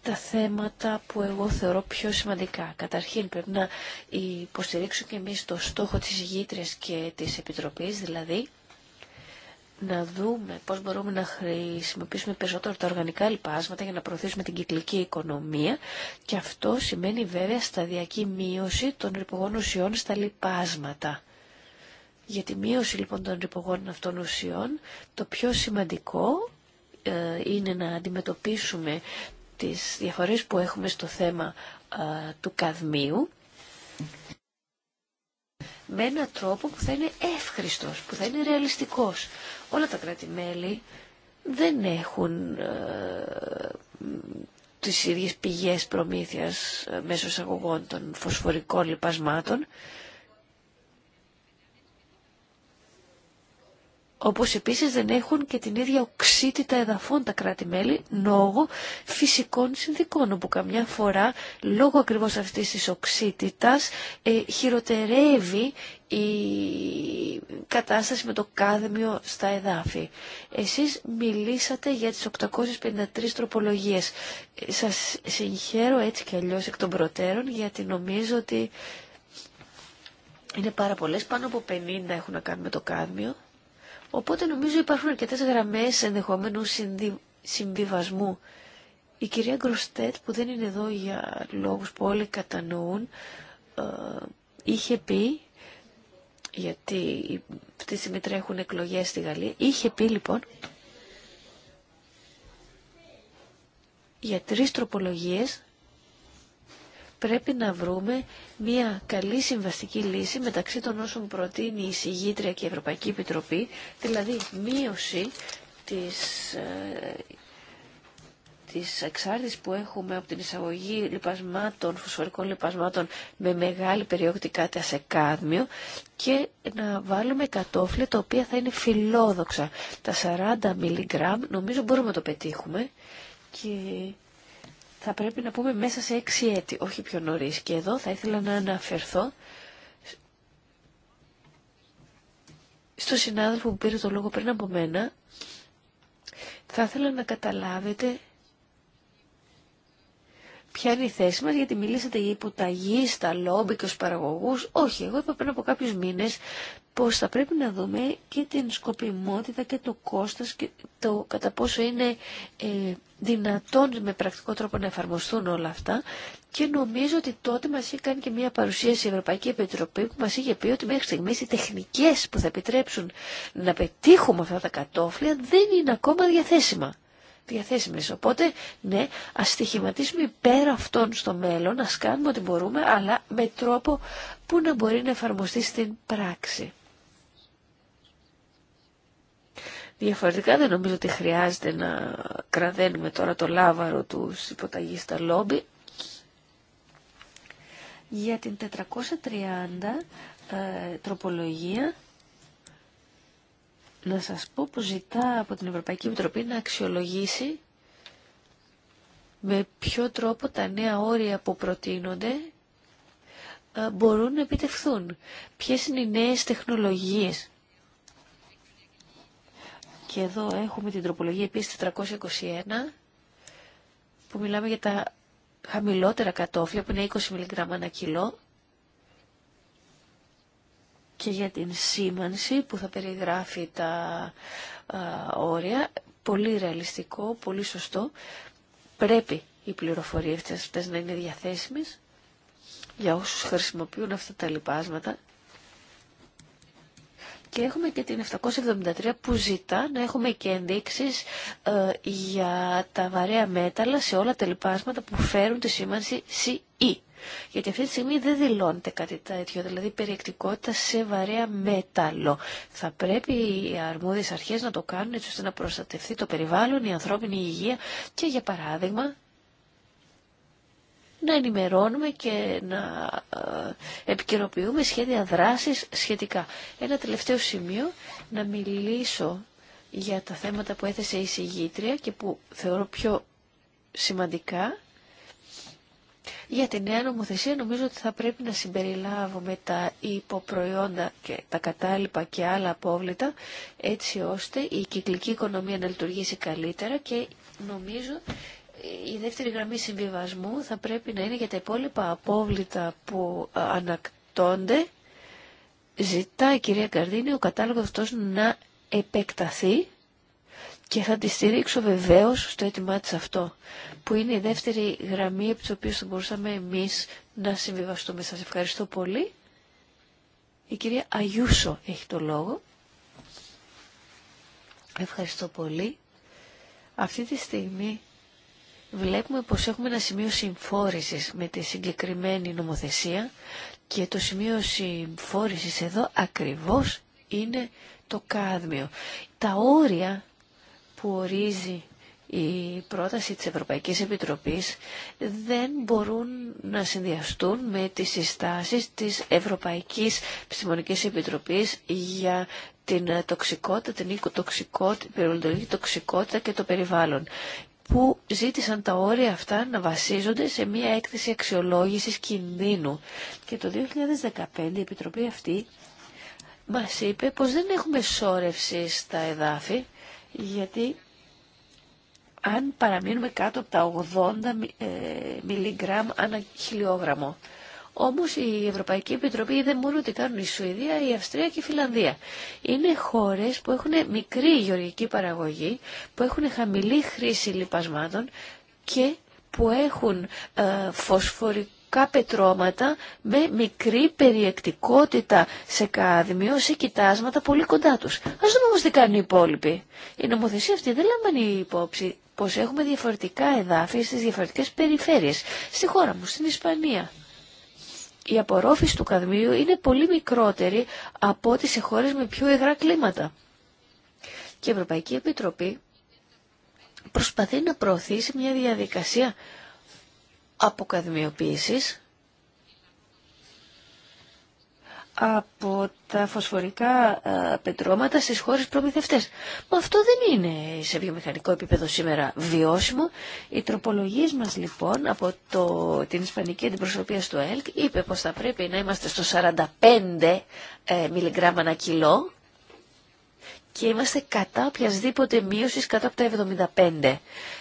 τα θέματα που εγώ θεωρώ πιο σημαντικά. Καταρχήν πρέπει να υποστηρίξω και εμείς το στόχο της γήτρες και της Επιτροπής, δηλαδή να δούμε πώς μπορούμε να χρησιμοποιήσουμε περισσότερο τα οργανικά λοιπάσματα για να προωθήσουμε την κυκλική οικονομία και αυτό σημαίνει βέβαια σταδιακή μείωση των ρηπογόνων ουσιών στα λοιπάσματα. Για τη μείωση λοιπόν των ρηπογόνων αυτών ουσιών το πιο σημαντικό ε, είναι να αντιμετωπίσουμε τις διαφορές που έχουμε στο θέμα του καδμίου με έναν τρόπο που θα είναι εύχριστος, που θα είναι ρεαλιστικός. Όλα τα κράτη-μέλη δεν έχουν τι τις ίδιες πηγές προμήθειας ε, μέσω εισαγωγών των φωσφορικών λιπασμάτων Όπως επίσης δεν έχουν και την ίδια οξύτητα εδαφών τα κράτη-μέλη λόγω φυσικών συνδικών, όπου καμιά φορά λόγω ακριβώς αυτής της οξύτητας ε, χειροτερεύει η κατάσταση με το κάδμιο στα εδάφη. Εσείς μιλήσατε για τις 853 τροπολογίες. Ε, σας συγχαίρω έτσι και αλλιώς εκ των προτέρων, γιατί νομίζω ότι είναι πάρα πολλές, πάνω από 50 έχουν να κάνουν με το κάδμιο. Οπότε νομίζω υπάρχουν αρκετέ γραμμέ ενδεχόμενου συμβιβασμού. Η κυρία Γκροστέτ που δεν είναι εδώ για λόγους που όλοι κατανοούν ε, είχε πει γιατί αυτή τη στιγμή τρέχουν εκλογές στη Γαλλία είχε πει λοιπόν για τρεις τροπολογίες πρέπει να βρούμε μια καλή συμβαστική λύση μεταξύ των όσων προτείνει η Συγήτρια και η Ευρωπαϊκή Επιτροπή, δηλαδή μείωση της, ε, της εξάρτησης που έχουμε από την εισαγωγή λιπασμάτων, φωσφορικών λιπασμάτων με μεγάλη κάτια σε κάδμιο και να βάλουμε κατόφλια τα οποία θα είναι φιλόδοξα. Τα 40 μιλιγκράμμ νομίζω μπορούμε να το πετύχουμε και θα πρέπει να πούμε μέσα σε έξι έτη, όχι πιο νωρίς. Και εδώ θα ήθελα να αναφερθώ στο συνάδελφο που πήρε το λόγο πριν από μένα. Θα ήθελα να καταλάβετε Ποια είναι η θέση μας, γιατί μιλήσατε για υποταγή στα λόμπι και στου παραγωγούς. Όχι, εγώ είπα πριν από κάποιους μήνες πως θα πρέπει να δούμε και την σκοπιμότητα και το κόστος και το κατά πόσο είναι ε, δυνατόν με πρακτικό τρόπο να εφαρμοστούν όλα αυτά και νομίζω ότι τότε μας είχε κάνει και μια παρουσίαση η Ευρωπαϊκή Επιτροπή που μας είχε πει ότι μέχρι στιγμής οι τεχνικές που θα επιτρέψουν να πετύχουμε αυτά τα κατόφλια δεν είναι ακόμα διαθέσιμα διαθέσιμες. Οπότε, ναι, ας στοιχηματίσουμε αυτών στο μέλλον, ας κάνουμε ό,τι μπορούμε, αλλά με τρόπο που να μπορεί να εφαρμοστεί στην πράξη. Διαφορετικά δεν νομίζω ότι χρειάζεται να κραδένουμε τώρα το λάβαρο του υποταγή στα λόμπι. Για την 430 ε, τροπολογία να σας πω που ζητά από την Ευρωπαϊκή Επιτροπή να αξιολογήσει με ποιο τρόπο τα νέα όρια που προτείνονται ε, μπορούν να επιτευχθούν. Ποιες είναι οι νέες τεχνολογίες. Και εδώ έχουμε την τροπολογία επίσης 421 που μιλάμε για τα χαμηλότερα κατόφλια που είναι 20 μιλιγκράμμα ανά κιλό και για την σήμανση που θα περιγράφει τα όρια. Πολύ ρεαλιστικό, πολύ σωστό. Πρέπει οι πληροφορίες αυτές να είναι διαθέσιμες για όσους χρησιμοποιούν αυτά τα λοιπάσματα και έχουμε και την 773 που ζητά να έχουμε και ενδείξεις ε, για τα βαρέα μέταλλα σε όλα τα λοιπάσματα που φέρουν τη σήμανση CE. Γιατί αυτή τη στιγμή δεν δηλώνεται κάτι τέτοιο, δηλαδή περιεκτικότητα σε βαρέα μέταλλο. Θα πρέπει οι αρμόδιες αρχές να το κάνουν έτσι ώστε να προστατευτεί το περιβάλλον, η ανθρώπινη υγεία και για παράδειγμα να ενημερώνουμε και να ε, επικαιροποιούμε σχέδια δράσης σχετικά. Ένα τελευταίο σημείο, να μιλήσω για τα θέματα που έθεσε η συγγήτρια και που θεωρώ πιο σημαντικά. Για την νέα νομοθεσία νομίζω ότι θα πρέπει να συμπεριλάβουμε τα υποπροϊόντα και τα κατάλοιπα και άλλα απόβλητα έτσι ώστε η κυκλική οικονομία να λειτουργήσει καλύτερα και νομίζω η δεύτερη γραμμή συμβιβασμού θα πρέπει να είναι για τα υπόλοιπα απόβλητα που ε, ανακτώνται. Ζητά η κυρία Καρδίνη ο κατάλογος αυτός να επεκταθεί και θα τη στηρίξω βεβαίως στο αίτημά αυτό, που είναι η δεύτερη γραμμή από τις οποίες θα μπορούσαμε εμείς να συμβιβαστούμε. Σας ευχαριστώ πολύ. Η κυρία Αγιούσο έχει το λόγο. Ευχαριστώ πολύ. Αυτή τη στιγμή βλέπουμε πως έχουμε ένα σημείο συμφόρησης με τη συγκεκριμένη νομοθεσία και το σημείο συμφόρησης εδώ ακριβώς είναι το κάδμιο. Τα όρια που ορίζει η πρόταση της Ευρωπαϊκής Επιτροπής δεν μπορούν να συνδυαστούν με τις συστάσεις της Ευρωπαϊκής Επιστημονικής Επιτροπής για την τοξικότητα, την οικοτοξικότητα, την περιβαλλοντική τοξικότητα και το περιβάλλον που ζήτησαν τα όρια αυτά να βασίζονται σε μια έκθεση αξιολόγησης κινδύνου. Και το 2015 η Επιτροπή αυτή μας είπε πως δεν έχουμε σόρευση στα εδάφη, γιατί αν παραμείνουμε κάτω από τα 80 ε, μιλιγκράμμ ανά χιλιόγραμμο. Όμω η Ευρωπαϊκή Επιτροπή δεν μόνο τι κάνουν η Σουηδία, η Αυστρία και η Φιλανδία. Είναι χώρες που έχουν μικρή γεωργική παραγωγή, που έχουν χαμηλή χρήση λιπασμάτων και που έχουν ε, πετρώματα με μικρή περιεκτικότητα σε κάδμιο, σε κοιτάσματα πολύ κοντά τους. Ας δούμε όμως τι κάνουν οι υπόλοιποι. Η νομοθεσία αυτή δεν λαμβάνει υπόψη πως έχουμε διαφορετικά εδάφη στις διαφορετικές περιφέρειες. Στη χώρα μου, στην Ισπανία η απορρόφηση του καδμίου είναι πολύ μικρότερη από ό,τι σε χώρες με πιο υγρά κλίματα. Και η Ευρωπαϊκή Επιτροπή προσπαθεί να προωθήσει μια διαδικασία αποκαδμιοποίησης από τα φωσφορικά ε, πετρώματα στις χώρες προμηθευτές. Μα αυτό δεν είναι σε βιομηχανικό επίπεδο σήμερα βιώσιμο. Οι τροπολογίες μας λοιπόν από την Ισπανική Αντιπροσωπεία στο ΕΛΚ είπε πως θα πρέπει να είμαστε στο 45 ε, μιλιγκράμμα ένα κιλό και είμαστε κατά οποιασδήποτε μείωσης κατά από τα 75,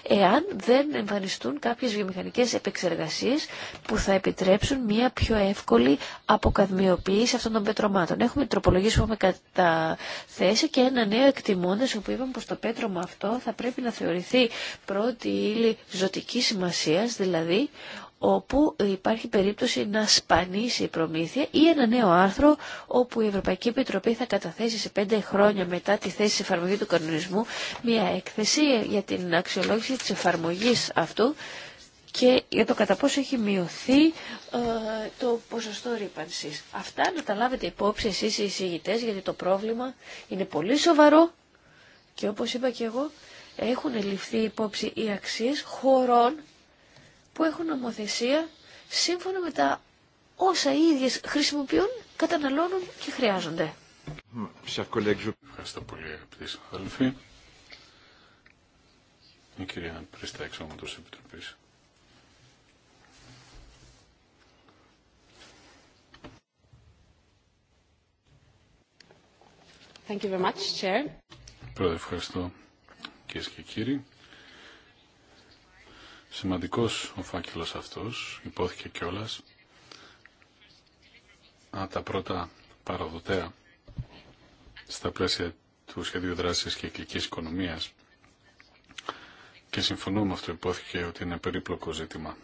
εάν δεν εμφανιστούν κάποιες βιομηχανικές επεξεργασίες που θα επιτρέψουν μια πιο εύκολη αποκαδμιοποίηση αυτών των πετρωμάτων. Έχουμε τροπολογίες που έχουμε καταθέσει και ένα νέο εκτιμώντας όπου είπαμε πως το πέτρωμα αυτό θα πρέπει να θεωρηθεί πρώτη ύλη ζωτικής σημασίας, δηλαδή όπου υπάρχει περίπτωση να σπανίσει η προμήθεια ή ένα νέο άρθρο όπου η Ευρωπαϊκή Επιτροπή θα καταθέσει σε πέντε χρόνια μετά τη θέση εφαρμογή του κανονισμού μια έκθεση για την αξιολόγηση της εφαρμογής αυτού και για το κατά πόσο έχει μειωθεί ε, το ποσοστό ρήπανσης. Αυτά να τα λάβετε υπόψη εσείς οι εισηγητές γιατί το πρόβλημα είναι πολύ σοβαρό και όπως είπα και εγώ έχουν ληφθεί υπόψη οι αξίες χωρών που έχουν νομοθεσία σύμφωνα με τα όσα οι ίδιες χρησιμοποιούν, καταναλώνουν και χρειάζονται. Ευχαριστώ πολύ αγαπητοί συναδελφοί. Η κυρία Πριστά Εξώματος Επιτροπής. Thank you very much, Chair. Πρόεδρε, ευχαριστώ κυρίες και κύριοι. Σημαντικός ο φάκελος αυτός, υπόθηκε κιόλας, ά τα πρώτα παραδοτέα στα πλαίσια του σχεδίου δράσης και κλικής οικονομίας και συμφωνώ με αυτό υπόθηκε ότι είναι περίπλοκο ζήτημα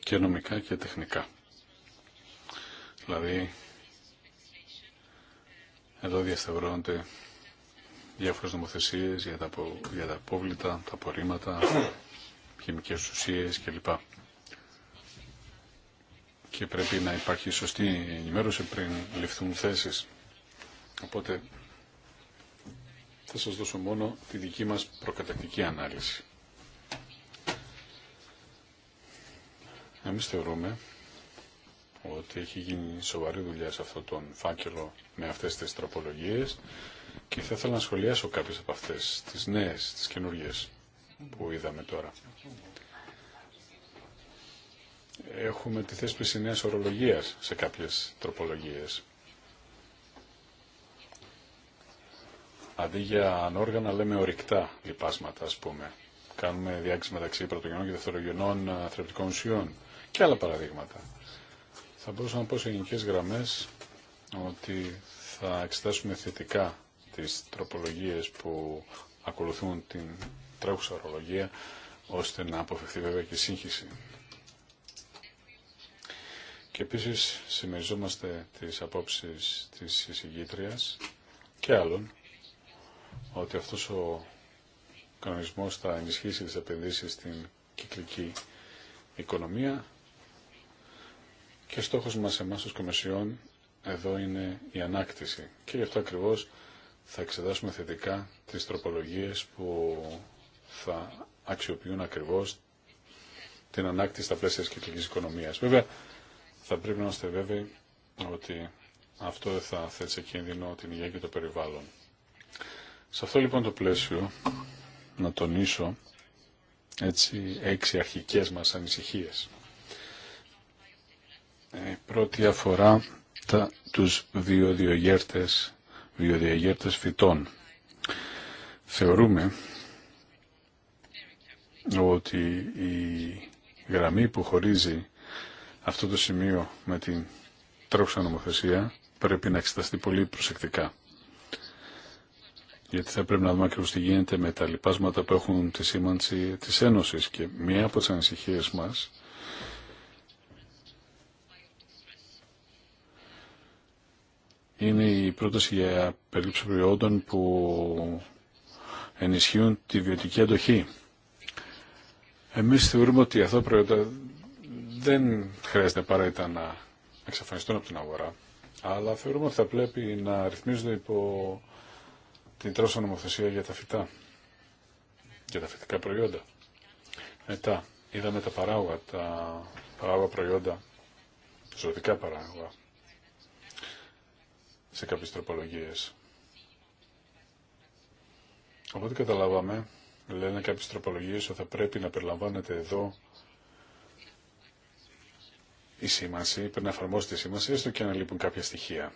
και νομικά και τεχνικά. Δηλαδή, εδώ διασταυρώνονται διάφορες νομοθεσίες για τα, για τα απόβλητα, τα απορρίμματα, χημικές ουσίες κλπ. Και πρέπει να υπάρχει σωστή ενημέρωση πριν ληφθούν θέσεις. Οπότε θα σας δώσω μόνο τη δική μας προκατακτική ανάλυση. Εμείς θεωρούμε ότι έχει γίνει σοβαρή δουλειά σε αυτό τον φάκελο με αυτές τις τροπολογίες και θα ήθελα να σχολιάσω κάποιες από αυτές, τις νέες, τις καινούργιες που είδαμε τώρα. Έχουμε τη θέσπιση νέας ορολογίας σε κάποιες τροπολογίες. Αντί για ανόργανα λέμε ορυκτά λοιπάσματα ας πούμε. Κάνουμε διάκριση μεταξύ πρωτογενών και δευτερογενών ε, θρεπτικών ουσιών και άλλα παραδείγματα. Θα μπορούσα να πω σε γενικέ γραμμές ότι θα εξετάσουμε θετικά τις τροπολογίες που ακολουθούν την τρέχουσα ορολογία ώστε να αποφευθεί βέβαια και σύγχυση. Και επίσης συμμεριζόμαστε τις απόψεις της εισηγήτριας και άλλων ότι αυτός ο κανονισμός θα ενισχύσει τι επενδύσει στην κυκλική οικονομία και στόχος μα εμάς ως Κομισιόν εδώ είναι η ανάκτηση και γι' αυτό ακριβώς θα εξετάσουμε θετικά τις τροπολογίες που θα αξιοποιούν ακριβώ την ανάκτηση στα πλαίσια της κυκλική οικονομίας. Βέβαια, θα πρέπει να είμαστε βέβαιοι ότι αυτό δεν θα θέτει σε κίνδυνο την υγεία και το περιβάλλον. Σε αυτό λοιπόν το πλαίσιο να τονίσω έτσι έξι αρχικές μας ανησυχίες. Ε, πρώτη αφορά τα, τους βιοδιογέρτες, φυτών. Θεωρούμε ότι η γραμμή που χωρίζει αυτό το σημείο με την τρόξα νομοθεσία πρέπει να εξεταστεί πολύ προσεκτικά. Γιατί θα πρέπει να δούμε ακριβώ τι γίνεται με τα λοιπάσματα που έχουν τη σήμανση της Ένωσης. Και μία από τι ανησυχίε μας είναι η πρόταση για περίπτωση προϊόντων που ενισχύουν τη βιωτική αντοχή. Εμείς θεωρούμε ότι αυτά τα προϊόντα δεν χρειάζεται απαραίτητα να εξαφανιστούν από την αγορά, αλλά θεωρούμε ότι θα πρέπει να ρυθμίζονται υπό την τρόσα νομοθεσία για τα φυτά, για τα φυτικά προϊόντα. Μετά, είδαμε τα παράγωγα, τα παράγωγα προϊόντα, ζωτικά παράγωγα, σε κάποιες τροπολογίες. Οπότε καταλάβαμε λένε κάποιες τροπολογίες ότι θα πρέπει να περιλαμβάνεται εδώ η σήμανση, πρέπει να εφαρμόσετε τη σήμανση, έστω και να λείπουν κάποια στοιχεία.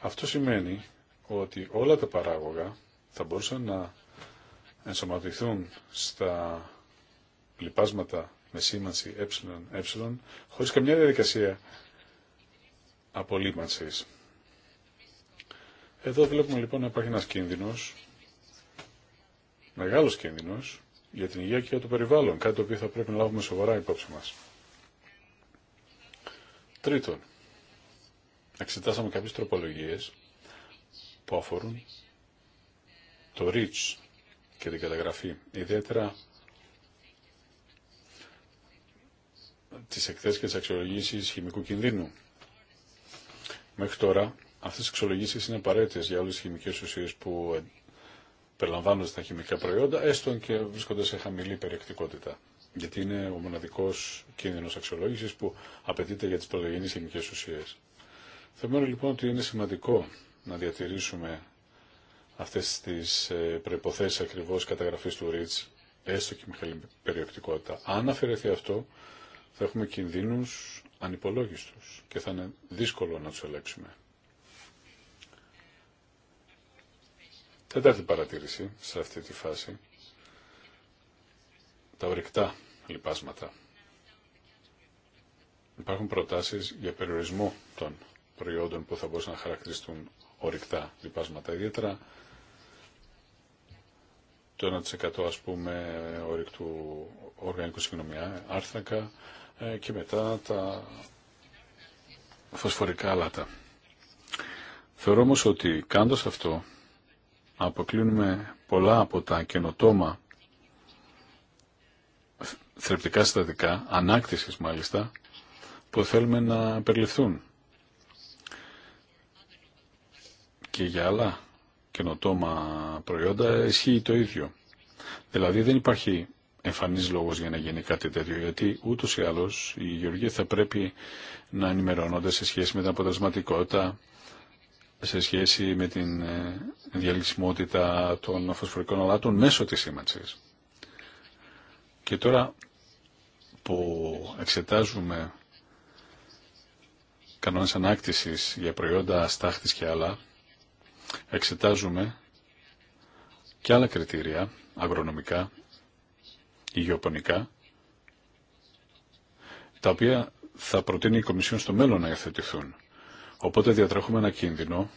Αυτό σημαίνει ότι όλα τα παράγωγα θα μπορούσαν να ενσωματωθούν στα λοιπάσματα με σήμανση ε, ε, χωρίς καμιά διαδικασία απολύμανσης. Εδώ βλέπουμε λοιπόν να υπάρχει ένας κίνδυνος Μεγάλο κίνδυνο για την υγεία και για το περιβάλλον, κάτι το οποίο θα πρέπει να λάβουμε σοβαρά υπόψη μας. Τρίτον, εξετάσαμε κάποιες τροπολογίες που αφορούν το REACH και την καταγραφή, ιδιαίτερα τις εκθέσεις και τις αξιολογήσεις χημικού κινδύνου. Μέχρι τώρα, αυτές οι αξιολογήσεις είναι απαραίτητε για όλες τις χημικές ουσίες που περιλαμβάνονται στα χημικά προϊόντα, έστω και βρίσκονται σε χαμηλή περιεκτικότητα. Γιατί είναι ο μοναδικό κίνδυνο αξιολόγηση που απαιτείται για τι πρωτογενεί χημικέ ουσίε. Θεωρώ λοιπόν ότι είναι σημαντικό να διατηρήσουμε αυτέ τι ε, προποθέσει ακριβώ καταγραφή του ρίτς, έστω και με χαμηλή περιεκτικότητα. Αν αφαιρεθεί αυτό, θα έχουμε κινδύνου ανυπολόγιστου και θα είναι δύσκολο να του ελέγξουμε. Τέταρτη παρατήρηση σε αυτή τη φάση. Τα ορυκτά λοιπάσματα. Υπάρχουν προτάσεις για περιορισμό των προϊόντων που θα μπορούσαν να χαρακτηριστούν ορυκτά λοιπάσματα. Ιδιαίτερα το 1% ας πούμε ορυκτού οργανικού συγγνωμιά, άρθρακα ε, και μετά τα φωσφορικά αλάτα. Θεωρώ όμως ότι κάνοντας αυτό αποκλίνουμε πολλά από τα καινοτόμα θρεπτικά συστατικά, ανάκτησης μάλιστα, που θέλουμε να περιληφθούν. Και για άλλα καινοτόμα προϊόντα ισχύει το ίδιο. Δηλαδή δεν υπάρχει εμφανής λόγος για να γίνει κάτι τέτοιο, γιατί ούτως ή άλλως οι γεωργοί θα πρέπει να ενημερώνονται σε σχέση με την αποτελεσματικότητα, σε σχέση με την ε, διαλυσιμότητα των φωσφορικών αλάτων μέσω της σήμανσης. Και τώρα που εξετάζουμε κανόνες ανάκτησης για προϊόντα στάχτης και άλλα, εξετάζουμε και άλλα κριτήρια αγρονομικά, υγειοπονικά, τα οποία θα προτείνει η Κομισιόν στο μέλλον να υιοθετηθούν. Οπότε διατρέχουμε ένα κίνδυνο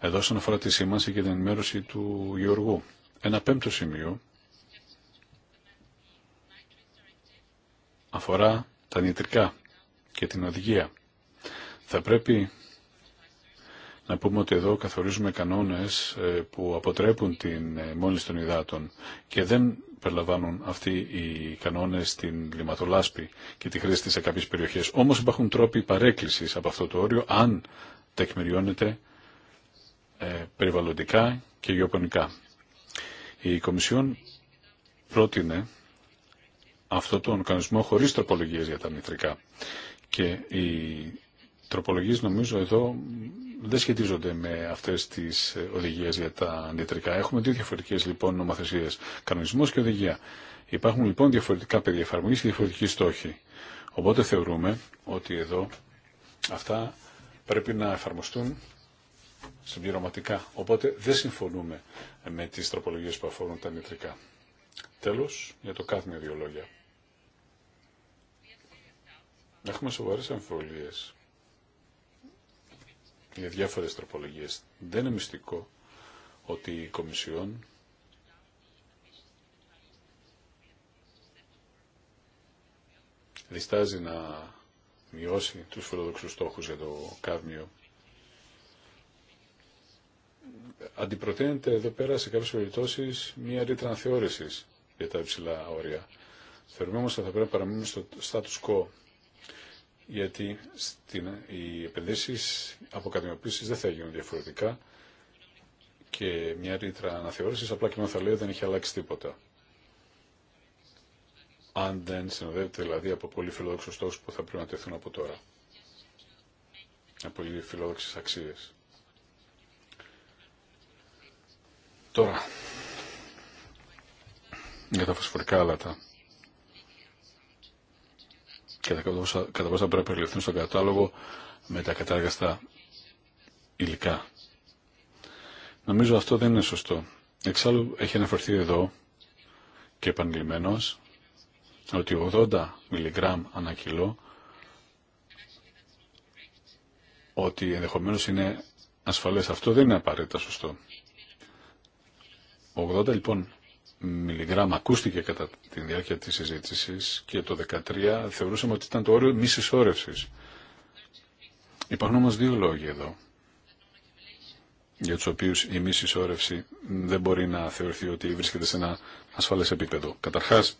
εδώ όσον αφορά τη σήμανση και την ενημέρωση του Γεωργού. Ένα πέμπτο σημείο αφορά τα νητρικά και την οδηγία. Θα πρέπει να πούμε ότι εδώ καθορίζουμε κανόνες ε, που αποτρέπουν την ε, μόλυνση των υδάτων και δεν περιλαμβάνουν αυτοί οι κανόνες την λιματολάσπη και τη χρήση της σε κάποιες περιοχές. Όμως υπάρχουν τρόποι παρέκκλησης από αυτό το όριο αν τεκμηριώνεται ε, περιβαλλοντικά και γεωπονικά. Η Κομισιόν πρότεινε αυτό τον κανονισμό χωρίς τροπολογίες για τα μητρικά και η τροπολογίες νομίζω εδώ δεν σχετίζονται με αυτές τις ε, οδηγίες για τα αντιτρικά. Έχουμε δύο διαφορετικές λοιπόν νομοθεσίες, κανονισμός και οδηγία. Υπάρχουν λοιπόν διαφορετικά πεδία εφαρμογή και διαφορετικοί στόχοι. Οπότε θεωρούμε ότι εδώ αυτά πρέπει να εφαρμοστούν συμπληρωματικά. Οπότε δεν συμφωνούμε με τις τροπολογίες που αφορούν τα νητρικά. Τέλος, για το κάθμιο δύο λόγια. Έχουμε σοβαρές αμφιβολίες για διάφορες τροπολογίε. Δεν είναι μυστικό ότι η Κομισιόν διστάζει να μειώσει τους φιλοδοξού στόχους για το κάδμιο. Αντιπροτείνεται εδώ πέρα σε κάποιες περιπτώσει μία ρήτρα ανθεώρησης για τα υψηλά όρια. Θεωρούμε όμως ότι θα πρέπει να παραμείνουμε στο status quo γιατί στην, οι επενδύσεις αποκατημοποίησης δεν θα γίνουν διαφορετικά και μια ρήτρα αναθεώρησης απλά και μόνο θα λέει δεν έχει αλλάξει τίποτα. Αν δεν συνοδεύεται δηλαδή από πολύ φιλόδοξους που θα πρέπει να τεθούν από τώρα. Από πολύ φιλόδοξες αξίες. Τώρα, για τα φωσφορικά άλατα και κατά πόσο θα πρέπει να περιληφθούν στον κατάλογο με τα κατάργαστα υλικά. Νομίζω αυτό δεν είναι σωστό. Εξάλλου έχει αναφερθεί εδώ και επανειλημμένος ότι 80 μιλιγκράμμ ανά κιλό ότι ενδεχομένως είναι ασφαλές. Αυτό δεν είναι απαραίτητα σωστό. 80 λοιπόν μιλιγράμμα ακούστηκε κατά τη διάρκεια της συζήτηση και το 2013 θεωρούσαμε ότι ήταν το όριο μη συσσόρευσης. Υπάρχουν όμως δύο λόγοι εδώ για τους οποίους η μη συσσόρευση δεν μπορεί να θεωρηθεί ότι βρίσκεται σε ένα ασφαλές επίπεδο. Καταρχάς,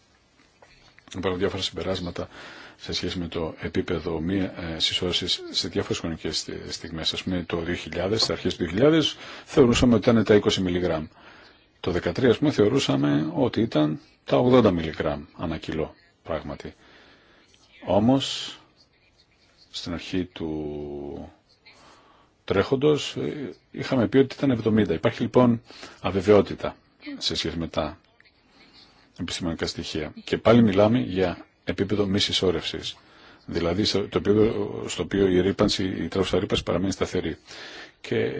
υπάρχουν διάφορα συμπεράσματα σε σχέση με το επίπεδο μη ε, συσσόρευσης σε διάφορε χρονικές στιγμές. Ας πούμε το 2000, στις αρχές του 2000, θεωρούσαμε ότι ήταν τα 20 μιλιγράμμ. Το 13 ας πούμε θεωρούσαμε ότι ήταν τα 80 μιλιγκράμμ ανά κιλό πράγματι. Όμως στην αρχή του τρέχοντος ε, είχαμε πει ότι ήταν 70. Υπάρχει λοιπόν αβεβαιότητα σε σχέση με τα επιστημονικά στοιχεία. Και πάλι μιλάμε για επίπεδο μη συσσόρευσης. Δηλαδή το επίπεδο στο οποίο η ρήπανση, η τρέχουσα ρήπανση παραμένει σταθερή. Και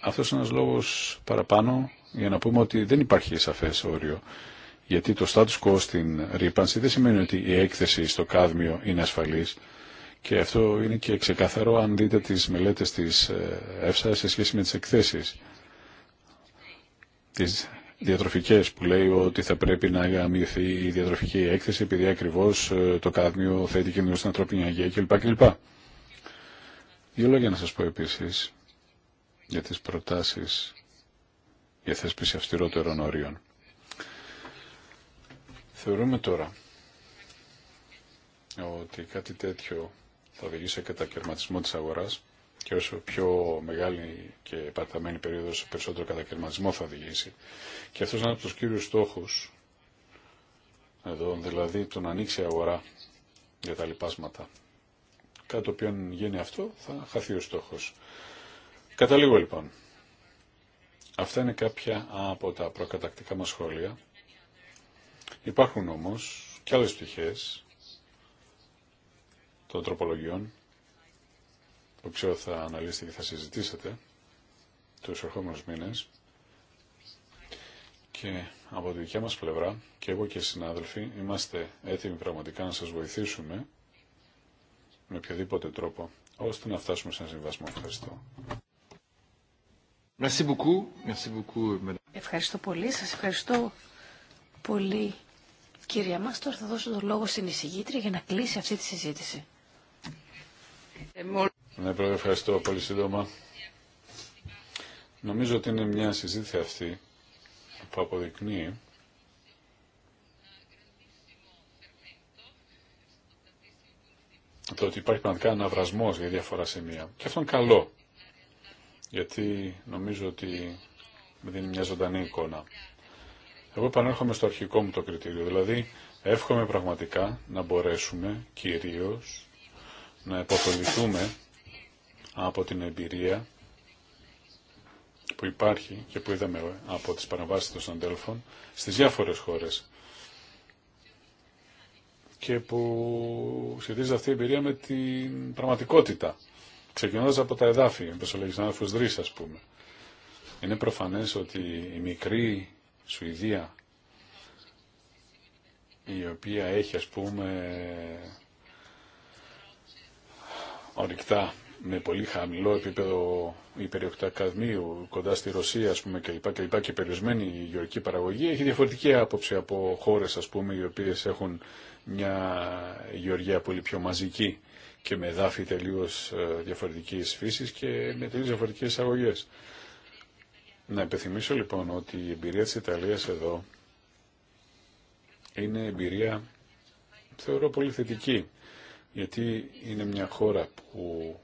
αυτός είναι ένας λόγος παραπάνω για να πούμε ότι δεν υπάρχει σαφές όριο. Γιατί το status quo στην ρήπανση δεν σημαίνει ότι η έκθεση στο κάδμιο είναι ασφαλής. Και αυτό είναι και ξεκαθαρό αν δείτε τις μελέτες της ε, ΕΦΣΑ σε σχέση με τις εκθέσεις. Τις διατροφικές που λέει ότι θα πρέπει να μειωθεί η διατροφική έκθεση επειδή ακριβώς ε, το κάδμιο θέτει κίνδυνο στην ανθρώπινη αγία κλπ. κλπ. Δύο λόγια να σας πω επίσης για τις προτάσεις για θέσπιση αυστηρότερων ορίων. Θεωρούμε τώρα ότι κάτι τέτοιο θα οδηγήσει σε κατακαιρματισμό της αγοράς και όσο πιο μεγάλη και επαρταμένη περίοδος περισσότερο κατακαιρματισμό θα οδηγήσει. Και αυτός είναι από τους κύριους στόχους εδώ, δηλαδή το να ανοίξει η αγορά για τα λοιπάσματα. Κάτω το οποίο γίνει αυτό θα χαθεί ο στόχος. Καταλήγω λοιπόν. Αυτά είναι κάποια από τα προκατακτικά μας σχόλια. Υπάρχουν όμως και άλλες πτυχές των τροπολογιών που ξέρω θα αναλύσετε και θα συζητήσετε τους ερχόμενους μήνες και από τη δικιά μας πλευρά και εγώ και οι συνάδελφοι είμαστε έτοιμοι πραγματικά να σας βοηθήσουμε με οποιοδήποτε τρόπο ώστε να φτάσουμε σε ένα συμβασμό. Ευχαριστώ ευχαριστώ πολύ. Σας ευχαριστώ πολύ, κυρία μας. Τώρα θα δώσω τον λόγο στην εισηγήτρια για να κλείσει αυτή τη συζήτηση. Ναι, πρόεδρε, ευχαριστώ πολύ σύντομα. Νομίζω ότι είναι μια συζήτηση αυτή που αποδεικνύει το ότι υπάρχει πραγματικά ένα βρασμός για διάφορα σημεία. Και αυτό είναι καλό γιατί νομίζω ότι με δίνει μια ζωντανή εικόνα. Εγώ επανέρχομαι στο αρχικό μου το κριτήριο, δηλαδή εύχομαι πραγματικά να μπορέσουμε κυρίως να υποφεληθούμε από την εμπειρία που υπάρχει και που είδαμε από τις παραβάσεις των σαντέλφων στις διάφορες χώρες και που σχετίζεται αυτή η εμπειρία με την πραγματικότητα Ξεκινώντας από τα εδάφη, όπως ο Λεγισνάδελφος Δρύς, ας πούμε. Είναι προφανές ότι η μικρή Σουηδία, η οποία έχει, ας πούμε, ορυκτά με πολύ χαμηλό επίπεδο υπεριοκτακαδμίου κοντά στη Ρωσία ας πούμε, και, λοιπά, και, περιορισμένη η παραγωγή έχει διαφορετική άποψη από χώρες ας πούμε, οι οποίες έχουν μια γεωργία πολύ πιο μαζική και με δάφη τελείω ε, διαφορετική φύση και με τελείω διαφορετικέ εισαγωγέ. Να υπενθυμίσω λοιπόν ότι η εμπειρία τη Ιταλία εδώ είναι εμπειρία θεωρώ πολύ θετική γιατί είναι μια χώρα που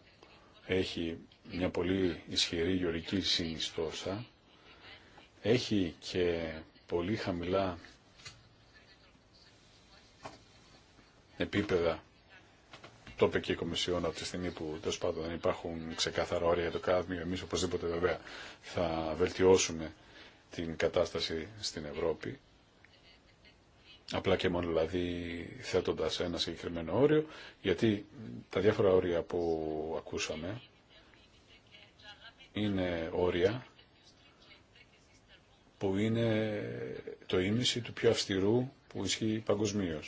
έχει μια πολύ ισχυρή γεωρική συνιστόσα έχει και πολύ χαμηλά επίπεδα το είπε και η Κομισιόν από τη στιγμή που τέλο πάντων δεν υπάρχουν ξεκάθαρα όρια για το κάδμιο. Εμεί οπωσδήποτε βέβαια θα βελτιώσουμε την κατάσταση στην Ευρώπη. Απλά και μόνο δηλαδή θέτοντα ένα συγκεκριμένο όριο, γιατί τα διάφορα όρια που ακούσαμε είναι όρια που είναι το ίμιση του πιο αυστηρού που ισχύει παγκοσμίω.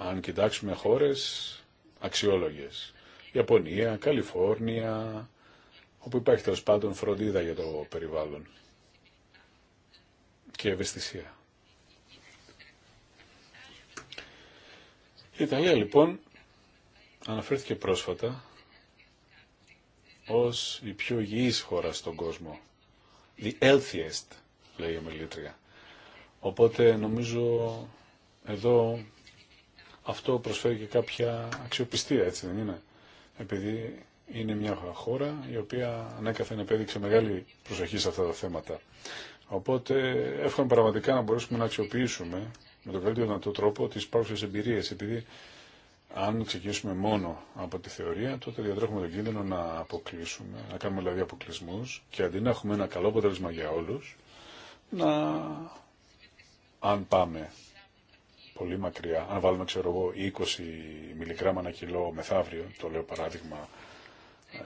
Αν κοιτάξουμε χώρες αξιόλογες, Ιαπωνία, Καλιφόρνια, όπου υπάρχει τέλο πάντων φροντίδα για το περιβάλλον και ευαισθησία. Η Ιταλία λοιπόν αναφέρθηκε πρόσφατα ως η πιο υγιής χώρα στον κόσμο. The healthiest, λέει η ομιλήτρια. Οπότε νομίζω εδώ αυτό προσφέρει και κάποια αξιοπιστία, έτσι δεν είναι. Επειδή είναι μια χώρα η οποία ανέκαθεν επέδειξε μεγάλη προσοχή σε αυτά τα θέματα. Οπότε εύχομαι πραγματικά να μπορέσουμε να αξιοποιήσουμε με τον καλύτερο δυνατό τρόπο τι πάρουσε εμπειρίε, επειδή αν ξεκινήσουμε μόνο από τη θεωρία, τότε διατρέχουμε τον κίνδυνο να αποκλείσουμε, να κάνουμε δηλαδή αποκλεισμού και αντί να έχουμε ένα καλό αποτέλεσμα για όλου, να αν πάμε πολύ μακριά, αν βάλουμε ξέρω εγώ 20 μιλιγράμμα ένα κιλό μεθαύριο, το λέω παράδειγμα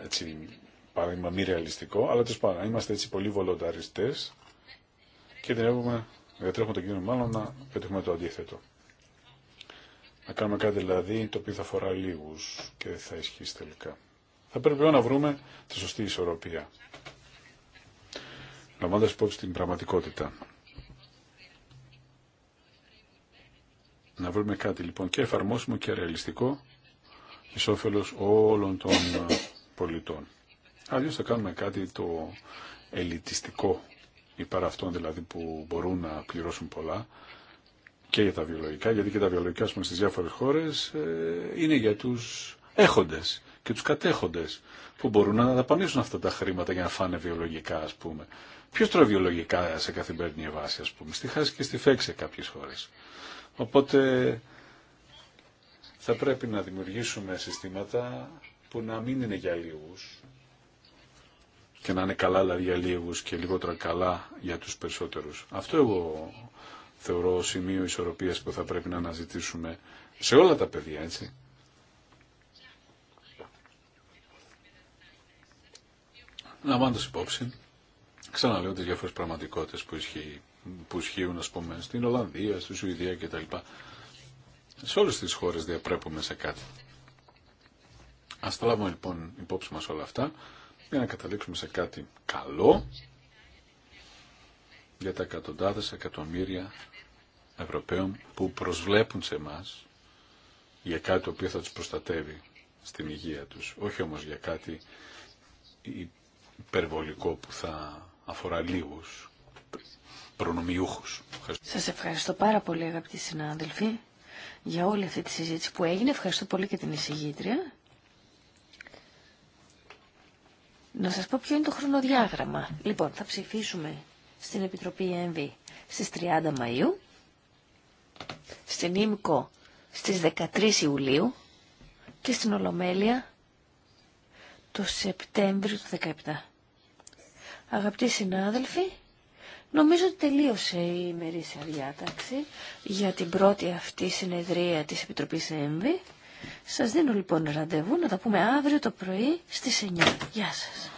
έτσι, παράδειγμα μη ρεαλιστικό, αλλά τέλο πάντων είμαστε έτσι πολύ βολονταριστέ και διατρέχουμε, διατρέχουμε τον κίνδυνο μάλλον να πετύχουμε το αντίθετο. Να κάνουμε κάτι δηλαδή το οποίο θα αφορά λίγου και θα ισχύσει τελικά. Θα πρέπει να βρούμε τη σωστή ισορροπία. Λαμβάνοντα υπόψη την πραγματικότητα. Να βρούμε κάτι λοιπόν και εφαρμόσιμο και ρεαλιστικό εις όφελος όλων των ε, πολιτών. Αλλιώ θα κάνουμε κάτι το ελιτιστικό υπάρα αυτών δηλαδή που μπορούν να πληρώσουν πολλά και για τα βιολογικά, γιατί και τα βιολογικά πούμε, στις διάφορες χώρες ε, είναι για τους έχοντες και τους κατέχοντες που μπορούν να δαπανίσουν αυτά τα χρήματα για να φάνε βιολογικά ας πούμε. Ποιος τρώει βιολογικά σε καθημερινή βάση ας πούμε, στη χάση και στη φέξε σε κάποιες χώρες. Οπότε θα πρέπει να δημιουργήσουμε συστήματα που να μην είναι για λίγους και να είναι καλά δηλαδή για λίγους και λιγότερα καλά για τους περισσότερους. Αυτό εγώ θεωρώ σημείο ισορροπίας που θα πρέπει να αναζητήσουμε σε όλα τα παιδιά, έτσι. Να πάντως υπόψη, ξαναλέω τις διάφορες πραγματικότητες που ισχύει που ισχύουν ας πούμε στην Ολλανδία, στη Σουηδία κτλ. Σε όλες τις χώρες διαπρέπουμε σε κάτι. Ας τα λάβουμε λοιπόν υπόψη μας όλα αυτά για να καταλήξουμε σε κάτι καλό για τα εκατοντάδες εκατομμύρια Ευρωπαίων που προσβλέπουν σε εμά για κάτι το οποίο θα τους προστατεύει στην υγεία τους, όχι όμως για κάτι υπερβολικό που θα αφορά λίγους Σα Σας ευχαριστώ πάρα πολύ αγαπητοί συνάδελφοι για όλη αυτή τη συζήτηση που έγινε. Ευχαριστώ πολύ και την εισηγήτρια. Να σας πω ποιο είναι το χρονοδιάγραμμα. Λοιπόν, θα ψηφίσουμε στην Επιτροπή ΕΜΒΗ στις 30 Μαΐου, στην ΙΜΚΟ στις 13 Ιουλίου και στην Ολομέλεια το Σεπτέμβριο του 17. Αγαπητοί συνάδελφοι, Νομίζω ότι τελείωσε η ημερήσια διάταξη για την πρώτη αυτή συνεδρία της Επιτροπής ΕΜΒΗ. Σας δίνω λοιπόν ραντεβού να τα πούμε αύριο το πρωί στις 9. Γεια σας.